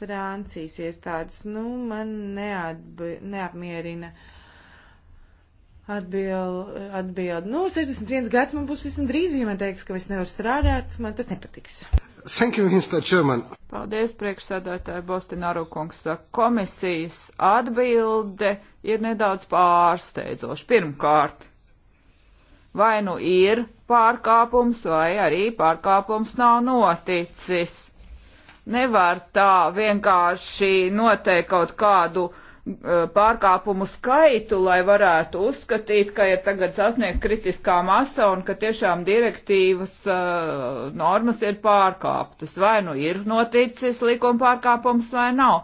Francijas iestādes. Nu, man neatbi, neapmierina atbild, atbild. Nu, 61 gads man būs visam drīz, ja man teiks, ka es nevaru strādāt, man tas nepatiks. Thank you, Mr. Chairman. Paldies, priekšsēdētāji Bostināru kungs. Komisijas atbilde ir nedaudz pārsteidzoša. Pirmkārt, vai nu ir pārkāpums, vai arī pārkāpums nav noticis. Nevar tā vienkārši noteikt kaut kādu e, pārkāpumu skaitu, lai varētu uzskatīt, ka ir tagad sasniegt kritiskā masa un ka tiešām direktīvas uh, normas ir pārkāptas. Vai nu ir noticis likuma pārkāpums vai nav.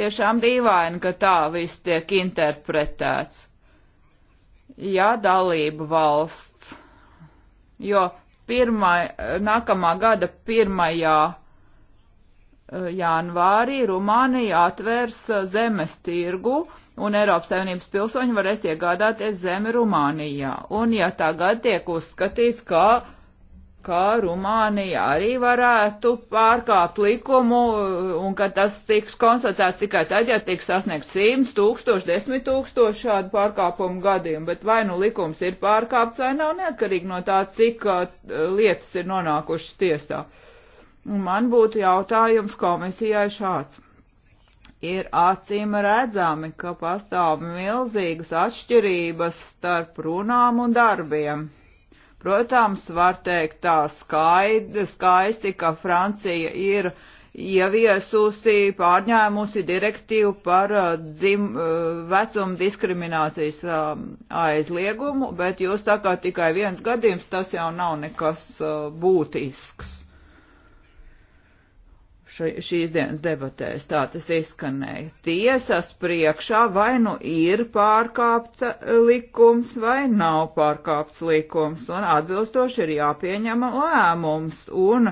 Tiešām dīvaini, ka tā viss tiek interpretēts ja dalība valsts, jo pirmā, nākamā gada 1. Eh, janvārī Rumānija atvērs eh, zemes tirgu un Eiropas Savienības pilsoņi varēs iegādāties zemi Rumānijā. Un ja tagad tiek uzskatīts, ka ka Rumānija arī varētu pārkāpt likumu uh, un ka tas tiks konstatēts tikai tad, ja tiks sasniegt 100 tūkstoši, 10 tūkstoši šādu pārkāpumu gadījumu, bet vai nu likums ir pārkāpts vai nav neatkarīgi no tā, cik uh, lietas ir nonākušas tiesā. Un man būtu jautājums komisijai šāds. Ir acīm redzami, ka pastāv milzīgas atšķirības starp runām un darbiem. Protams, var teikt tā skaidri, skaisti, ka Francija ir ieviesusi, pārņēmusi direktīvu par uh, dzim, uh, vecuma diskriminācijas um, aizliegumu, bet jūs sakāt tikai viens gadījums, tas jau nav nekas uh, būtisks šīs dienas debatēs tā tas izskanēja. Tiesas priekšā vai nu ir pārkāpts likums, vai nav pārkāpts likums, un atbilstoši ir jāpieņem lēmums, un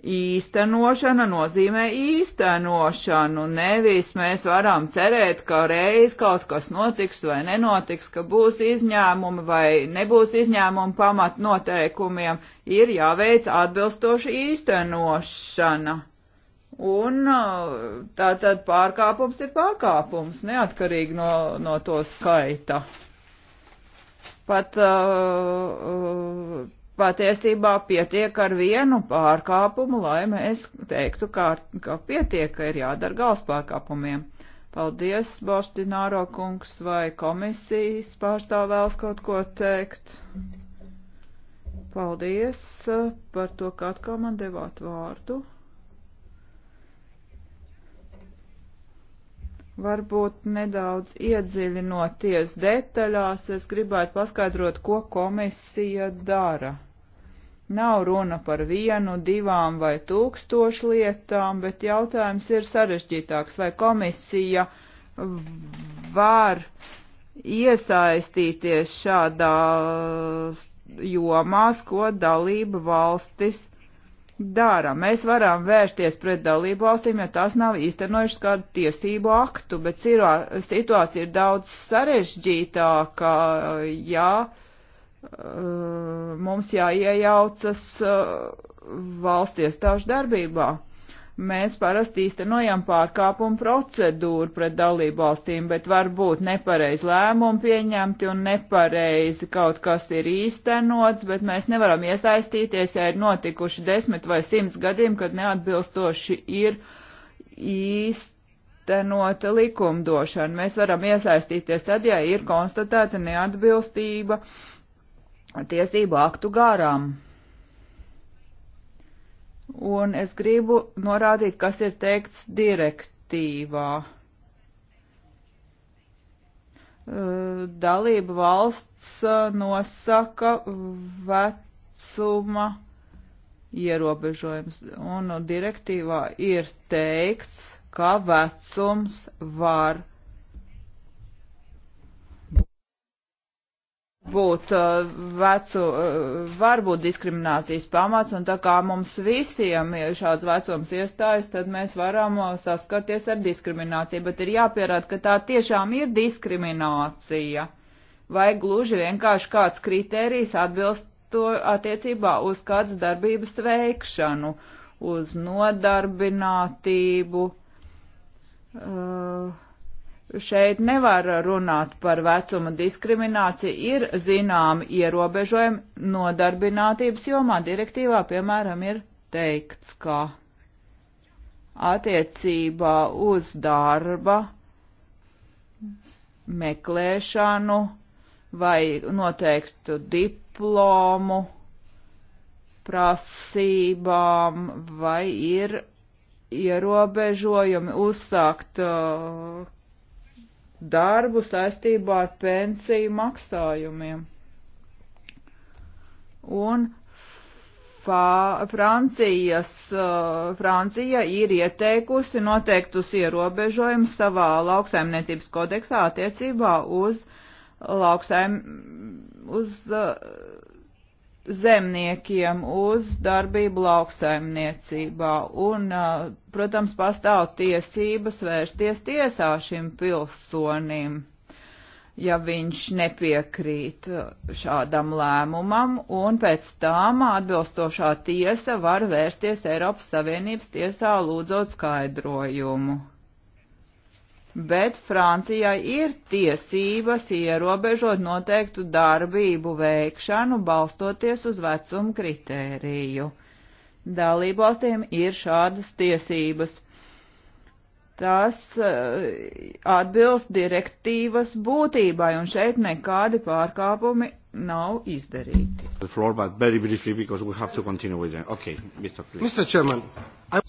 īstenošana nozīmē īstenošanu, nevis mēs varam cerēt, ka reiz kaut kas notiks vai nenotiks, ka būs izņēmumi vai nebūs izņēmumi pamat noteikumiem, ir jāveic atbilstoši īstenošana Un tātad pārkāpums ir pārkāpums, neatkarīgi no, no to skaita. Pat uh, patiesībā pietiek ar vienu pārkāpumu, lai mēs teiktu, kā, ka pietiek, ka ir jādara gals pārkāpumiem. Paldies, Boštināro kungs, vai komisijas pārstāv vēlas kaut ko teikt? Paldies par to, ka atkal man devāt vārdu. varbūt nedaudz iedziļinoties detaļās, es gribētu paskaidrot, ko komisija dara. Nav runa par vienu, divām vai tūkstošu lietām, bet jautājums ir sarežģītāks. Vai komisija var iesaistīties šādā jomās, ko dalība valstis dara. Mēs varam vērsties pret dalību valstīm, ja tās nav īstenojušas kādu tiesību aktu, bet situācija ir daudz sarežģītāka, ja uh, mums jāiejaucas uh, valsts iestāžu darbībā mēs parasti īstenojam pārkāpumu procedūru pret dalību valstīm, bet varbūt nepareiz lēmumu pieņemti un nepareizi kaut kas ir īstenots, bet mēs nevaram iesaistīties, ja ir notikuši desmit vai simts gadiem, kad neatbilstoši ir īstenota likumdošana. Mēs varam iesaistīties tad, ja ir konstatēta neatbilstība tiesību aktu garām. Un es gribu norādīt, kas ir teikts direktīvā. Dalība valsts nosaka vecuma ierobežojums, un direktīvā ir teikts, ka vecums var būt uh, vecu, uh, var būt diskriminācijas pamats, un tā kā mums visiem šāds vecums iestājas, tad mēs varam uh, saskarties ar diskrimināciju, bet ir jāpierāda, ka tā tiešām ir diskriminācija, vai gluži vienkārši kāds kriterijs atbilst to attiecībā uz kādas darbības veikšanu, uz nodarbinātību. Uh, Šeit nevar runāt par vecuma diskrimināciju, ir zināmi ierobežojumi nodarbinātības jomā. Direktīvā, piemēram, ir teikts, ka attiecībā uz darba meklēšanu vai noteiktu diplomu prasībām vai ir ierobežojumi uzsākt uh, darbu saistībā ar pensiju maksājumiem. Un Fā, Francijas, uh, Francija ir ieteikusi noteiktus ierobežojumus savā lauksaimniecības kodeksā attiecībā uz lauksaim, uz uh, zemniekiem uz darbību lauksaimniecībā. Un, protams, pastāv tiesības vērsties tiesā šim pilsonim, ja viņš nepiekrīt šādam lēmumam, un pēc tām atbilstošā tiesa var vērsties Eiropas Savienības tiesā lūdzot skaidrojumu bet Francijai ir tiesības ierobežot noteiktu darbību veikšanu balstoties uz vecumu kritēriju. Dalībvalstīm ir šādas tiesības. Tas uh, atbilst direktīvas būtībai, un šeit nekādi pārkāpumi nav izdarīti. Floor, briefly, okay, Mr. Mr. Chairman, I...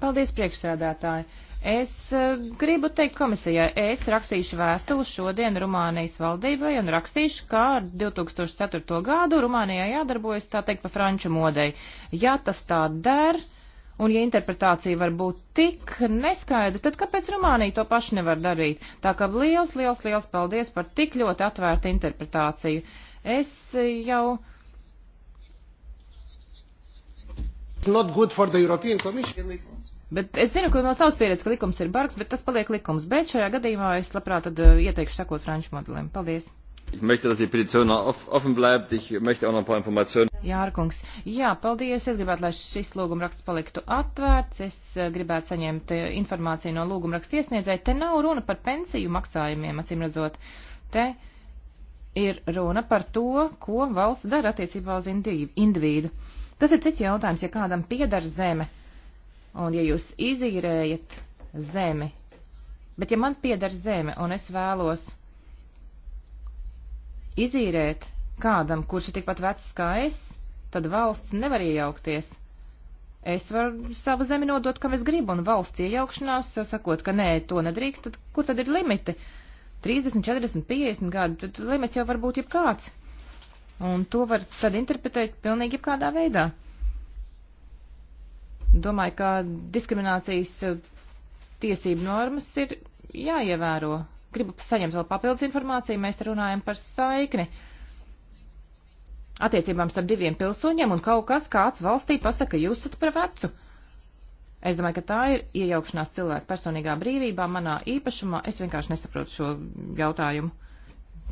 Paldies, priekšsēdētāji. Es eh, gribu teikt komisijai, es rakstīšu vēstuli šodien Rumānijas valdībai un rakstīšu, kā ar 2004. gadu Rumānijā jādarbojas, tā teikt, pa franču modei. Ja tas tā der, un ja interpretācija var būt tik neskaidra, tad kāpēc Rumānija to paši nevar darīt? Tā kā liels, liels, liels paldies par tik ļoti atvērtu interpretāciju. Es eh, jau. Not good for the European Commission. Bet es zinu, ka no savas pieredzes, ka likums ir bargs, bet tas paliek likums. Bet šajā gadījumā es labprāt tad uh, ieteikšu sakot franču modelim. Paldies! Ich möchte, dass die Petition off, offen bleibt. Ich möchte auch noch ein paar Informationen. Jārkungs, jā, paldies. Es gribētu, lai šis lūgumraksts paliktu atvērts. Es eh, gribētu saņemt eh, informāciju no lūgumraksta iesniedzēja. Te nav runa par pensiju maksājumiem, acīm redzot. Te ir runa par to, ko valsts dara attiecībā uz individu. Tas ir cits jautājums, ja kādam piedara zeme Un ja jūs izīrējat zemi, bet ja man pieder zeme un es vēlos izīrēt kādam, kurš ir tikpat vecs kā es, tad valsts nevar iejaukties. Es varu savu zemi nodot, kam es gribu, un valsts iejaukšanās, sakot, ka nē, to nedrīkst, tad kur tad ir limiti? 30, 40, 50 gadi, tad limits jau var būt jebkāds. Un to var tad interpretēt pilnīgi jebkādā veidā. Domāju, ka diskriminācijas eh, tiesību normas ir jāievēro. Gribu saņemt vēl papildus informāciju, mēs runājam par saikni attiecībām starp diviem pilsoņiem un kaut kas kāds valstī pasaka, jūs esat par vecu. Es domāju, ka tā ir iejaukšanās cilvēku personīgā brīvībā, manā īpašumā. Es vienkārši nesaprotu šo jautājumu,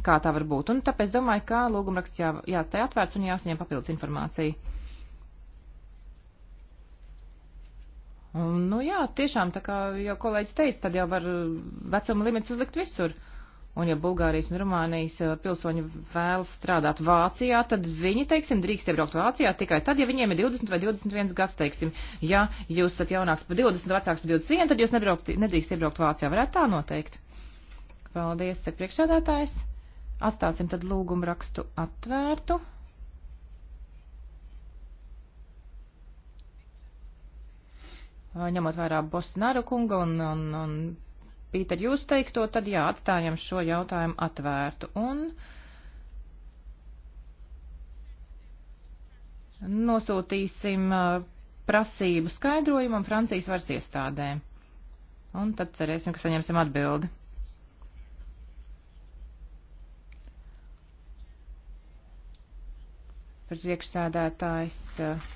kā tā var būt. Un tāpēc domāju, ka lūgumraksts jā, jāatstāj atvērts un jāsaņem papildus informācija. Un, nu jā, tiešām, tā kā jau kolēģis teica, tad jau var vecuma limits uzlikt visur. Un ja Bulgārijas un Rumānijas eh, pilsoņi vēlas strādāt Vācijā, tad viņi, teiksim, drīkst iebraukt Vācijā tikai tad, ja viņiem ir 20 vai 21 gads, teiksim. Ja jūs esat jaunāks par 20, vecāks par 21, tad jūs nebraukt, nedrīkst iebraukt Vācijā. Varētu tā noteikt. Paldies, saka priekšsēdētājs. Atstāsim tad lūgumu rakstu atvērtu. ņemot vērā Bostināru kunga un, un, un Pīter jūs teikto, tad jā, atstājam šo jautājumu atvērtu. Un nosūtīsim prasību skaidrojumam Francijas varas iestādēm. Un tad cerēsim, ka saņemsim atbildi. Priekšsēdētājs. Uh,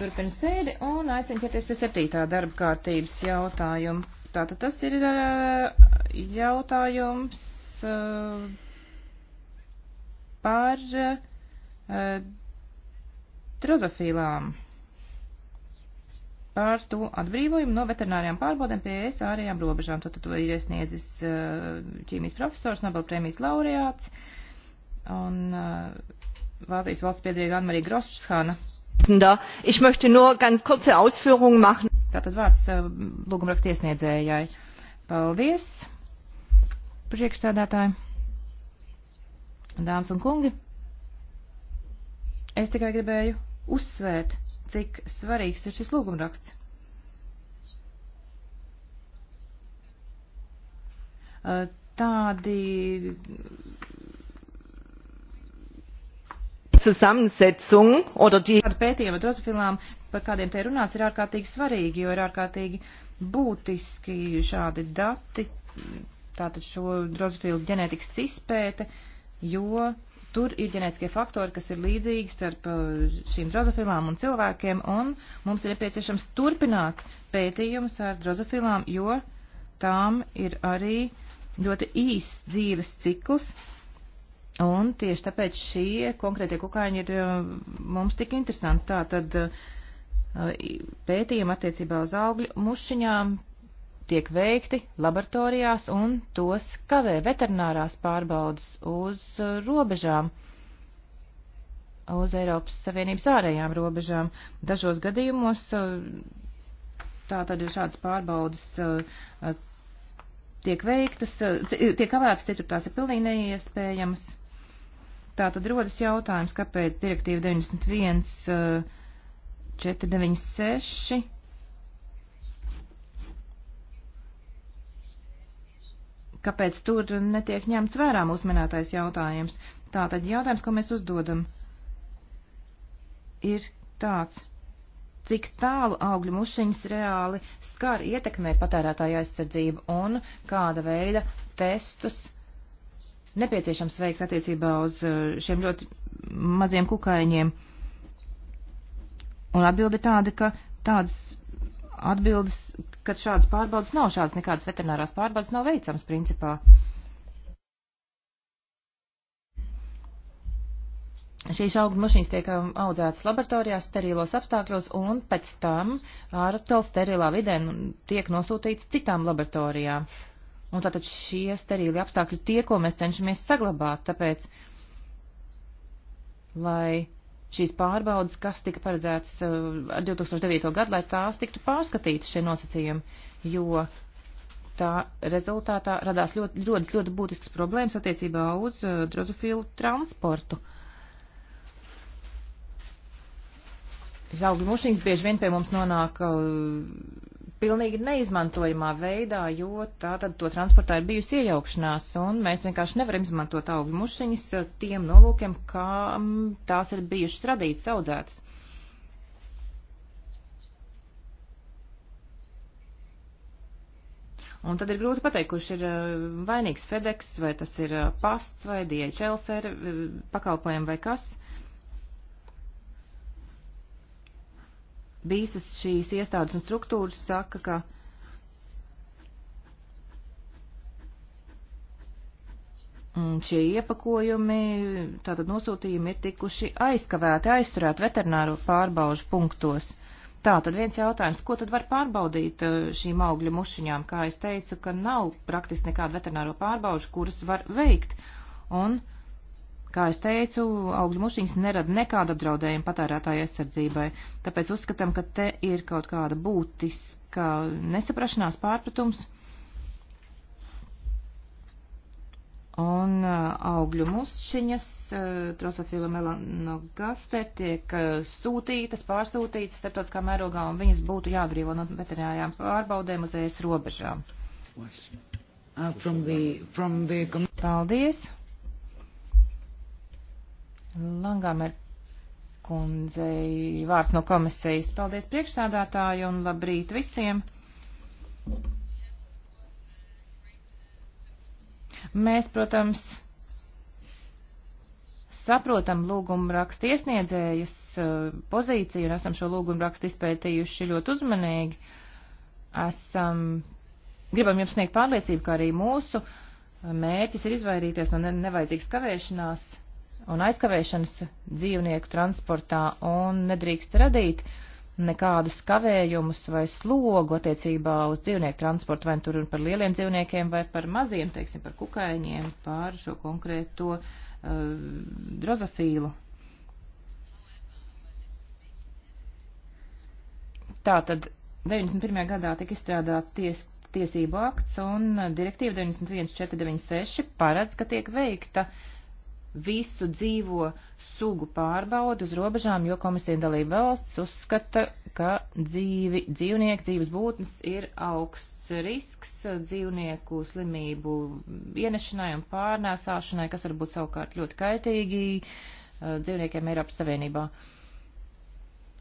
turpina sēdi un aicinu ķerties pie septītā darba kārtības jautājuma. Tātad tas ir jautājums par drozofīlām, par to atbrīvojumu no veterinārijām pārbaudēm pie ES ārējām robežām. Tātad to ir iesniedzis ķīmijas profesors, Nobelprēmijas laureāts un Vācijas valsts piedrīga Anmarija Grosšana. Ich möchte nur ganz kurze Ausführungen machen. Tātad vārds eh, lūgumraksta iesniedzējai. Paldies, priekšsēdētāji, dāmas un kungi. Es tikai gribēju uzsvērt, cik svarīgs ir šis lūgumraksts. Eh, tādi Zusammensetzung oder die. Ar pētījumu drozofilām, par kādiem te runāts, ir ārkārtīgi svarīgi, jo ir ārkārtīgi būtiski šādi dati, tātad šo drozofilu ģenētikas izpēte, jo tur ir ģenētiskie faktori, kas ir līdzīgi starp uh, šīm drozofilām un cilvēkiem, un mums ir nepieciešams turpināt pētījumus ar drozofilām, jo tām ir arī ļoti īs dzīves cikls, Un tieši tāpēc šie konkrētie kukaiņi ir eh, mums tik interesanti. Tā tad eh, pētījumi attiecībā uz augļu mušiņām tiek veikti laboratorijās un tos kavē veterinārās pārbaudas uz eh, robežām, uz Eiropas Savienības ārējām robežām. Dažos gadījumos tātad šādas pārbaudas tiek veiktas, tiek kavētas, citur tās ir pilnīgi neiespējamas. Tā tad rodas jautājums, kāpēc direktīva 91 496 eh, kāpēc tur netiek ņemts vērā mūsu minētais jautājums. Tātad jautājums, ko mēs uzdodam, ir tāds, cik tālu augļu mušiņas reāli skar ietekmē patērētāja aizsardzību un kāda veida testus nepieciešams veikt attiecībā uz uh, šiem ļoti maziem kukaiņiem. Un atbilde tāda, ka tādas atbildes, kad šādas pārbaudas nav, šādas nekādas veterinārās pārbaudas nav veicams principā. Šīs auga mašīnas tiek um, audzētas laboratorijās, sterilos apstākļos, un pēc tam ārtel sterilā vidē tiek nosūtīts citām laboratorijām. Uh, Un tātad šie sterīli apstākļi tie, ko mēs cenšamies saglabāt, tāpēc, lai šīs pārbaudas, kas tika paredzētas uh, ar 2009. gadu, lai tās tiktu pārskatītas šie nosacījumi, jo tā rezultātā radās ļoti, ļoti, ļoti būtisks problēmas attiecībā uz uh, drozofilu transportu. Zaugļu mušiņas bieži vien pie mums nonāk uh, pilnīgi neizmantojamā veidā, jo tā tad to transportā ir bijusi iejaukšanās, un mēs vienkārši nevaram izmantot augļu mušiņas eh, tiem nolūkiem, kā tās ir bijušas radītas, audzētas. Un tad ir grūti pateikt, kurš ir eh, vainīgs FedEx, vai tas ir eh, pasts, vai DHL pakalpojumi, vai kas. Uh, visas šīs iestādes un struktūras saka, ka mm, šie iepakojumi, tātad nosūtījumi ir tikuši aizkavēti, aizturēti veterināro pārbaužu punktos. Tā, tad viens jautājums, ko tad var pārbaudīt eh, šīm augļu mušiņām? Kā es teicu, ka nav praktiski nekāda veterināro pārbaužu, kuras var veikt. Un uh, Kā es teicu, augļu mušiņas nerada nekādu apdraudējumu patērētāju aizsardzībai, tāpēc uzskatām, ka te ir kaut kāda būtiska nesaprašanās pārpratums. Un uh, augļu mušiņas, trosofila uh, melanogaster, tiek uh, sūtītas, pārsūtītas starptautiskā mērogā, un viņas būtu jāatbrīvo no veterinārajām pārbaudēm uz ēs robežām. From the, from the... Paldies! Langāmer kundzei vārds no komisijas. Paldies priekšsādātāju un labrīt visiem. Mēs, protams, saprotam lūgumu rakstu iesniedzējas uh, pozīciju un esam šo lūgumu rakstu izpētījuši ļoti uzmanīgi. Esam, gribam jums sniegt pārliecību, ka arī mūsu mērķis ir izvairīties no nevajadzīgas kavēšanās un aizkavēšanas dzīvnieku transportā un nedrīkst radīt nekādus kavējumus vai slogu attiecībā uz dzīvnieku transportu, vai nu tur un par lieliem dzīvniekiem, vai par maziem, teiksim, par kukaiņiem, par šo konkrēto uh, drozofīlu. Tātad 91. gadā tika izstrādāts ties, tiesību akts un eh, direktīva 91496 paredz, ka tiek veikta uh, visu dzīvo sugu pārbaudu uz robežām, jo komisija un dalība valsts uzskata, ka dzīvi, dzīvnieki, dzīves būtnes ir augsts risks dzīvnieku slimību ienešanai un pārnēsāšanai, kas var būt savukārt ļoti kaitīgi uh, dzīvniekiem Eiropas Savienībā.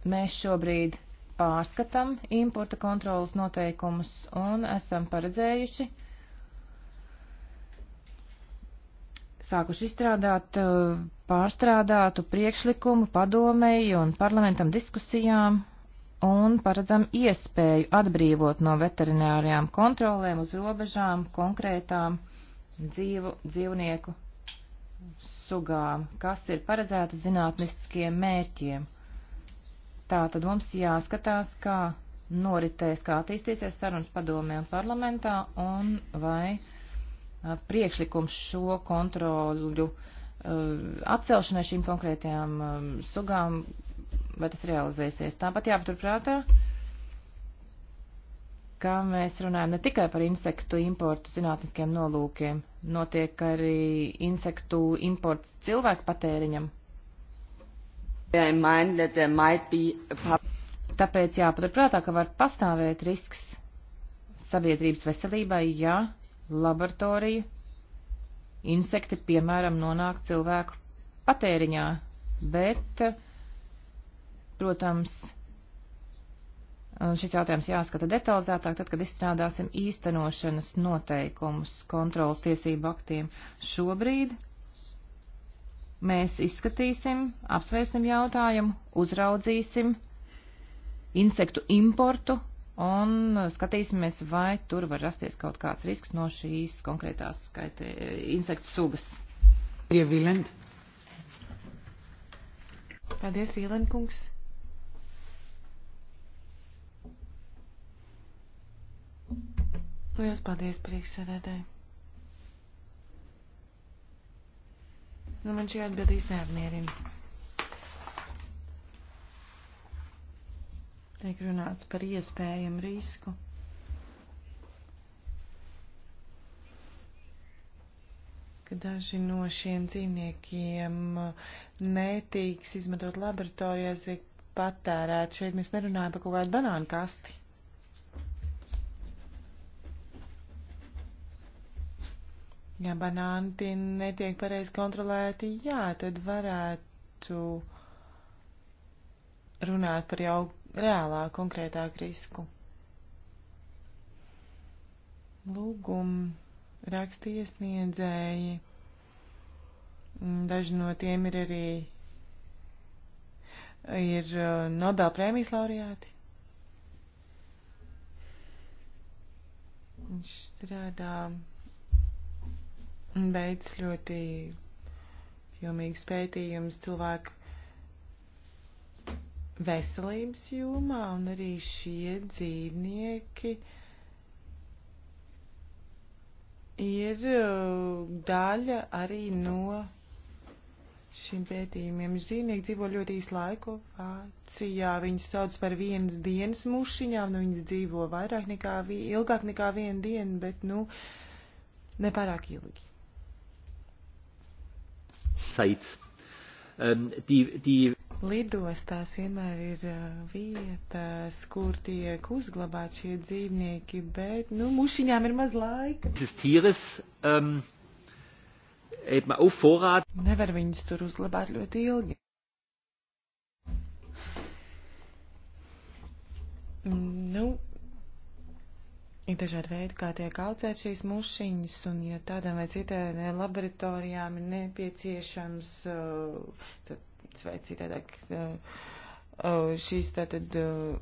Mēs šobrīd pārskatām importa kontrolas noteikumus un esam paredzējuši, uh, sākuši izstrādāt eh, pārstrādātu priekšlikumu padomēji un parlamentam diskusijām un paredzam iespēju atbrīvot no veterinārijām kontrolēm uz robežām konkrētām dzīvu, dzīvnieku sugām, kas ir paredzēta zinātniskiem mērķiem. Tā tad mums jāskatās, kā noritēs, kā attīstīsies sarunas padomē un parlamentā, un vai uh, Uh, priekšlikums šo kontroļu uh, atcelšanai šīm konkrētajām um, sugām, vai tas realizēsies. Tāpat jāpaturprātā, ka mēs runājam ne tikai par insektu importu zinātniskiem nolūkiem, notiek arī insektu imports cilvēku patēriņam. Tāpēc jāpaturprātā, ka var pastāvēt risks sabiedrības veselībai, ja laboratorija, insekti, piemēram, nonāk cilvēku patēriņā, bet, protams, šis jautājums jāskata detalizētāk, tad, kad izstrādāsim īstenošanas noteikumus kontrolas tiesību aktiem. Šobrīd mēs izskatīsim, apsvērsim jautājumu, uzraudzīsim insektu importu un skatīsimies, vai tur var rasties kaut kāds risks no šīs konkrētās skaitē, insektu sugas. Ja Vilend. Paldies, Vīlenkungs. Lielas paldies priekšsēdētāji. Nu, man šī atbildīs neapmierina. Tiek runāts par iespējamu risku. ka daži no šiem dzīvniekiem uh, netiks izmantot laboratorijās, tiek patērēt. Šeit mēs nerunājam par kaut kādu banānu kasti. Ja banāni tie netiek pareizi kontrolēti, jā, tad varētu runāt par jau reālāk, konkrētāk risku. Lūgum rakstiesniedzēji. Mm, daži no tiem ir arī ir uh, Nobel prēmijas laureāti. Viņš strādā un veids ļoti filmīgs pētījums cilvēku veselības jomā, un arī šie dzīvnieki ir uh, daļa arī no šiem pētījumiem. Zīvnieki dzīvo ļoti īsu laiku Vācijā. Viņus sauc par vienas dienas mušiņām, nu viņas dzīvo vairāk nekā, ilgāk nekā vienu dienu, bet, nu, nepārāk ilgi. Caits. Um, die, die... Lidostās vienmēr ir vietas, kur tiek uzglabāti šie dzīvnieki, bet nu, mušiņām ir maz laika. Tīres, um, Nevar viņus tur uzglabāt ļoti ilgi. Nu, ir dažādi veidi, kā tiek audzēt šīs mušiņas, un ja tādām vai citām laboratorijām ir nepieciešams, tad vai citādāk. Šīs tātad uh,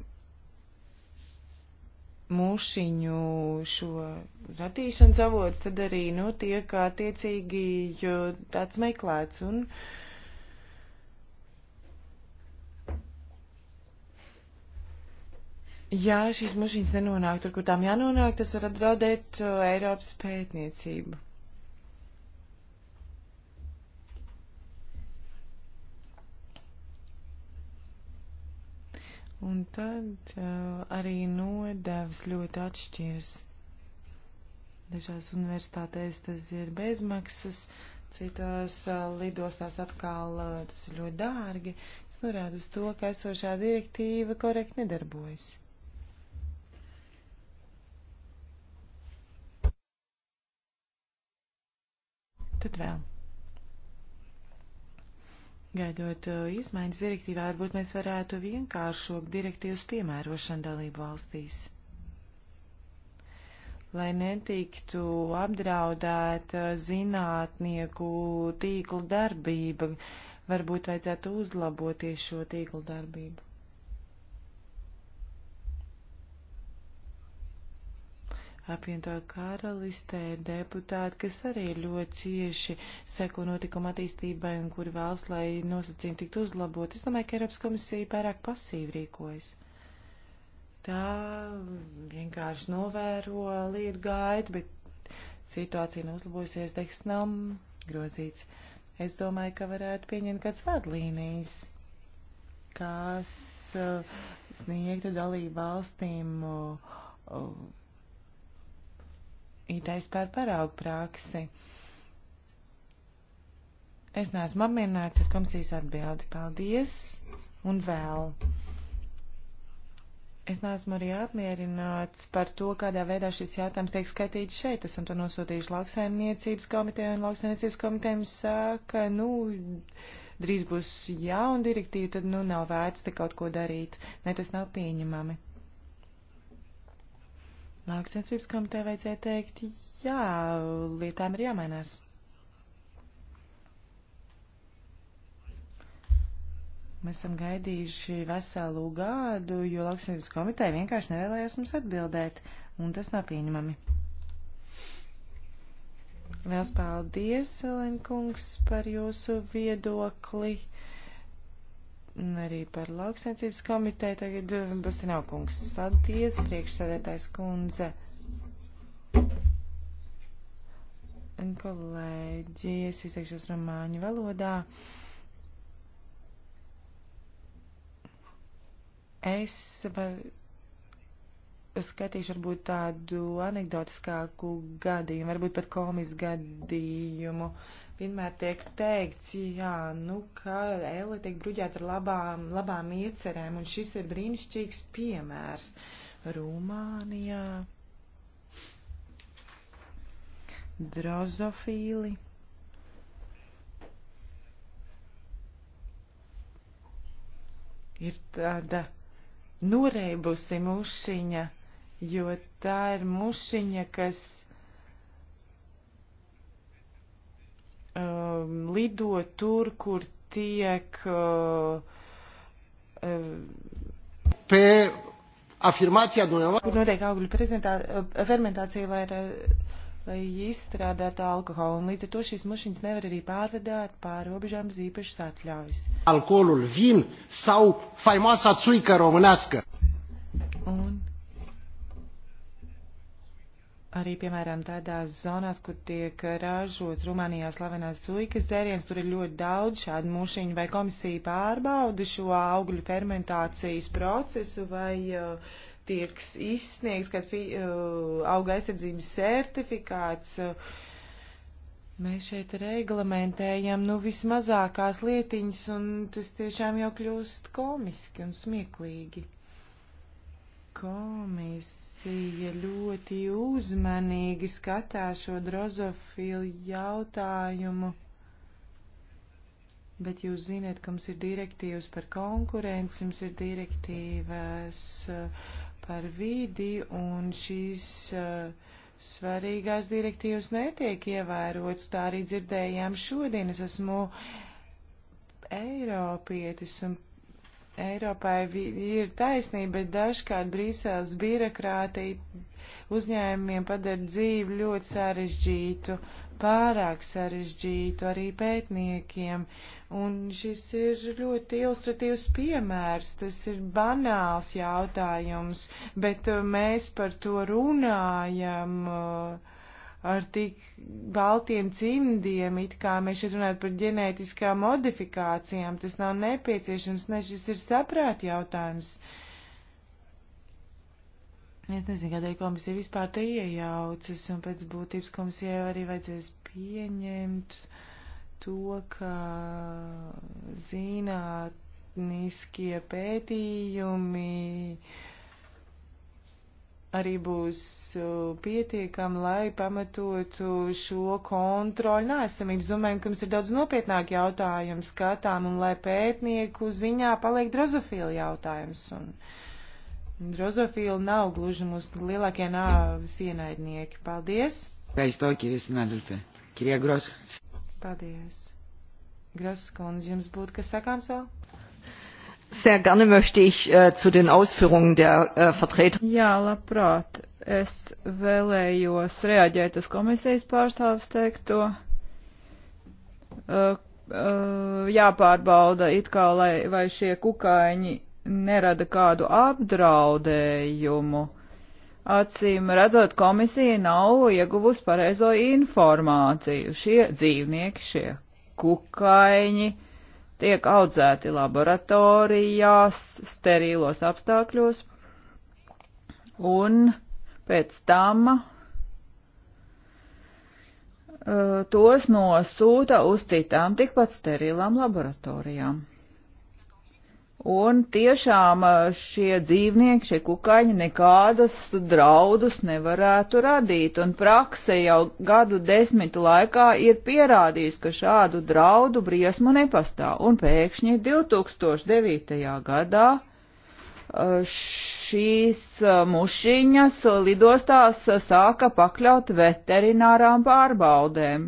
mušiņu šo radīšanas avots tad arī notiek nu, attiecīgi tāds meklēts un Ja šīs mašīnas nenonāk tur, kur tām jānonāk, tas var apdraudēt uh, Eiropas pētniecību. Un tad uh, arī nodevs ļoti atšķiras. Dažās universitātēs tas ir bezmaksas, citās uh, lidostās atkal uh, tas ir ļoti dārgi. Tas norāda uz to, ka esošā direktīva korekti nedarbojas. Tad vēl. Gaidot uh, izmaiņas direktīvā, varbūt mēs varētu vienkāršot direktīvas piemērošanu dalību valstīs, lai netiktu apdraudēta zinātnieku tīkla darbība. Varbūt vajadzētu uzlaboties šo tīkla darbību. apvienoto karalistē ir deputāti, kas arī ļoti cieši seko notikuma attīstībai un kuri vēlas, lai nosacījumi tiktu uzlabot. Es domāju, ka Eiropas komisija pārāk pasīvi rīkojas. Tā vienkārši novēro lietu gaidu, bet situācija nav uzlabojusies, teiks, nav grozīts. Es domāju, ka varētu pieņemt kāds vadlīnijas, kas uh, sniegtu dalību valstīm. Uh, uh, idejas par paraugu praksi. Es neesmu apmierināts ar komisijas atbildi. Paldies un vēl. Es neesmu arī apmierināts par to, kādā veidā šis jautājums tiek skatīts šeit. Esam to nosūtījuši lauksaimniecības komitē un lauksaimniecības komitējiem saka, nu, drīz būs jauna direktīva, tad nu nav vērts te kaut ko darīt. Ne, tas nav pieņemami. Lauksaimniecības komitē vajadzēja teikt, jā, lietām ir jāmainās. Mēs esam gaidījuši veselu gadu, jo lauksaimniecības komiteja vienkārši nevēlējās mums atbildēt, un tas nav pieņemami. Liels paldies, Elenkungs, par jūsu viedokli un arī par lauksaimniecības komiteju. Tagad eh, Bastinau kungs, paldies, priekšsēdētājs kundze. Un kolēģi, es izteikšos romāņu valodā. Es varu skatīšu varbūt tādu anegdotiskāku gadījumu, varbūt pat komisku gadījumu. Vienmēr tiek teikts, jā, nu, ka elle tiek bruģēta ar labām, labām iecerēm, un šis ir brīnišķīgs piemērs Rumānijā. Drozofīli. Ir tāda noreibusi mušiņa jo tā ir mušiņa, kas um, lido tur, kur tiek. Uh, uh, Pe afirmācijā dumneavoastră. Kur notiek augļu uh, fermentācija, lai, lai izstrādātu alkoholu. Un līdz ar to šīs mašīnas nevar arī pārvedāt pāri robežām bez īpašas atļaujas. Alkoholul, vin sau faimoasa țuică românească. Arī, piemēram, tādās zonās, kur tiek ražots Rumānijā slavenās suikas dzēriens, tur ir ļoti daudz šādu mušiņu, vai komisija pārbauda šo augļu fermentācijas procesu, vai uh, tiek izsniegts kāds uh, auga aizsardzības certifikāts. Uh, Mēs šeit reglamentējam, nu, vismazākās lietiņas, un tas tiešām jau kļūst komiski un smieklīgi. Komisija ļoti uzmanīgi skatās šo drozofilu jautājumu, bet jūs zināt, ka mums ir direktīvas par konkurenci, mums ir direktīvas uh, par vidi, un šīs uh, svarīgās direktīvas netiek ievērotas. Tā arī dzirdējām šodien. Es esmu Eiropietis un Eiropai ir taisnība, bet dažkārt Brīseles birokrātija uzņēmumiem padara dzīvi ļoti sarežģītu, pārāk sarežģītu arī pētniekiem. Un šis ir ļoti ilustratīvs piemērs, tas ir banāls jautājums, bet uh, mēs par to runājam. Uh, ar tik baltiem cimdiem, it kā mēs šeit runājam par ģenētiskām modifikācijām, tas nav nepieciešams, ne šis ir saprāta jautājums. Es nezinu, kādēļ komisija vispār te iejaucas, un pēc būtības komisijai arī vajadzēs pieņemt to, ka zinātniskie pētījumi arī būs pietiekami, lai pamatotu šo kontroļu nēsamību. Domājam, ka mums ir daudz nopietnāk jautājums skatām un lai pētnieku ziņā paliek drozofīla jautājums. Un drozofīla nav gluži mūsu lielākie nāvis ienaidnieki. Paldies! Kaisto, Kiris Nadulfe. Kirija Gros. Paldies. Gros, kundze, jums būtu kas sakāms vēl? Sehr gerne möchte ich äh, zu den Ausführungen der äh, Vertreter. Jā, labprāt. Es vēlējos reaģēt uz komisijas pārstāvis teikto. Uh, uh, jāpārbauda it kā, lai, vai šie kukaiņi nerada kādu apdraudējumu. Acīm redzot, komisija nav ieguvusi pareizo informāciju. Šie dzīvnieki, šie kukaiņi, uh, tiek audzēti laboratorijās, sterīlos apstākļos, un pēc tam eh, tos nosūta uz citām tikpat sterilām laboratorijām. Un tiešām šie dzīvnieki, šie kukaņi nekādas draudus nevarētu radīt, un prakse jau gadu desmitu laikā ir pierādījusi, ka šādu draudu briesmu nepastāv. Un pēkšņi 2009. gadā šīs mušiņas lidostās sāka pakļaut veterinārām pārbaudēm.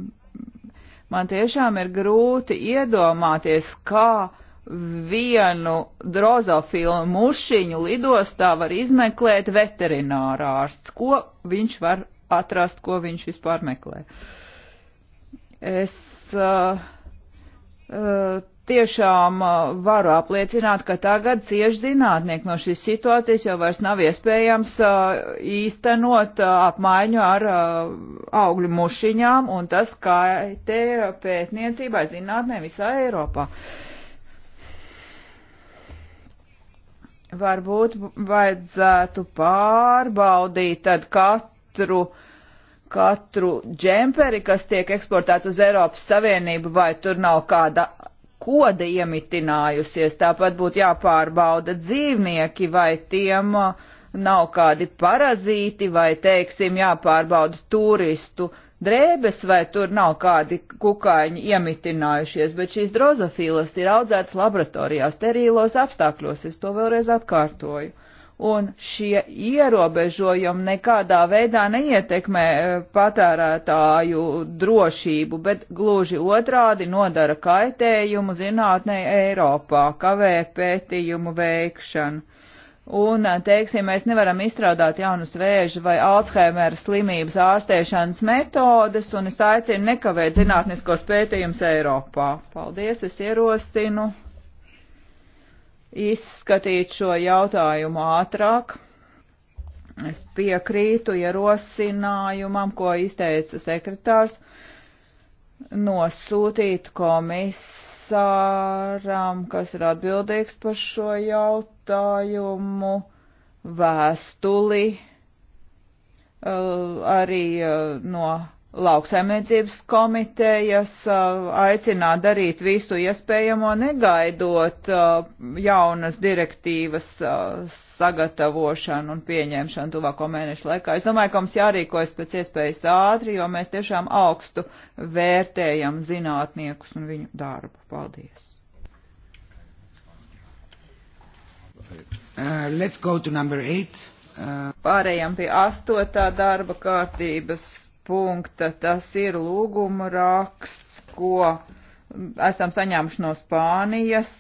Man tiešām ir grūti iedomāties, kā vienu drozofilu mušiņu lidostā var izmeklēt veterinārārsts, ko viņš var atrast, ko viņš vispār meklē. Es uh, uh, tiešām uh, varu apliecināt, ka tagad cieši zinātnieki no šīs situācijas jau vairs nav iespējams uh, īstenot uh, apmaiņu ar augļu mušiņām, un tas kaitē pētniecībai zinātnē visā Eiropā. Uh, varbūt vajadzētu pārbaudīt tad katru, katru džemperi, kas tiek eksportēts uz Eiropas Savienību, vai tur nav kāda koda iemitinājusies. Tāpat būtu jāpārbauda dzīvnieki, vai tiem uh, nav kādi parazīti, vai, teiksim, jāpārbauda turistu drēbes, vai tur nav kādi kukaiņi iemitinājušies, bet šīs drozofīlas ir audzētas laboratorijā, sterīlos apstākļos, es to vēlreiz atkārtoju. Un šie ierobežojumi nekādā veidā neietekmē e, patērētāju drošību, bet gluži otrādi nodara kaitējumu zinātnē Eiropā, kavē pētījumu veikšanu Un, eh, teiksim, mēs nevaram izstrādāt jaunas vēža vai Alzheimera slimības ārstēšanas metodes, un es aicinu nekavēt zinātniskos pētījumus Eiropā. Paldies, es ierostinu izskatīt šo jautājumu ātrāk. Es piekrītu ierosinājumam, ko izteica sekretārs, nosūtīt komisiju komisāram, kas ir atbildīgs par šo jautājumu, vēstuli uh, arī uh, no lauksaimniecības komitejas uh, aicināt darīt visu iespējamo, negaidot uh, jaunas direktīvas uh, sagatavošanu un pieņemšanu tuvāko mēnešu laikā. Es domāju, ka mums jārīkojas pēc iespējas ātri, jo mēs tiešām augstu vērtējam zinātniekus un viņu darbu. Paldies! Uh, let's go to number eight. Uh... Pārējām pie astotā darba kārtības punkta. Tas ir lūguma raksts, ko esam saņēmuši no Spānijas,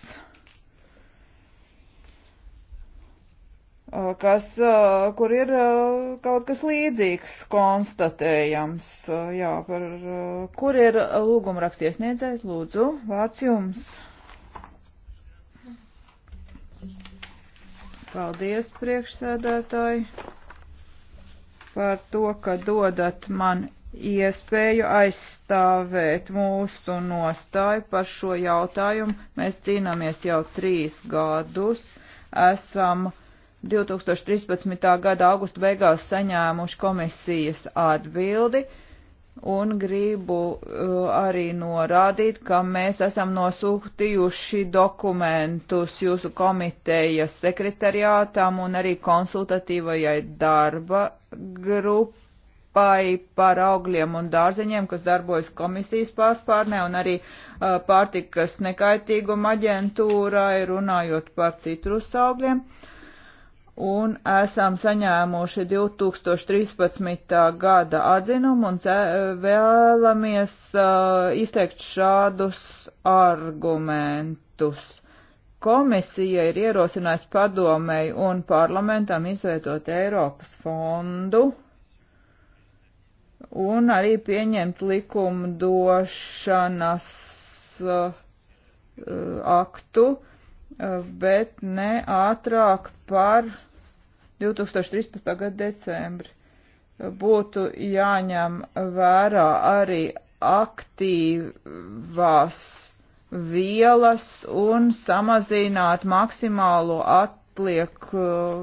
kas, kur ir kaut kas līdzīgs konstatējams. Jā, par, kur ir lūguma raksts iesniedzējs? Lūdzu, vārds jums. Paldies, priekšsēdētāji par to, ka dodat man iespēju aizstāvēt mūsu nostāju par šo jautājumu. Mēs cīnāmies jau trīs gadus. Esam 2013. gada augusta beigās saņēmuši komisijas atbildi. Uh, un gribu uh, arī norādīt, ka mēs esam nosūtījuši dokumentus jūsu komitejas sekretariātām un arī konsultatīvajai darba grupai par augļiem un dārzeņiem, kas darbojas komisijas pārspārnē un arī uh, pārtikas nekaitīguma aģentūrai runājot par citrus augļiem. Uh, un esam saņēmuši 2013. gada atzinumu un vēlamies uh, izteikt šādus argumentus. Komisija ir ierosinājusi padomēji un parlamentam izveidot Eiropas fondu un arī pieņemt likumdošanas uh, aktu, uh, bet ne ātrāk par 2013. gada decembri. Būtu jāņem vērā arī aktīvās vielas un samazināt maksimālo atlieku uh,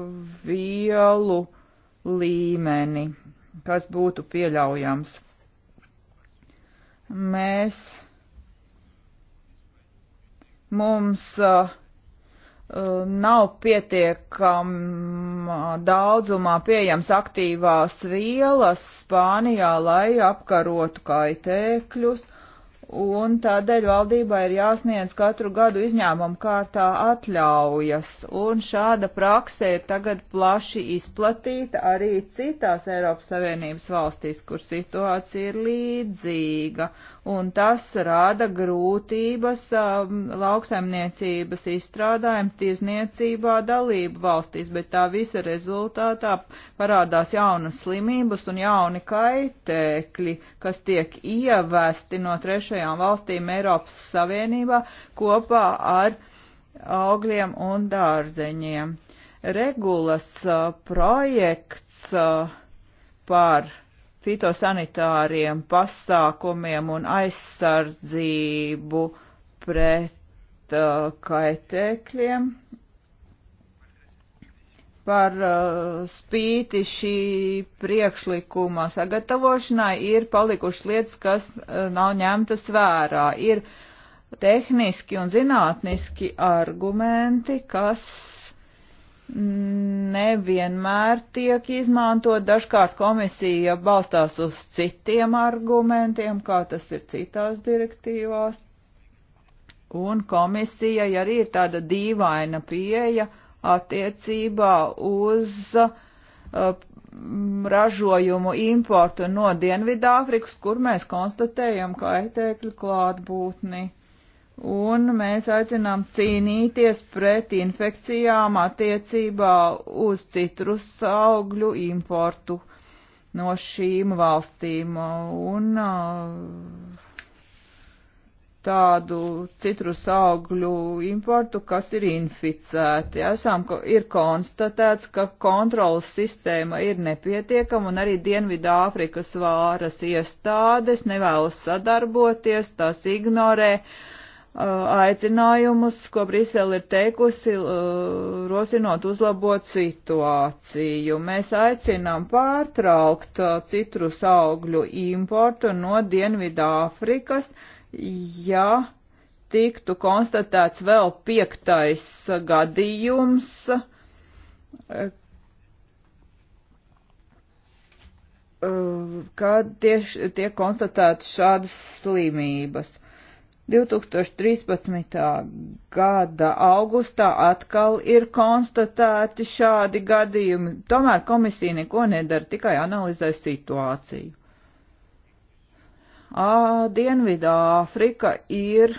vielu līmeni, kas būtu pieļaujams. Mēs, mums uh, Uh, nav pietiekama uh, daudzumā pieejams aktīvās vielas Spānijā, lai apkarotu kaitēkļus un tādēļ valdībā ir jāsniedz katru gadu izņēmumu kārtā atļaujas, un šāda prakse ir tagad plaši izplatīta arī citās Eiropas Savienības valstīs, kur situācija ir līdzīga, un tas rada grūtības um, lauksaimniecības izstrādājumu tiesniecībā dalību valstīs, bet tā visa rezultātā parādās jaunas slimības un jauni kaitēkļi, kas tiek ievesti no trešajām trešajām valstīm Eiropas Savienībā kopā ar augļiem un dārzeņiem. Regulas uh, projekts uh, par fitosanitāriem pasākumiem un aizsardzību pret uh, kaitēkļiem par uh, spīti šī priekšlikuma sagatavošanai ir palikušas lietas, kas uh, nav ņemtas vērā. Ir tehniski un zinātniski argumenti, kas mm, nevienmēr tiek izmantot. Dažkārt komisija balstās uz citiem argumentiem, kā tas ir citās direktīvās. Un komisijai arī ir tāda dīvaina pieeja uh, attiecībā uz uh, ražojumu importu no Dienvidāfrikas, kur mēs konstatējam kaitēkļu klātbūtni. Un mēs aicinām cīnīties pret infekcijām attiecībā uz citrus augļu importu no šīm valstīm. Un uh, tādu citrus augļu importu, kas ir inficēti. Esam, ir konstatēts, ka kontrolas sistēma ir nepietiekama un arī Dienvidā Āfrikas vāras iestādes nevēlas sadarboties, tās ignorē uh, aicinājumus, ko Brisele ir teikusi, uh, rosinot uzlabot situāciju. Mēs aicinām pārtraukt uh, citrus augļu importu no Dienvidāfrikas, Afrikas, ja tiktu konstatēts vēl piektais gadījums, kad tieši tiek konstatētas šādas slimības. 2013. gada augustā atkal ir konstatēti šādi gadījumi, tomēr komisija neko nedara, tikai analizē situāciju. Dienvidāfrika ir e,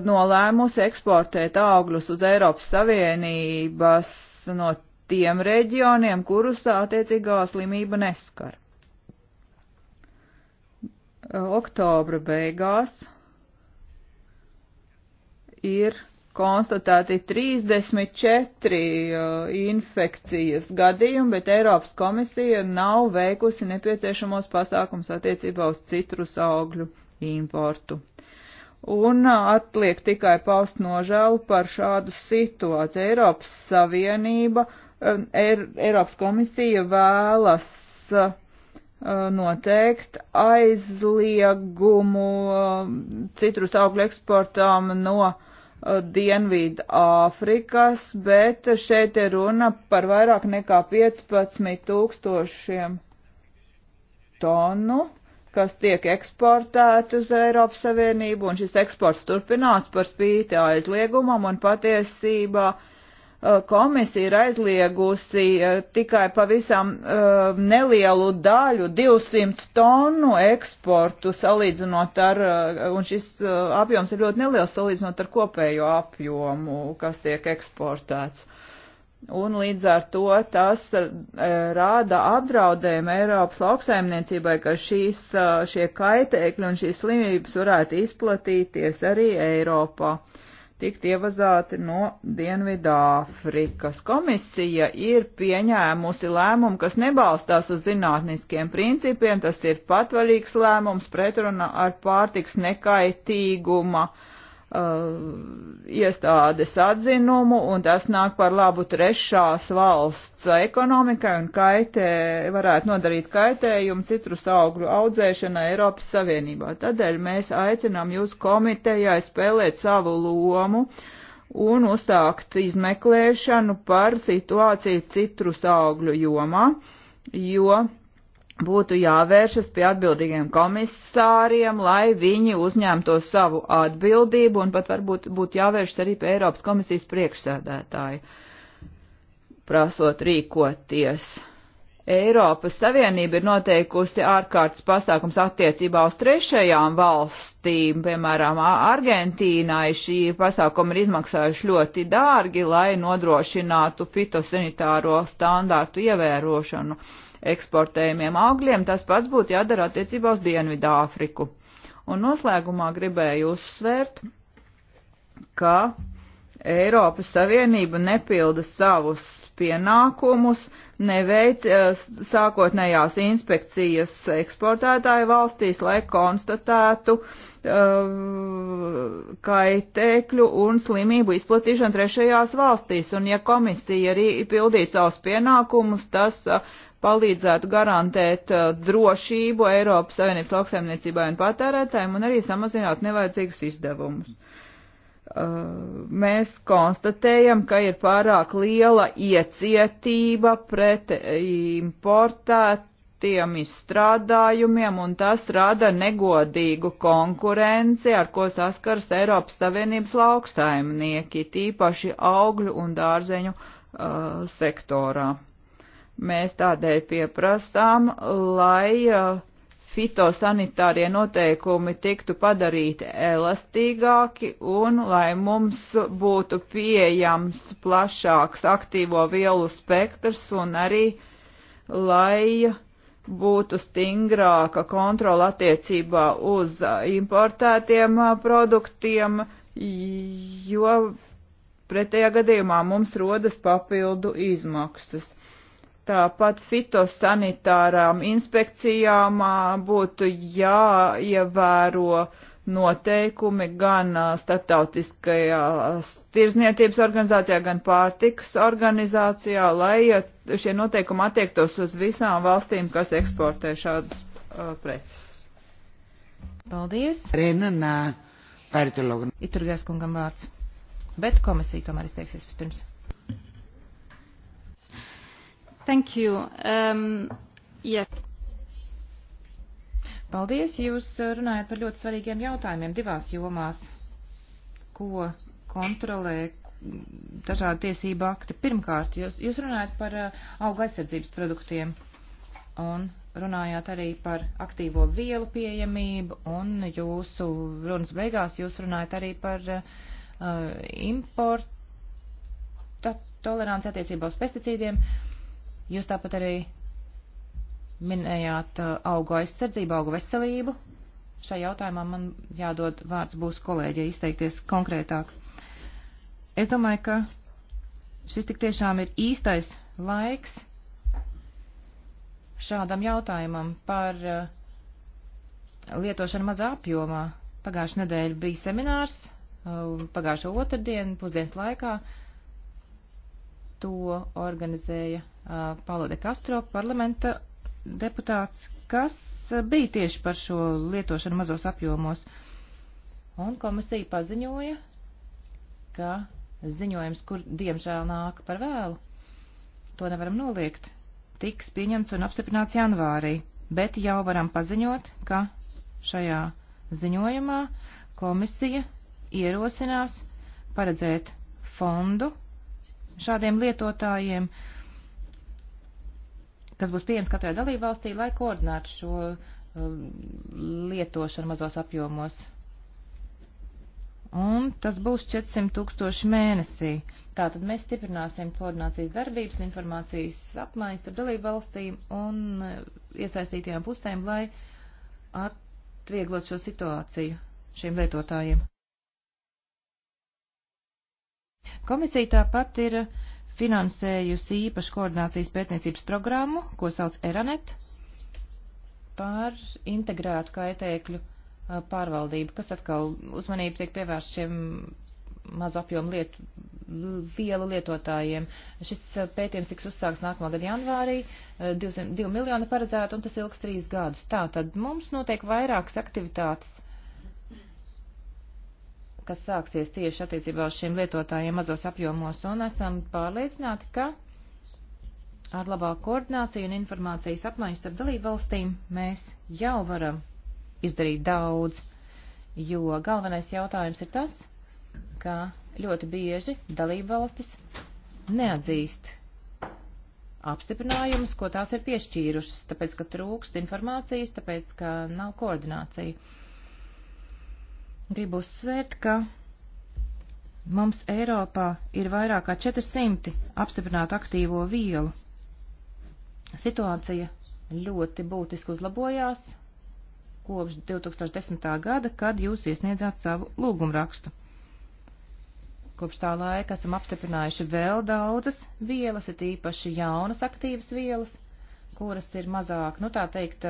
nolēmusi eksportēt augļus uz Eiropas Savienības no tiem reģioniem, kurus attiecīgā slimība neskar. E, oktobra beigās ir konstatēti 34 uh, infekcijas gadījumi, bet Eiropas komisija nav veikusi nepieciešamos pasākums attiecībā uz citrus augļu importu. Un uh, atliek tikai paust nožēlu par šādu situāciju. Eiropas Savienība, uh, Eir Eiropas komisija vēlas noteikt aizliegumu citrus augļu eksportām no uh, Dienvidu Āfrikas, bet šeit ir runa par vairāk nekā 15 tūkstošiem tonu, kas tiek eksportēti uz Eiropas Savienību, un šis eksports turpinās par spīti aizliegumam, un patiesībā uh, Eh, komisija ir aizliegusi eh, tikai pavisam eh, nelielu daļu, 200 tonu eksportu salīdzinot ar, un šis apjoms ir ļoti neliels salīdzinot ar kopējo apjomu, kas tiek eksportēts. Un līdz ar to tas rāda apdraudējumu Eiropas lauksaimniecībai, ka šīs, šie kaitēkļi un šīs slimības varētu izplatīties arī Eiropā. Uh, tikt ievazāti no Dienvidāfrikas. Komisija ir pieņēmusi lēmumu, kas nebalstās uz zinātniskiem principiem, tas ir patvaļīgs lēmums pretruna ar pārtiks nekaitīguma uh, Uh, iestādes atzinumu, un tas nāk par labu trešās valsts ekonomikai un kaitē, varētu nodarīt kaitējumu citrus augļu audzēšanai Eiropas Savienībā. Tādēļ mēs aicinām jūs komitejai spēlēt savu lomu un uzsākt izmeklēšanu par situāciju citrus augļu jomā, jo būtu jāvēršas pie atbildīgiem komisāriem, lai viņi uzņemto savu atbildību un pat varbūt būtu jāvēršas arī pie Eiropas komisijas priekšsēdētāju, prasot rīkoties. Eiropas Savienība ir noteikusi ārkārtas pasākums attiecībā uz trešajām valstīm, piemēram, Argentīnai šī pasākuma ir izmaksājuši ļoti dārgi, lai nodrošinātu fitosanitāro standārtu ievērošanu. Uh, eksportējumiem augļiem, tas pats būtu jādara attiecībā uz Dienvidāfriku. Un noslēgumā gribēju uzsvērt, ka Eiropas Savienība nepilda savus pienākumus, neveic eh, sākotnējās inspekcijas eksportētāju valstīs, lai konstatētu uh, kaitēkļu un slimību izplatīšanu trešajās valstīs. Un ja komisija arī pildītu savus pienākumus, tas uh, palīdzētu garantēt uh, drošību Eiropas Savienības lauksaimniecībai un patērētājiem un arī samazināt nevajadzīgus izdevumus. Uh, mēs konstatējam, ka ir pārāk liela iecietība pret importēt tiem izstrādājumiem, un tas rada negodīgu konkurenci, ar ko saskars Eiropas Savienības lauksaimnieki, tīpaši augļu un dārzeņu uh, sektorā. Mēs tādēļ pieprasām, lai uh, fitosanitārie noteikumi tiktu padarīti elastīgāki un lai mums būtu pieejams plašāks aktīvo vielu spektrs un arī lai būtu stingrāka kontrola attiecībā uz uh, importētiem uh, produktiem, jo pretējā gadījumā mums rodas papildu izmaksas. Tāpat fitosanitārām inspekcijām būtu jāievēro noteikumi gan starptautiskajā tirzniecības organizācijā, gan pārtikas organizācijā, lai šie noteikumi attiektos uz visām valstīm, kas eksportē šādas uh, preces. Paldies. Renanā, Pērtologu. Iturgās kungam vārds. Bet komisija tomēr izteiksies vispirms. Thank you. Um, yeah. Paldies, jūs uh, runājat par ļoti svarīgiem jautājumiem divās jomās, ko kontrolē dažādi tiesība akti. Pirmkārt, jūs, jūs runājat par uh, auga aizsardzības produktiem un runājāt arī par aktīvo vielu pieejamību un jūsu runas beigās jūs runājat arī par uh, uh importa toleranci attiecībā uz pesticīdiem. Uh, Jūs tāpat arī minējāt uh, augu aizsardzību, augu veselību. Šajā jautājumā man jādod vārds būs kolēģi izteikties konkrētāk. Es domāju, ka šis tik tiešām ir īstais laiks šādam jautājumam par uh, lietošanu mazā apjomā. Pagājušā nedēļa bija seminārs, uh, pagājušo otrdienu pusdienas laikā To organizēja Paulo de Castro, parlamenta deputāts, kas bija tieši par šo lietošanu mazos apjomos. Un komisija paziņoja, ka ziņojums, kur diemžēl nāk par vēlu, to nevaram noliegt, tiks pieņemts un apstiprināts janvārī, bet jau varam paziņot, ka šajā ziņojumā komisija ierosinās paredzēt fondu šādiem lietotājiem, kas būs pieejams katrai dalībvalstī, lai koordinātu šo um, lietošanu mazos apjomos. Un tas būs 400 tūkstoši mēnesī. Tātad mēs stiprināsim koordinācijas darbības un informācijas apmaiņas ar dalību valstīm un uh, iesaistītajām pusēm, lai atvieglot šo situāciju šiem lietotājiem. Komisija tāpat ir finansējusi īpašu koordinācijas pētniecības programmu, ko sauc Eranet, par integrētu kaitēkļu pārvaldību, kas atkal uzmanību tiek pievērst šiem mazu apjomu lietu, vielu lietotājiem. Šis pētījums tiks uzsāks nākamā gada janvārī, 200, 2 miljoni paredzētu, un tas ilgs trīs gadus. Tā tad mums notiek vairākas aktivitātes kas sāksies tieši attiecībā uz šiem lietotājiem mazos apjomos, un esam pārliecināti, ka ar labāku koordināciju un informācijas apmaiņu starp dalībvalstīm mēs jau varam izdarīt daudz, jo galvenais jautājums ir tas, ka ļoti bieži dalībvalstis neatzīst apstiprinājumus, ko tās ir piešķīrušas, tāpēc, ka trūkst informācijas, tāpēc, ka nav koordinācija. Gribu uzsvērt, ka mums Eiropā ir vairāk kā 400 apstiprinātu aktīvo vielu. Situācija ļoti būtiski uzlabojās kopš 2010. gada, kad jūs iesniedzāt savu lūgumrakstu. Kopš tā laika esam apstiprinājuši vēl daudzas vielas, ir īpaši jaunas aktīvas vielas, kuras ir mazāk, nu tā teikt,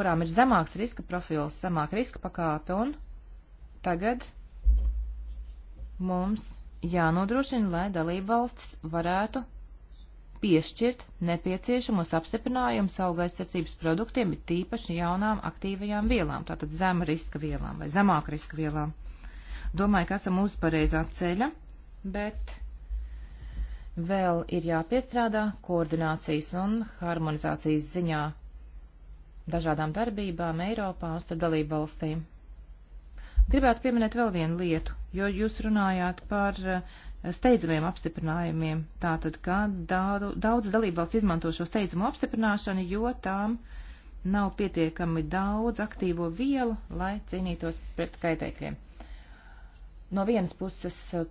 kurām ir zemāks riska profils, zemāka riska pakāpe, un Tagad mums jānodrošina, lai dalībvalstis varētu piešķirt nepieciešamos apstiprinājumus augaizsardzības produktiem, ir tīpaši jaunām aktīvajām vielām, tātad zema riska vielām vai zemāk riska vielām. Domāju, ka esam uz pareizā ceļa, bet vēl ir jāpiestrādā koordinācijas un harmonizācijas ziņā dažādām darbībām Eiropā un starp dalību valstīm. Gribētu pieminēt vēl vienu lietu, jo jūs runājāt par eh, steidzamiem apstiprinājumiem. Tātad, kā daudz dalībvalsts izmanto šo steidzamo apstiprināšanu, jo tām nav pietiekami daudz aktīvo vielu, lai cīnītos pret kaitēkļiem. No vienas puses eh,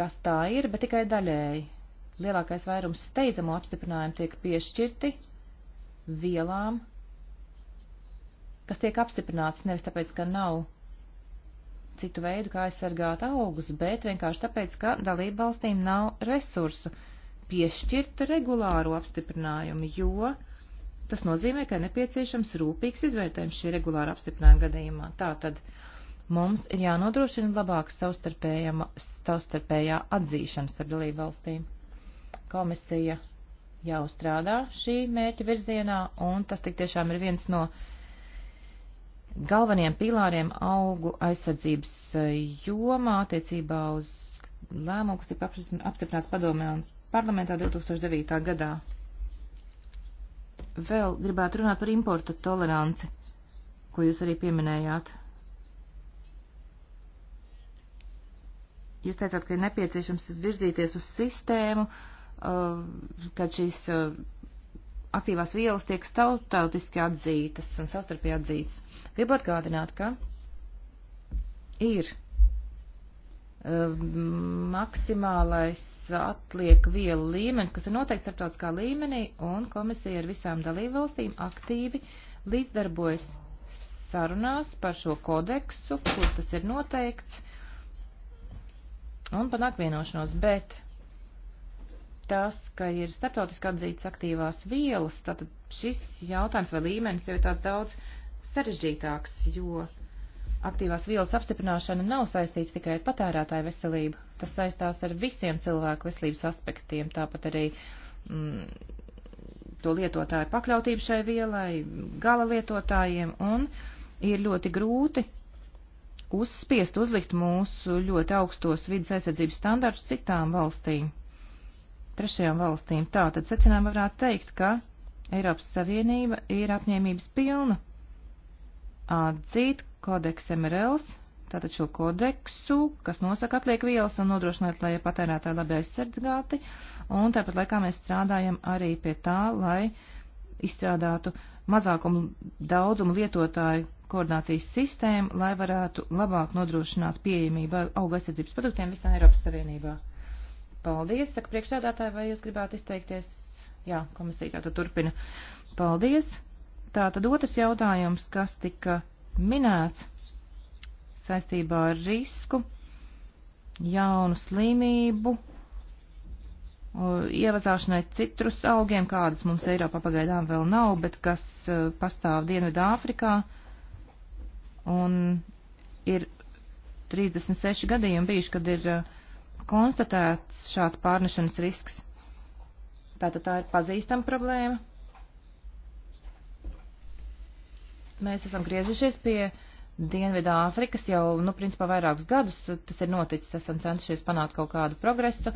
tas tā ir, bet tikai daļēji. Lielākais vairums steidzamo apstiprinājumu tiek piešķirti vielām, kas tiek apstiprināts nevis tāpēc, ka nav citu veidu, kā aizsargāt augus, bet vienkārši tāpēc, ka dalību valstīm nav resursu piešķirt regulāru apstiprinājumu, jo tas nozīmē, ka ir nepieciešams rūpīgs izvērtējums šī regulāra apstiprinājuma gadījumā. Tātad mums ir jānodrošina labāka savstarpējā atzīšana starp dalību valstīm. Komisija jau strādā šī mērķa virzienā, un tas tik tiešām ir viens no uh, galveniem pilāriem augu aizsardzības eh, jomā attiecībā uz lēmumu, kas tika apstiprināts padomē un parlamentā 2009. gadā. Vēl gribētu runāt par importa toleranci, ko jūs arī pieminējāt. Jūs teicāt, ka ir nepieciešams virzīties uz sistēmu, eh, kad šīs eh, aktīvās vielas tiek stautautiski atzītas un savstarpēji atzītas. Gribu atgādināt, ka ir um, maksimālais atliek vielu līmenis, kas ir noteikts starptautiskā līmenī, un komisija ar visām dalībvalstīm aktīvi līdzdarbojas sarunās par šo kodeksu, kur tas ir noteikts, un panāk vienošanos, bet tas, ka ir starptautiski atzītas aktīvās vielas, tad šis jautājums vai līmenis jau ir tāds daudz sarežģītāks, jo aktīvās vielas apstiprināšana nav saistīts tikai ar patērētāju veselību. Tas saistās ar visiem cilvēku veselības aspektiem, tāpat arī mm, to lietotāju pakļautību šai vielai, gala lietotājiem, un ir ļoti grūti uzspiest, uzlikt mūsu ļoti augstos vidas aizsardzības standartus citām valstīm trešajām valstīm. Tā tad secinājumā varētu teikt, ka Eiropas Savienība ir apņēmības pilna atzīt kodeks MRLs, tātad šo kodeksu, kas nosaka atliek vielas un nodrošināt, lai patērētāji labi aizsardzgāti, un tāpat laikā mēs strādājam arī pie tā, lai izstrādātu mazākumu daudzumu lietotāju koordinācijas sistēmu, lai varētu labāk nodrošināt pieejamību auga aizsardzības produktiem visā Eiropas Savienībā. Paldies, saka priekšsēdētāji, vai jūs gribētu izteikties? Jā, komisija tātad turpina. Paldies. Tātad otrs jautājums, kas tika minēts saistībā ar risku, jaunu slimību, ievazāšanai citrus augiem, kādas mums Eiropā pagaidām vēl nav, bet kas e, pastāv Dienvidā Āfrikā. Un ir 36 gadījumi bijuši, kad ir uh, konstatēts šāds pārnešanas risks. Tātad tā ir pazīstama problēma. Mēs esam griezušies pie Dienvidā Āfrikas jau, nu, principā vairākus gadus tas ir noticis, esam centušies panākt kaut kādu progresu.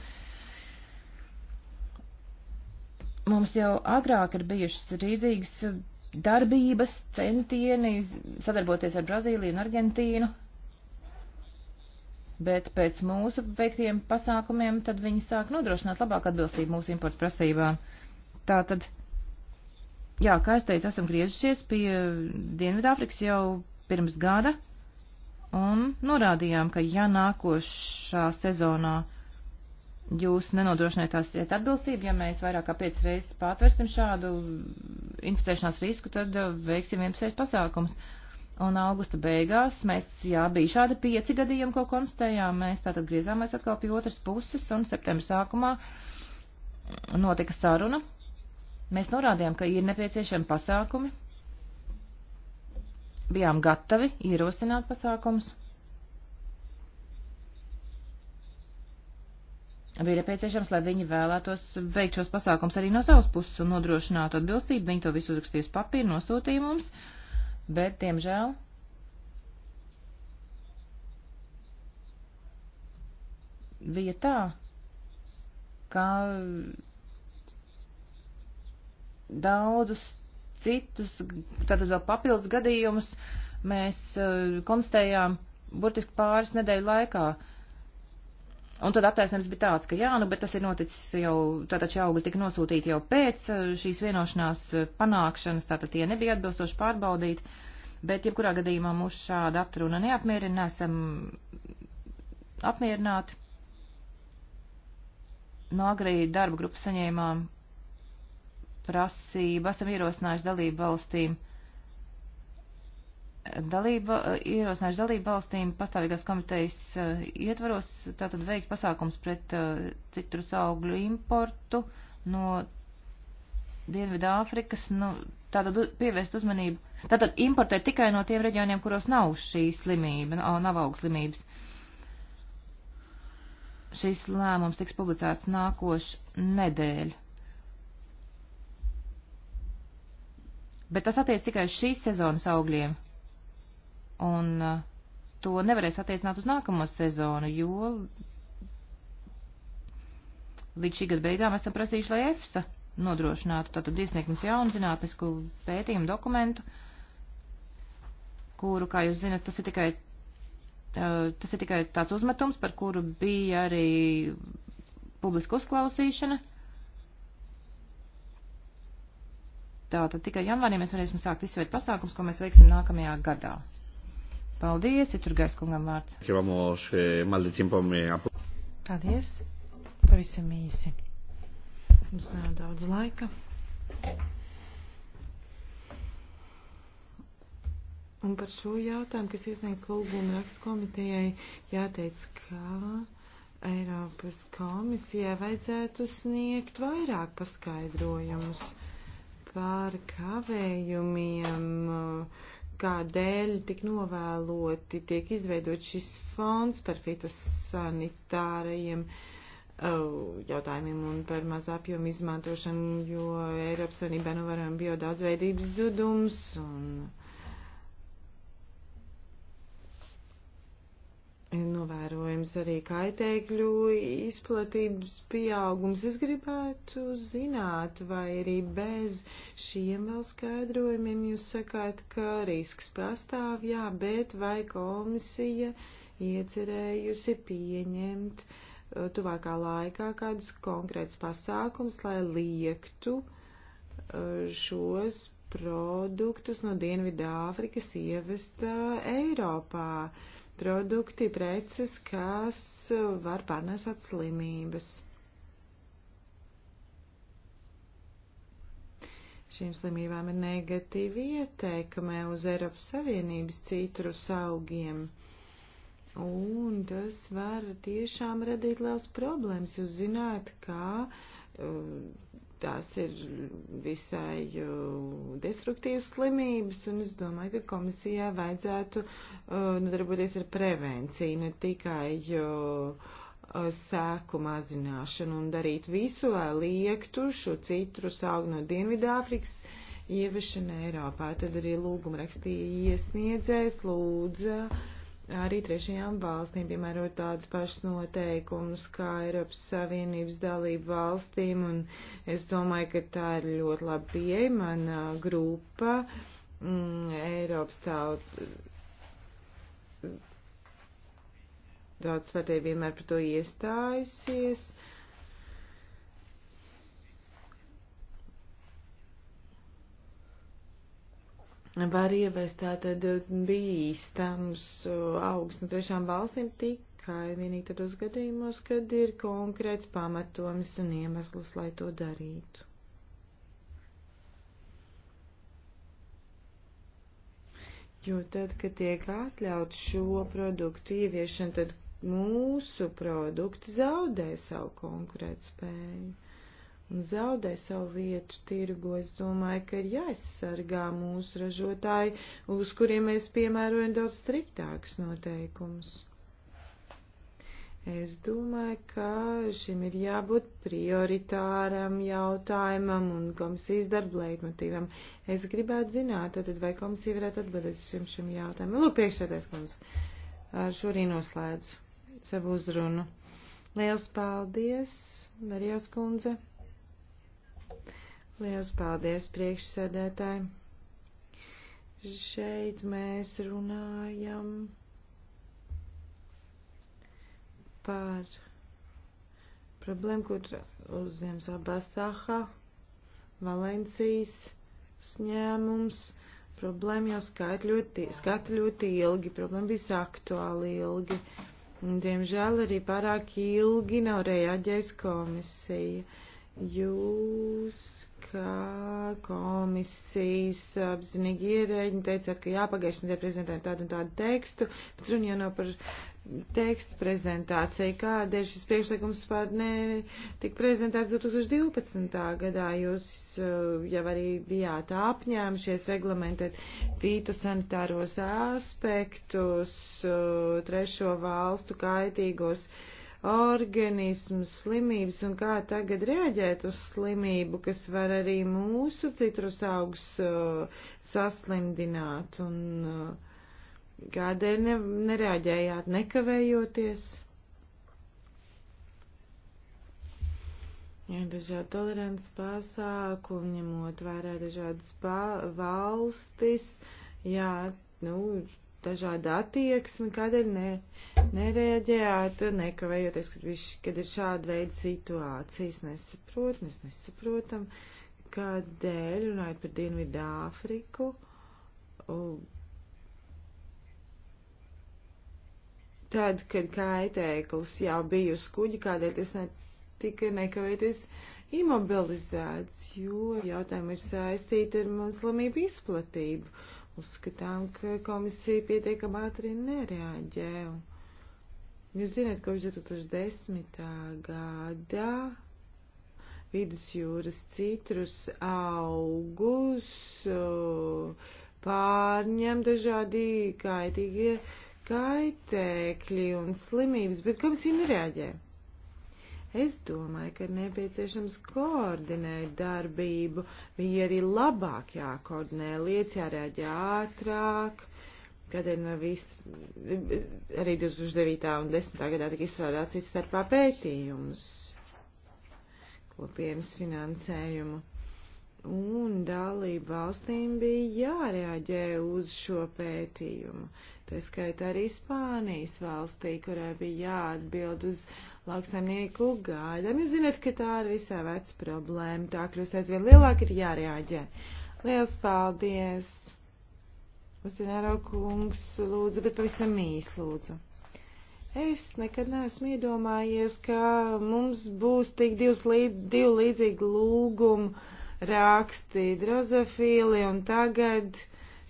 Mums jau agrāk ir bijušas rīdzīgas darbības, centieni sadarboties ar Brazīliju un Argentīnu, bet pēc mūsu veiktiem pasākumiem tad viņi sāk nodrošināt labāku atbilstību mūsu importu prasībām. Tā tad, jā, kā es teicu, esam griežušies pie Dienvidāfrikas jau pirms gada un norādījām, ka ja nākošā sezonā jūs nenodrošināt tās iet atbilstību, ja mēs vairāk kā 5 reizes pārtversim šādu inficēšanās risku, tad veiksim vienpusējs pasākums. Uh, Un augusta beigās mēs, jā, bija šādi pieci gadījumi, ko konstatējām. Mēs tātad griezāmies atkal pie otras puses, un septembra sākumā notika saruna. Mēs norādījām, ka ir nepieciešami pasākumi. Bijām gatavi ierosināt pasākumus. Bija nepieciešams, lai viņi vēlētos veikt šos pasākums arī no savas puses un nodrošinātu atbilstību. Viņi to visu uzrakstīja uz papīru, nosūtīja mums. Uh, bet, diemžēl, bija tā, ka daudzus citus, tātad vēl papildus gadījumus, mēs uh, konstatējām burtiski pāris nedēļu laikā. Uh, Un tad attaisnēms bija tāds, ka jā, nu, bet tas ir noticis jau, tātad šie augļi tika nosūtīti jau pēc uh, šīs vienošanās uh, panākšanas, tātad tie nebija atbilstoši pārbaudīti, bet jebkurā gadījumā mūs šāda aptruna neapmierina, nesam apmierināti. No agrī darba grupas saņēmām prasību, esam ierosinājuši dalību valstīm dalība, ierosinājuši dalību valstīm pastāvīgās komitejas eh, ietvaros tātad veikt pasākums pret eh, citrus augļu importu no Dienvidā Āfrikas, nu, tātad pievērst uzmanību, tātad importēt tikai no tiem reģioniem, kuros nav šī slimība, nav augslimības. Šis lēmums tiks publicēts nākošu nedēļu. Bet tas attiec tikai uz šīs sezonas augļiem. Un uh, to nevarēs attiecināt uz nākamo sezonu, jo līdz šī gada beigām esam prasījuši, lai EFSA nodrošinātu tātad iesniegt mums jaunu zinātnisku pētījumu dokumentu, kuru, kā jūs zinat, tas ir tikai, uh, tas ir tikai tāds uzmetums, par kuru bija arī publiska uzklausīšana. Tātad tikai janvārī mēs varēsim sākt izsvērt pasākums, ko mēs veiksim nākamajā gadā. Paldies, Iturgais kungam vārds. Eh, Paldies, pavisam īsi. Mums nav daudz laika. Un par šo jautājumu, kas iesniegts lūgumu rakstu komitejai, jāteic, ka Eiropas komisijai vajadzētu sniegt vairāk paskaidrojumus par kavējumiem. Uh, kādēļ tik novēloti tiek izveidot šis fonds par fitosanitārajiem uh, jautājumiem un par mazāpjumu izmantošanu, jo Eiropas Savienībā nu varam biodaudzveidības zudums un novērojams arī kaitēkļu izplatības pieaugums. Es gribētu zināt, vai arī bez šiem vēl skaidrojumiem jūs sakāt, ka risks pastāv, jā, bet vai komisija iecerējusi pieņemt uh, tuvākā laikā kādus konkrētus pasākums, lai liektu uh, šos produktus no Dienvidā Āfrikas ievest uh, Eiropā. Uh, produkti, preces, kas var pārnēsāt slimības. Šīm slimībām ir negatīvi ieteikumi uz Eiropas Savienības citrus augiem. Un tas var tiešām radīt liels problēmas. Jūs zināt, kā uh, um, tās ir visai destruktīvas slimības, un es domāju, ka komisijā vajadzētu nodarboties ar prevenciju, ne tikai sēku mazināšanu un darīt visu, lai liektu šo citru saugu no Dienvidāfrikas ieviešana Eiropā. Tad arī lūguma rakstīja iesniedzējs lūdza arī trešajām valstīm, piemērot tādus pašus noteikumus kā Eiropas Savienības dalību valstīm, un es domāju, ka tā ir ļoti labi pieeja. Mana grupa mm, Eiropas tauta. Daudz svētē vienmēr par to iestājusies. Uh, var ievest tātad uh, bīstams uh, augsts no trešām valstīm tikai vienīgi tādos gadījumos, kad ir konkrēts pamatojums un iemesls, lai to darītu. Jo tad, kad tiek atļaut šo produktu ieviešana, tad mūsu produkti zaudē savu konkurētspēju zaudē savu vietu tirgu. Es domāju, ka ir jāaizsargā mūsu ražotāji, uz kuriem mēs piemērojam daudz striktākus noteikumus. Es domāju, ka šim ir jābūt prioritāram jautājumam un komisijas darba leitmotīvam. Es gribētu zināt, tad vai komisija varētu atbildēt šim, šim jautājumam. Lūk, priekšsēdēs komisija. Ar šorī noslēdzu savu uzrunu. Liels paldies, Marijas kundze! Liels paldies priekšsēdētājiem. Šeit mēs runājam par problēmu, kur uzņems Abasaha, Valencijas uzņēmums. Problēma jau skait ļoti, skata ļoti ilgi, problēma bija aktuāli ilgi. Un, diemžēl arī pārāk ilgi nav reaģējis komisija. Jūs ka komisijas apzinīgi ierēģi teicāt, ka jāpagaišana te prezentēm tādu un tādu tekstu, bet runa jau nav par tekstu prezentāciju. Kādēļ šis priekšlikums par ne tik prezentēts 2012. gadā? Jūs uh, jau arī bijāt apņēmušies reglamentēt fitosanitāros aspektus, uh, trešo valstu kaitīgos uh, organismu, slimības un kā tagad reaģēt uz slimību, kas var arī mūsu citrus augs uh, saslimdināt un uh, kādēļ ne, nereaģējāt nekavējoties. Ir dažādi tolerants pasākumi, ņemot vērā dažādas valstis, jā, nu, dažāda attieksme, kādēļ ne, nereaģējāt, nekavējoties, kad, viš, kad ir šāda veida situācijas. Nesaprot, mēs nesaprotam, kādēļ runājot par Dienvidu Āfriku. Tad, kad kaitēklis jau bija uz kuģi, kādēļ tas netika nekavējoties imobilizēts, jo jautājumi ir saistīti ar muslimību izplatību. Uh, Uzskatām, ka komisija pietiekam ātri nereaģē. Jūs zināt, kopš 2010. gada vidusjūras citrus augus pārņem dažādi kaitīgie kaitēkļi un slimības, bet komisija nereaģē. Es domāju, ka ir nepieciešams koordinēt darbību. Viņi arī labāk jākoordinē, lietas jārēģē ātrāk. Kad ir viss, arī 2009. un 2010. gadā tika izstrādāts cits starpā pētījums kopienas finansējumu un dalību valstīm bija jārēģē uz šo pētījumu tā skaitā arī Spānijas valstī, kurai bija jāatbild uz lauksaimnieku gaidām. Jūs zināt, ka tā ir visā vec problēma, tā kļūst aizvien lielāk, ir jārēģē. Liels paldies! Uzdienāro kungs, lūdzu, bet pavisam īsi lūdzu. Es nekad neesmu iedomājies, ka mums būs tik divas līd, divu līdzīgu lūgumu raksti drozofīli un tagad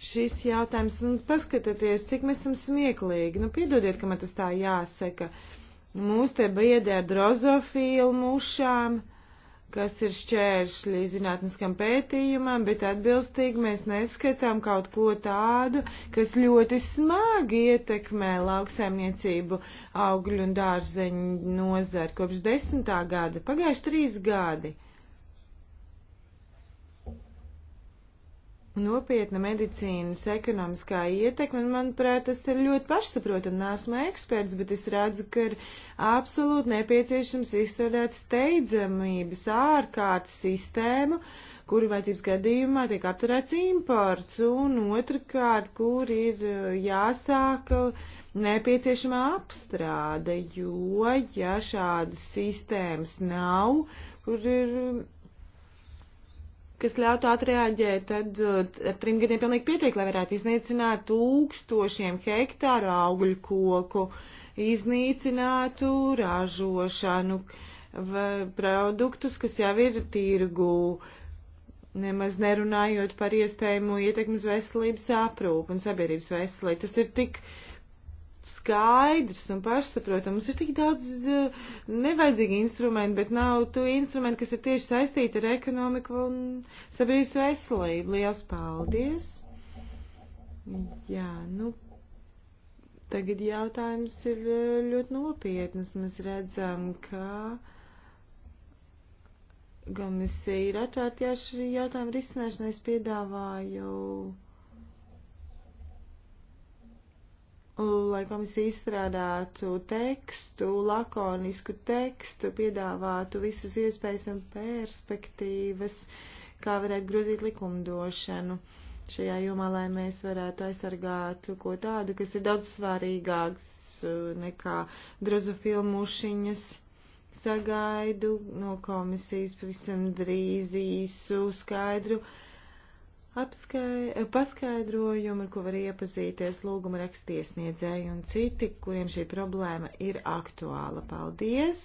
šis jautājums, un paskatieties, cik mēs esam smieklīgi. Nu, piedodiet, ka man tas tā jāsaka. Mūs te biedē ar drozofilu mušām, kas ir šķēršļi zinātniskam pētījumam, bet atbilstīgi mēs neskatām kaut ko tādu, kas ļoti smagi ietekmē lauksaimniecību augļu un dārzeņu nozari kopš desmitā gada, pagājuši trīs gadi. nopietna medicīnas ekonomiskā ietekme, un manuprāt, tas ir ļoti pašsaprotami. Nāsmu eksperts, bet es redzu, ka ir absolūti nepieciešams izstrādāt steidzamības ārkārtas sistēmu, kuru vajadzības gadījumā tiek apturēts imports, un otrkārt, kur ir eh, jāsāk eh, nepieciešama apstrāde, jo, ja šādas sistēmas nav, kur ir kas ļautu atreaģēt, tad eh, ar trim gadiem pilnīgi pietiek, lai varētu iznīcināt tūkstošiem hektāru augļu koku, iznīcinātu ražošanu, produktus, kas jau ir tirgū, nemaz nerunājot par iespējamo ietekmi uz veselības aprūpu un sabiedrības veselību. Tas ir tik uh, skaidrs un pašsaprotams. Mums ir tik daudz eh, nevajadzīgi instrumenti, bet nav tu instrumenti, kas ir tieši saistīti ar ekonomiku un sabiedrības veselību. Lielas paldies! Jā, nu, tagad jautājums ir eh, ļoti nopietnas. Mēs redzam, ka komisija ir atvērta šī jautājuma risināšanai. Es piedāvāju lai komisija izstrādātu tekstu, lakonisku tekstu, piedāvātu visas iespējas un perspektīvas, kā varētu grozīt likumdošanu šajā jomā, lai mēs varētu aizsargāt ko tādu, kas ir daudz svarīgāks uh, nekā grozu filmušiņas. Sagaidu no komisijas pavisam drīz īsu skaidru uh, apskai, paskaidrojumu, ar ko var iepazīties lūguma rakstiesniedzēji un citi, kuriem šī problēma ir aktuāla. Paldies!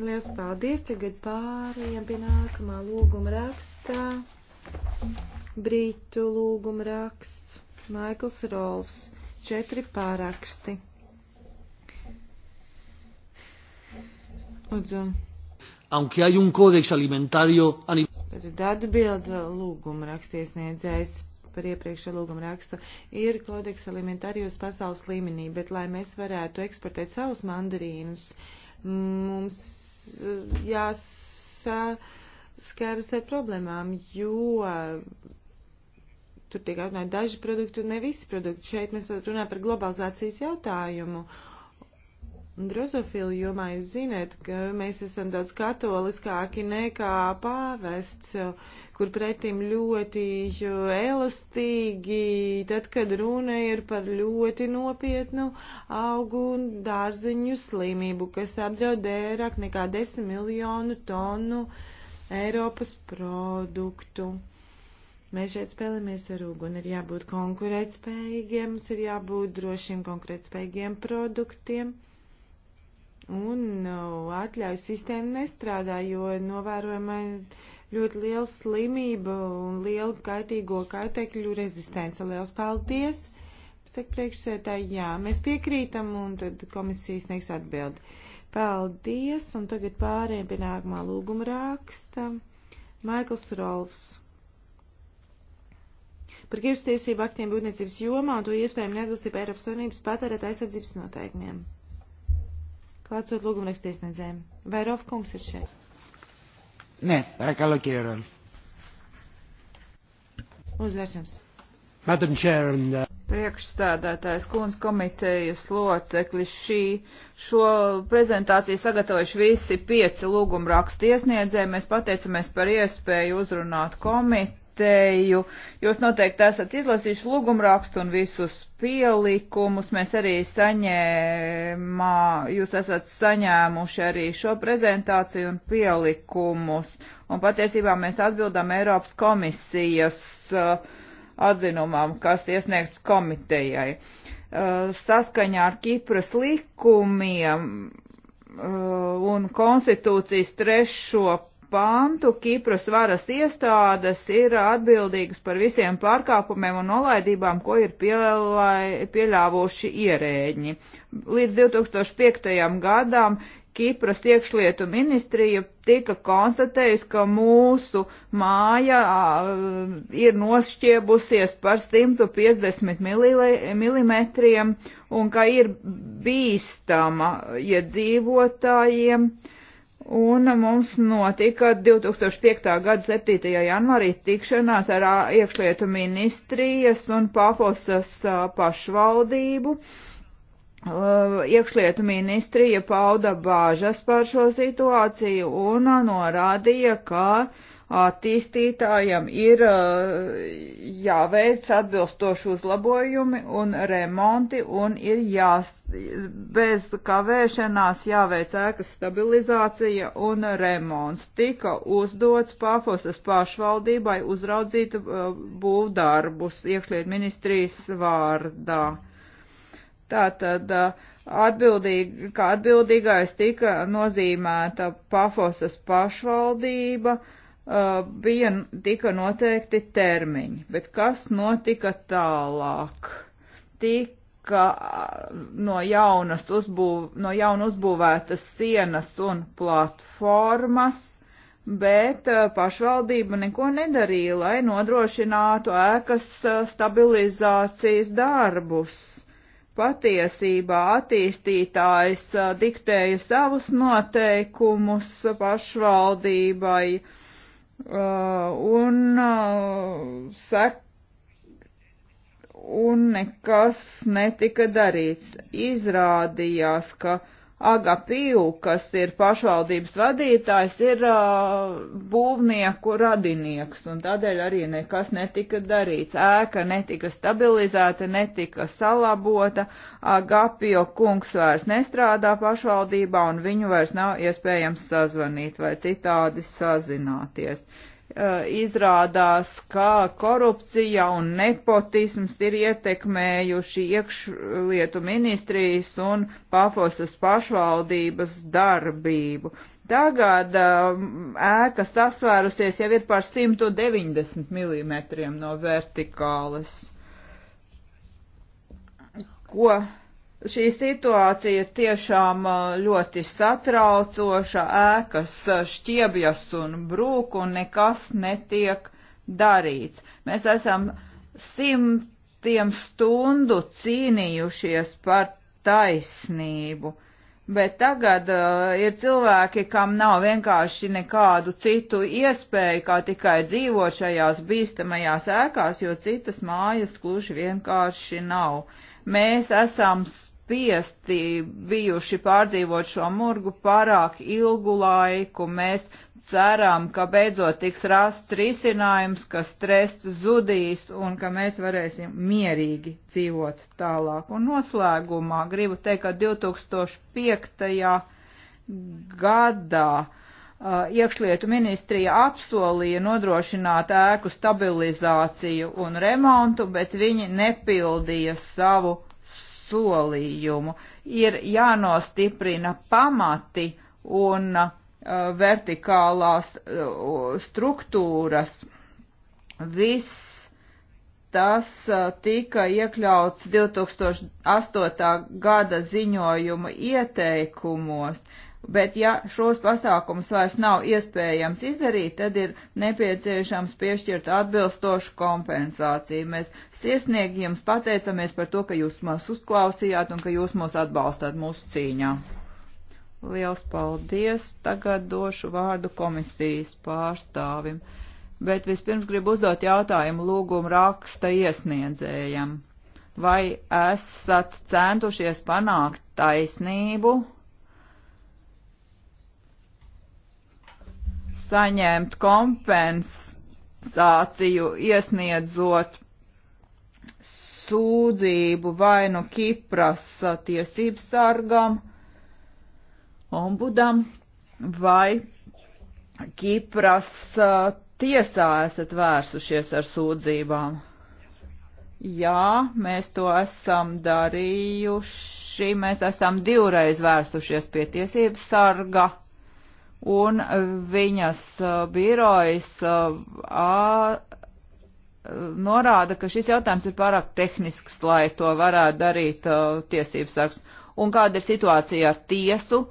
Liels paldies! Tagad pārējām pie nākamā lūguma rakstā. Brītu lūguma raksts. Maikls Rolfs. Četri pāraksti. Lūdzu. Aunque hay un códex alimentario. Anim Tad atbild lūguma rakstiesniedzējs par iepriekšējo lūgumu rakstu ir kodeks alimentārijos pasaules līmenī, bet lai mēs varētu eksportēt savus mandarīnus, mums eh, jāskaras ar problēmām, jo tur tiek atnākt daži produkti un ne visi produkti. Šeit mēs runājam par globalizācijas jautājumu. Uh, drozofili jomā jūs zināt, ka mēs esam daudz katoliskāki nekā pāvests, kur pretim ļoti elastīgi, tad, kad runa ir par ļoti nopietnu augu un dārziņu slimību, kas apdraud ērāk nekā 10 miljonu tonu Eiropas produktu. Mēs šeit spēlamies ar uguni, ir jābūt konkurētspējīgiem, mums ir jābūt drošiem konkurētspējīgiem produktiem. Un uh, atļauju sistēma nestrādā, jo novērojama ļoti liela slimība un liela kaitīgo kaitekļu rezistence. Liels paldies! Saka priekšsētāji, jā, mēs piekrītam un tad komisijas sniegs atbildi. Paldies, un tagad pārējiem pie nākamā lūguma raksta. Maikls Rolfs par kirstiesību aktiem būtniecības jomā un to iespējumu neatbilstību Eiropas Savienības patērēt aizsardzības noteikumiem klātsot lūgumrakstu iesniedzējiem. Vai Rolf kungs ir šeit? Nē, parakalo, kīrie Rolf. Uzvērsams. Madam Chair and uh... Priekšstādātājs kundz komitejas locekli šī šo prezentāciju sagatavojuši visi pieci lūgumrakstu iesniedzēji. Mēs pateicamies par iespēju uzrunāt komiteju komiteju. Jūs noteikti esat izlasījuši lūgumrakstu un visus pielikumus. Mēs arī saņēmā, jūs esat saņēmuši arī šo prezentāciju un pielikumus. Un patiesībā mēs atbildam Eiropas komisijas uh, atzinumam, kas iesniegts komitejai. Uh, saskaņā ar Kipras likumiem uh, un konstitūcijas trešo pantu Kipras varas iestādes ir atbildīgas par visiem pārkāpumiem un nolaidībām, ko ir pielai, pieļāvuši ierēģi. Līdz 2005. gadam Kipras iekšlietu ministrija tika konstatējusi, ka mūsu māja ir nošķiebusies par 150 milimetriem un ka ir bīstama iedzīvotājiem. Ja Un mums notika 2005. gada 7. janvārī tikšanās ar iekšlietu ministrijas un Pafosas pašvaldību. Iekšlietu ministrija pauda bāžas par šo situāciju un norādīja, ka uh, attīstītājam ir eh, jāveic atbilstoši uzlabojumi un remonti un ir jās, bez kavēšanās jāveic ēkas stabilizācija un remonts. Tika uzdots Pafosas pašvaldībai uzraudzīt eh, būvdarbus iekšliet ministrijas vārdā. Tātad eh, atbildīgi, kā atbildīgais tika nozīmēta Pafosas pašvaldība, uh, Eh, bija, tika noteikti termiņi, bet kas notika tālāk? Tika eh, no, jaunas uzbūv, no jauna uzbūvētas sienas un platformas, bet eh, pašvaldība neko nedarīja, lai nodrošinātu ēkas stabilizācijas darbus. Patiesībā attīstītājs diktēja savus noteikumus pašvaldībai, Uh, un uh, sek un nekas netika darīts. Izrādījās, ka uh, Agapiju, kas ir pašvaldības vadītājs, ir uh, būvnieku radinieks, un tādēļ arī nekas netika darīts. Ēka netika stabilizēta, netika salabota, Agapijo kungs vairs nestrādā pašvaldībā, un viņu vairs nav iespējams sazvanīt vai citādi sazināties. Eh, izrādās, ka korupcija un nepotisms ir ietekmējuši iekšlietu ministrijas un Pafosas pašvaldības darbību. Tagad eh, ēka sasvērusies jau ir par 190 mm no vertikālas. Ko Šī situācija ir tiešām uh, ļoti satraucoša, ēkas uh, šķiebjas un brūk, un nekas netiek darīts. Mēs esam simtiem stundu cīnījušies par taisnību, bet tagad uh, ir cilvēki, kam nav vienkārši nekādu citu iespēju, kā tikai dzīvot šajās bīstamajās ēkās, jo citas mājas gluži vienkārši nav. Mēs esam spiesti bijuši pārdzīvot šo murgu pārāk ilgu laiku. Mēs ceram, ka beidzot tiks rasts risinājums, ka stress zudīs un ka mēs varēsim mierīgi dzīvot tālāk. Un noslēgumā gribu teikt, ka 2005. gadā uh, iekšlietu ministrija apsolīja nodrošināt ēku stabilizāciju un remontu, bet viņi nepildīja savu solījumu. Ir jānostiprina pamati un uh, vertikālās uh, struktūras. Viss tas uh, tika iekļauts 2008. gada ziņojuma ieteikumos. Uh, bet ja šos pasākumus vairs nav iespējams izdarīt, tad ir nepieciešams piešķirt atbilstošu kompensāciju. Mēs sirsniegi jums pateicamies par to, ka jūs mūs uzklausījāt un ka jūs mūs atbalstāt mūsu cīņā. Liels paldies! Tagad došu vārdu komisijas pārstāvim, bet vispirms gribu uzdot jautājumu lūgumu raksta iesniedzējam. Vai esat centušies panākt taisnību? saņemt kompensāciju iesniedzot sūdzību vai nu Kipras tiesības sargam, ombudam vai Kipras tiesā esat vērsušies ar sūdzībām. Jā, mēs to esam darījuši. Mēs esam divreiz vērsušies pie tiesības sarga un viņas uh, birojas uh, norāda, ka šis jautājums ir pārāk tehnisks, lai to varētu darīt uh, tiesības sargs. Un kāda ir situācija ar tiesu?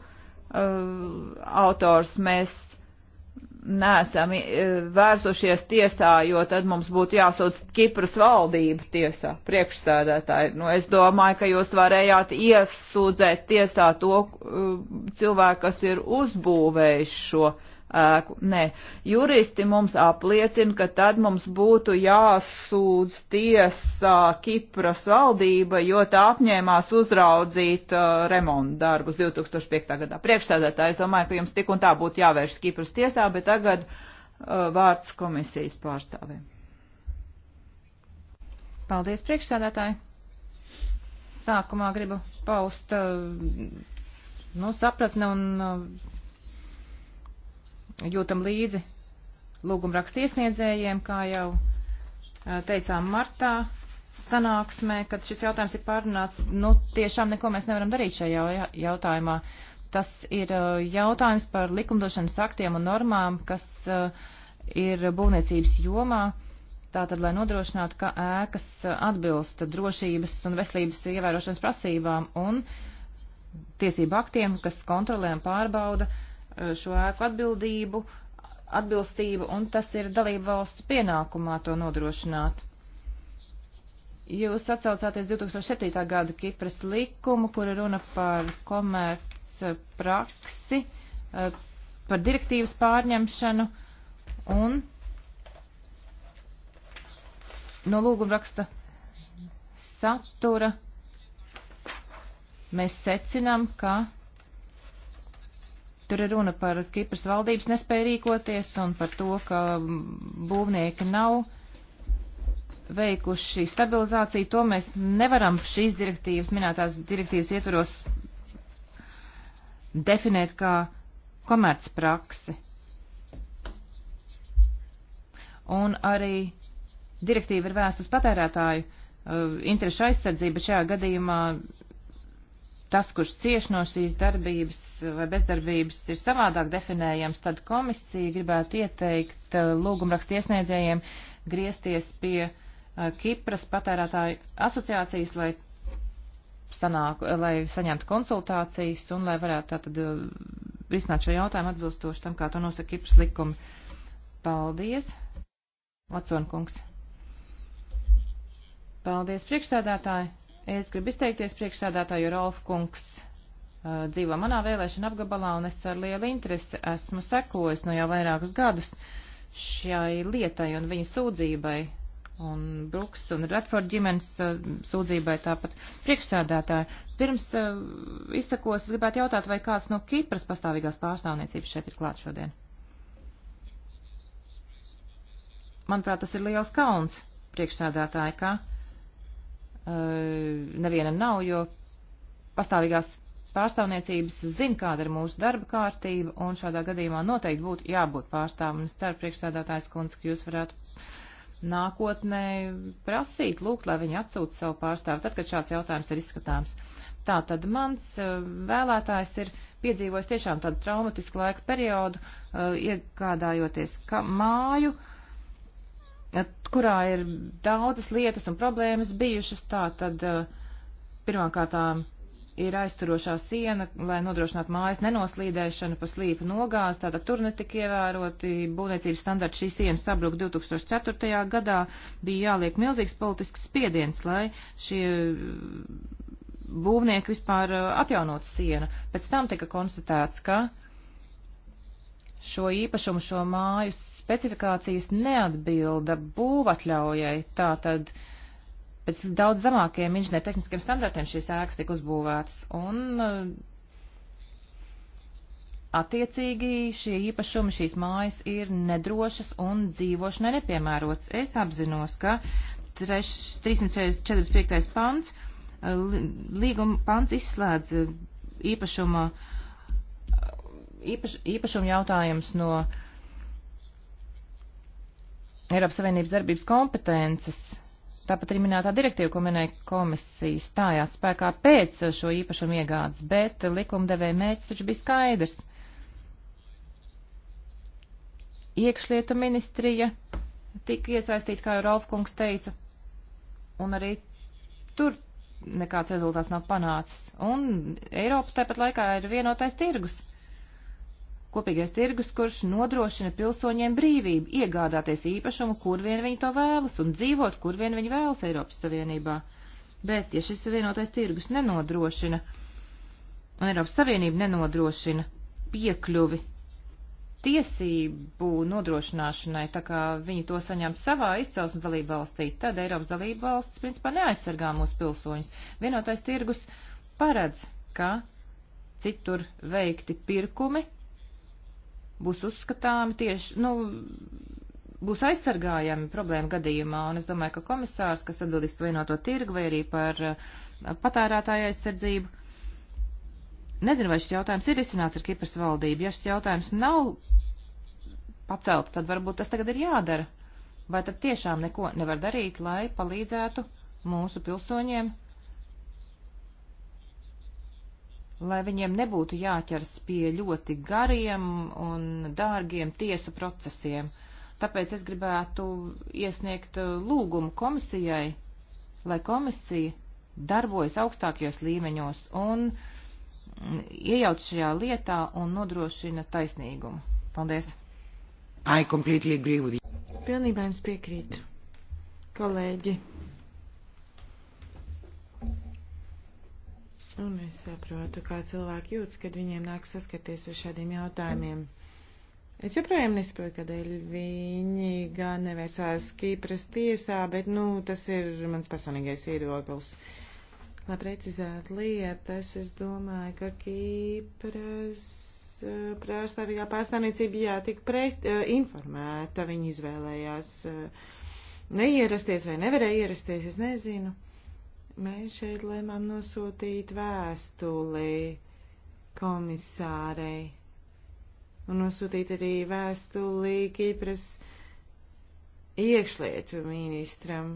Autors mēs neesam e, vērsušies tiesā, jo tad mums būtu jāsūdz Kipras valdība tiesā, priekšsēdētāji. Nu, es domāju, ka jūs varējāt iesūdzēt tiesā to e, cilvēku, kas ir uzbūvējis šo ēku. Nē, juristi mums apliecina, ka tad mums būtu jāsūdz tiesā Kipras valdība, jo tā apņēmās uzraudzīt uh, remontu darbus 2005. gadā. Priekšsēdētā, es domāju, ka jums tik un tā būtu jāvēršas Kipras tiesā, bet tagad uh, vārds komisijas pārstāvim. Paldies, priekšsēdētāji. Sākumā gribu paust, uh, nu, sapratni un uh, jūtam līdzi lūguma rakstu iesniedzējiem, kā jau teicām martā sanāksmē, kad šis jautājums ir pārunāts. Nu, tiešām neko mēs nevaram darīt šajā jautājumā. Tas ir jautājums par likumdošanas aktiem un normām, kas ir būvniecības jomā. Tātad, lai nodrošinātu, ka ēkas atbilst drošības un veselības ievērošanas prasībām un tiesību aktiem, kas kontrolē un pārbauda uh, Eh, šo ēku atbildību, atbilstību, un tas ir dalību valstu pienākumā to nodrošināt. Jūs atsaucāties 2007. gada Kipras likumu, kura runa par komerc eh, praksi, eh, par direktīvas pārņemšanu un no lūgumraksta satura mēs secinām, ka Tur ir runa par Kipras valdības nespēju rīkoties un par to, ka būvnieki nav veikuši stabilizāciju. To mēs nevaram šīs direktīvas, minētās direktīvas ietvaros definēt kā komercpraksi. Un arī direktīva ir vērsta uz patērētāju uh, interešu aizsardzību, bet šajā gadījumā tas, kurš cieš no šīs darbības vai bezdarbības, ir savādāk definējams, tad komisija gribētu ieteikt eh, lūgumrakstu iesniedzējiem griezties pie eh, Kipras patērētāju asociācijas, lai, sanāku, lai saņemtu konsultācijas un lai varētu tātad eh, risināt šo jautājumu atbilstoši tam, kā to nosaka Kipras likumi. Paldies, Vatsonkungs. Paldies, priekšsēdētāji. Es gribu izteikties priekšsādātāju Rolf Kungs uh, dzīvo manā vēlēšana apgabalā, un es ar lielu interesi esmu sekojis nu jau vairākus gadus šai lietai un viņa sūdzībai, un Bruks un Redford ģimenes uh, sūdzībai tāpat priekšsādātāju. Pirms uh, izsakos, es gribētu jautāt, vai kāds no Kipras pastāvīgās pārstāvniecības šeit ir klāt šodien. Manuprāt, tas ir liels kauns priekšsādātāji, ka. Kā Eh, neviena nav, jo pastāvīgās pārstāvniecības zina, kāda ir mūsu darba kārtība, un šādā gadījumā noteikti būtu jābūt pārstāvam. Es ceru, priekšstādātājs kundze, ka jūs varētu nākotnē prasīt, lūgt, lai viņi atsūta savu pārstāvu, tad, kad šāds jautājums ir izskatāms. Tā tad mans eh, vēlētājs ir piedzīvojis tiešām tādu traumatisku laika periodu, eh, iegādājoties māju, uh, kurā ir daudzas lietas un problēmas bijušas. Tā tad eh, pirmkārtām ir aizturošā siena, lai nodrošinātu mājas nenoslīdēšanu pa slīpu nogāzi, tātad tur netika ievēroti būvniecības standarti. Šī siena sabruka 2004. gadā, bija jāliek milzīgs politisks spiediens, lai šie eh, būvnieki vispār eh, atjaunot sienu. Pēc tam tika konstatēts, ka uh, šo īpašumu, šo māju specifikācijas neatbilda būvatļaujai, tātad pēc daudz zemākiem inženiertehniskiem standartiem šīs ēkas tika uzbūvētas, un uh, attiecīgi šie īpašumi, šīs mājas ir nedrošas un dzīvošanai nepiemērots. Es apzinos, ka 345. pants, uh, līguma pants izslēdz uh, īpašuma uh, īpaš, īpašuma jautājums no Eiropas Savienības darbības kompetences. Tāpat arī minētā direktīva, ko minēja komisija, stājās spēkā pēc šo īpašumu iegādes, bet likumdevēja mērķis taču bija skaidrs. Iekšlietu ministrija tika iesaistīta, kā jau Rolfkungs teica, un arī tur nekāds rezultāts nav panācis. Un Eiropa tāpat laikā ir vienotais tirgus. Kopīgais tirgus, kurš nodrošina pilsoņiem brīvību iegādāties īpašumu, kur vien viņi to vēlas, un dzīvot, kur vien viņi vēlas Eiropas Savienībā. Bet, ja šis vienotais tirgus nenodrošina, un Eiropas Savienība nenodrošina piekļuvi tiesību nodrošināšanai, tā kā viņi to saņem savā izcelsmes dalību valstī, tad Eiropas dalību valsts principā neaizsargā mūsu pilsoņus. Vienotais tirgus paredz, ka citur veikti pirkumi būs uzskatāmi tieši, nu, būs aizsargājami problēma gadījumā, un es domāju, ka komisārs, kas atbildīgs par vienoto tirgu vai arī par uh, patērētāju aizsardzību, nezinu, vai šis jautājums ir izcināts ar Kipras valdību. Ja šis jautājums nav pacelts, tad varbūt tas tagad ir jādara. Vai tad tiešām neko nevar darīt, lai palīdzētu mūsu pilsoņiem lai viņiem nebūtu jāķers pie ļoti gariem un dārgiem tiesa procesiem. Tāpēc es gribētu iesniegt uh, lūgumu komisijai, lai komisija darbojas augstākajos līmeņos un mm, iejauc šajā lietā un nodrošina taisnīgumu. Paldies! Pilnībā jums piekrītu, kolēģi. Un es saprotu, kā cilvēki jūtas, kad viņiem nāk saskaties ar šādiem jautājumiem. Es joprojām nesaprotu, kādēļ viņi gan nevērsās Kīpras tiesā, bet, nu, tas ir mans personīgais viedoklis. Lai precizētu lietas, es domāju, ka Kīpras eh, prārstāvīgā pārstāvniecība, jā, tik pret, eh, informēta, viņi izvēlējās eh, neierasties vai nevarēja ierasties, es nezinu. Mēs šeit lēmām nosūtīt vēstuli komisārei un nosūtīt arī vēstuli Kipras iekšlietu ministram,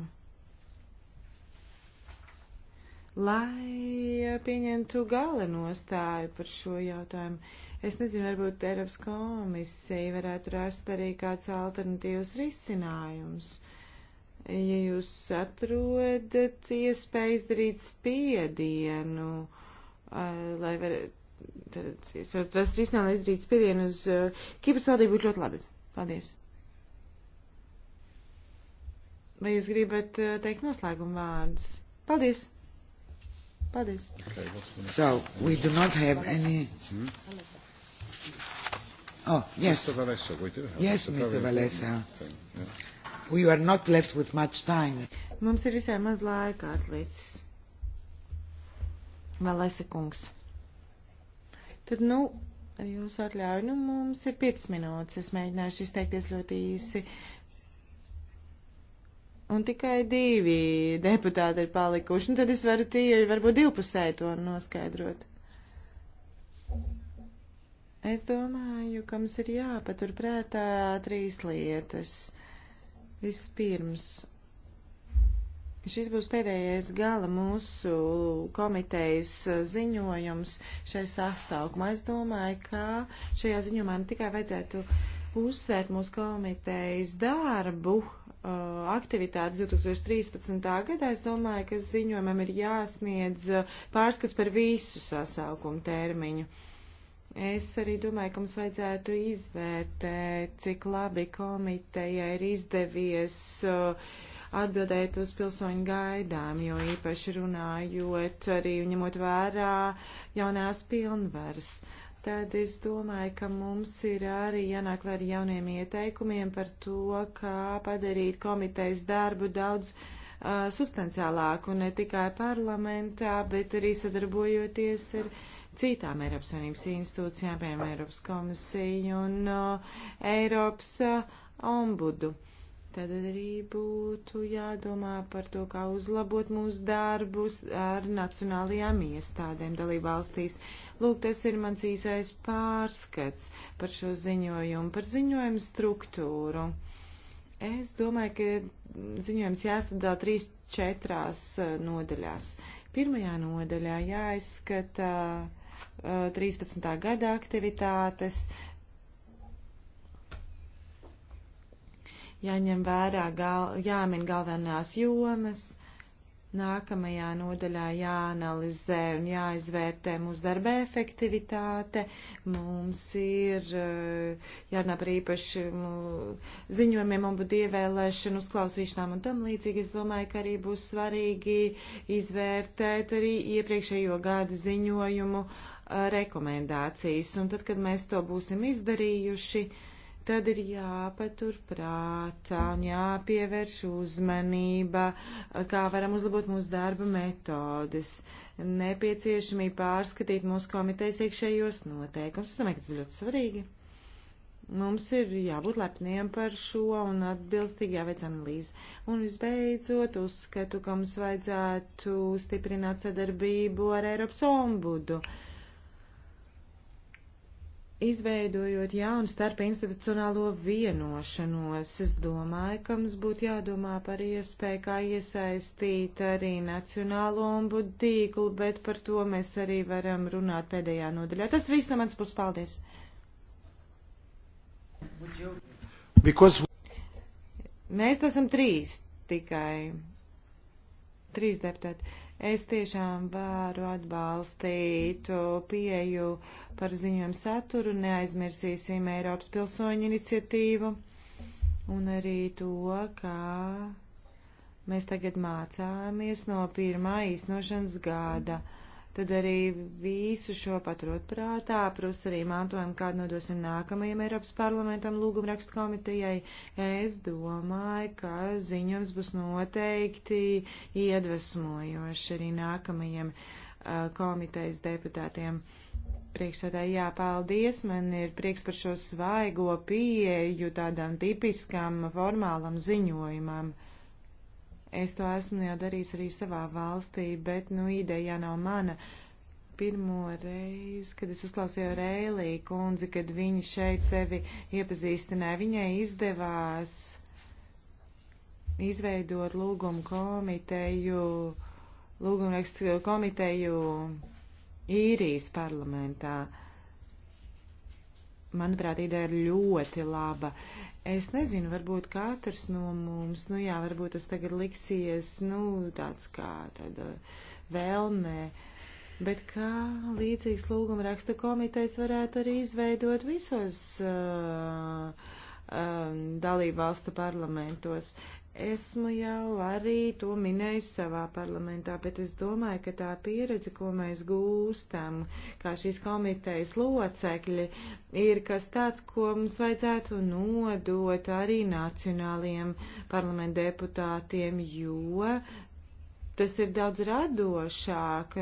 lai pieņemtu gala nostāju par šo jautājumu. Es nezinu, varbūt Eiropas komisija varētu rast arī kāds alternatīvs risinājums ja jūs atrodat iespēju izdarīt spiedienu, eh, lai var, tad es varu rast risinājumu, lai izdarīt spiedienu uz eh, Kipras valdību būtu ļoti labi. Paldies. Vai jūs gribat eh, teikt noslēgumu vārdus? Paldies. Paldies. So, we do not have any... Hmm? Oh, yes. Mr. Valesa, we do have. Yes, Mr. Valesa. Thing, yeah. We are not left with much time. Mums ir visai maz laika atlicis. Vēl aizsakungs. Tad, nu, ar jūsu atļauju, nu, mums ir 5 minūtes. Es mēģināšu izteikties ļoti īsi. Un tikai divi deputāti ir palikuši, un nu, tad es varu tīri, varbūt divpusēji to noskaidrot. Es domāju, ka mums ir jāpaturprātā trīs lietas. Uh, Vispirms, šis būs pēdējais gala mūsu komitejas ziņojums šai sasaukumā. Es domāju, ka šajā ziņojumā ne tikai vajadzētu uzsvērt mūsu komitejas darbu, uh, aktivitātes 2013. gadā, es domāju, ka ziņojumam ir jāsniedz uh, pārskats par visu sasaukumu termiņu. Es arī domāju, ka mums vajadzētu izvērtēt, cik labi komiteja ir izdevies uh, atbildēt uz pilsoņu gaidām, jo īpaši runājot arī ņemot vērā jaunās pilnvaras. Tad es domāju, ka mums ir arī jānāk ar jauniem ieteikumiem par to, kā padarīt komitejas darbu daudz uh, substanciālāku ne tikai parlamentā, bet arī sadarbojoties ar. Uh, citām Eiropas Savienības institūcijām, piemēram, Eiropas komisiju un uh, Eiropas uh, ombudu. Tad arī būtu jādomā par to, kā uzlabot mūsu darbus ar nacionālajām iestādēm dalībvalstīs. Lūk, tas ir mans īsais pārskats par šo ziņojumu, par ziņojumu struktūru. Es domāju, ka ziņojums jāsadala trīs, četrās uh, nodaļās. Pirmajā nodaļā jāizskata. Uh, 13. gada aktivitātes. Jāņem vērā, gal, jāmin galvenās jomas. Nākamajā nodaļā jāanalizē un jāizvērtē mūsu darba efektivitāte. Mums ir eh, jārunā par īpaši mm, ziņojumiem un būtu ievēlēšanu, uzklausīšanām un tam līdzīgi. Es domāju, ka arī būs svarīgi izvērtēt arī iepriekšējo gada ziņojumu rekomendācijas. Un tad, kad mēs to būsim izdarījuši, tad ir jāpatur prātā un jāpievērš uzmanība, kā varam uzlabot mūsu darba metodes, nepieciešamība pārskatīt mūsu komitejas iekšējos noteikumus. Es domāju, ka tas ir ļoti svarīgi. Mums ir jābūt lepniem par šo un atbilstīgi jāveic analīze. Un visbeidzot, uzskatu, ka mums vajadzētu stiprināt sadarbību ar Eiropas ombudu. Uh, izveidojot jaunu starpinstitucionālo vienošanos, es domāju, ka mums būtu jādomā par iespēju, kā iesaistīt arī nacionālo ombudu tīklu, bet par to mēs arī varam runāt pēdējā nodaļā. Tas viss no mans puses paldies. Because... Mēs esam trīs tikai. Trīs deputāti. Es tiešām varu atbalstīt pieju par ziņojumu saturu, neaizmirsīsim Eiropas pilsoņu iniciatīvu un arī to, kā mēs tagad mācāmies no pirmā īstenošanas gada. Mm tad arī visu šo paturot prātā, plus arī mantojumu, kādu nodosim nākamajam Eiropas parlamentam lūgumrakstu komitejai, es domāju, ka ziņojums būs noteikti iedvesmojoši arī nākamajam uh, komitejas deputātiem. Priekšsēdēji, jā, paldies, man ir prieks par šo svaigo pieeju tādam tipiskam formālam ziņojumam. Uh, Es to esmu jau darījis arī savā valstī, bet, nu, ideja nav mana. Pirmo reizi, kad es uzklausīju Rēlī kundzi, kad viņa šeit sevi iepazīstināja, viņai izdevās izveidot lūgumu komiteju, lūgumu komiteju īrijas parlamentā. Uh, manuprāt, ideja ir ļoti laba. Es nezinu, varbūt katrs no mums, nu jā, varbūt tas tagad liksies, nu, tāds kā tāda eh, vēlmē, bet kā līdzīgs lūguma raksta komitejas varētu arī izveidot visos uh, eh, um, eh, dalībvalstu parlamentos. Esmu jau arī to minējis savā parlamentā, bet es domāju, ka tā pieredze, ko mēs gūstam, kā šīs komitejas locekļi, ir kas tāds, ko mums vajadzētu nodot arī nacionāliem parlamentu deputātiem, jo tas ir daudz radošāk.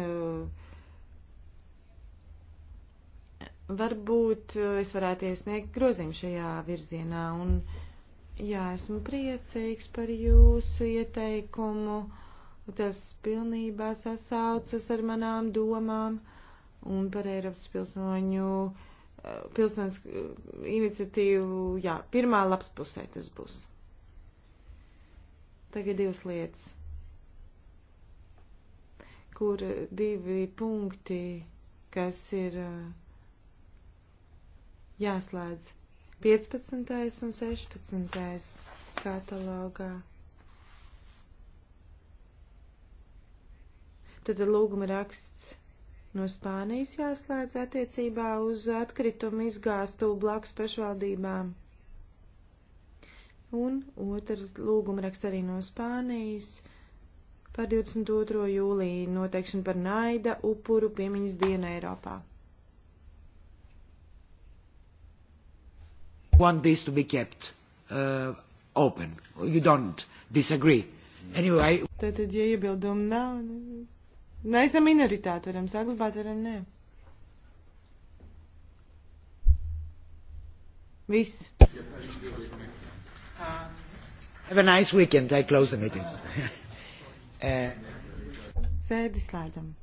Varbūt es varētu iesniegt grozījumu šajā virzienā un Jā, esmu priecīgs par jūsu ieteikumu. Tas pilnībā sasaucas ar manām domām un par Eiropas pilsoņu eh, pilsonis eh, iniciatīvu. Jā, pirmā labs pusē tas būs. Tagad divas lietas, kur divi punkti, kas ir eh, jāslēdz 15. un 16. katalogā. Tad lūguma raksts no Spānijas jāslēdz attiecībā uz atkritumu izgāstu blakus pašvaldībām. Un otrs lūguma raksts arī no Spānijas par 22. jūliju noteikšanu par naida upuru piemiņas dienu Eiropā. want this to be kept uh, open. You don't disagree. Anyway. Tātad, ja iebildumi nav, nu, mēs esam minoritāti, varam saglabāt, varam nē. Viss. Have a nice weekend. I close the meeting. uh, Sēdi slēdzam.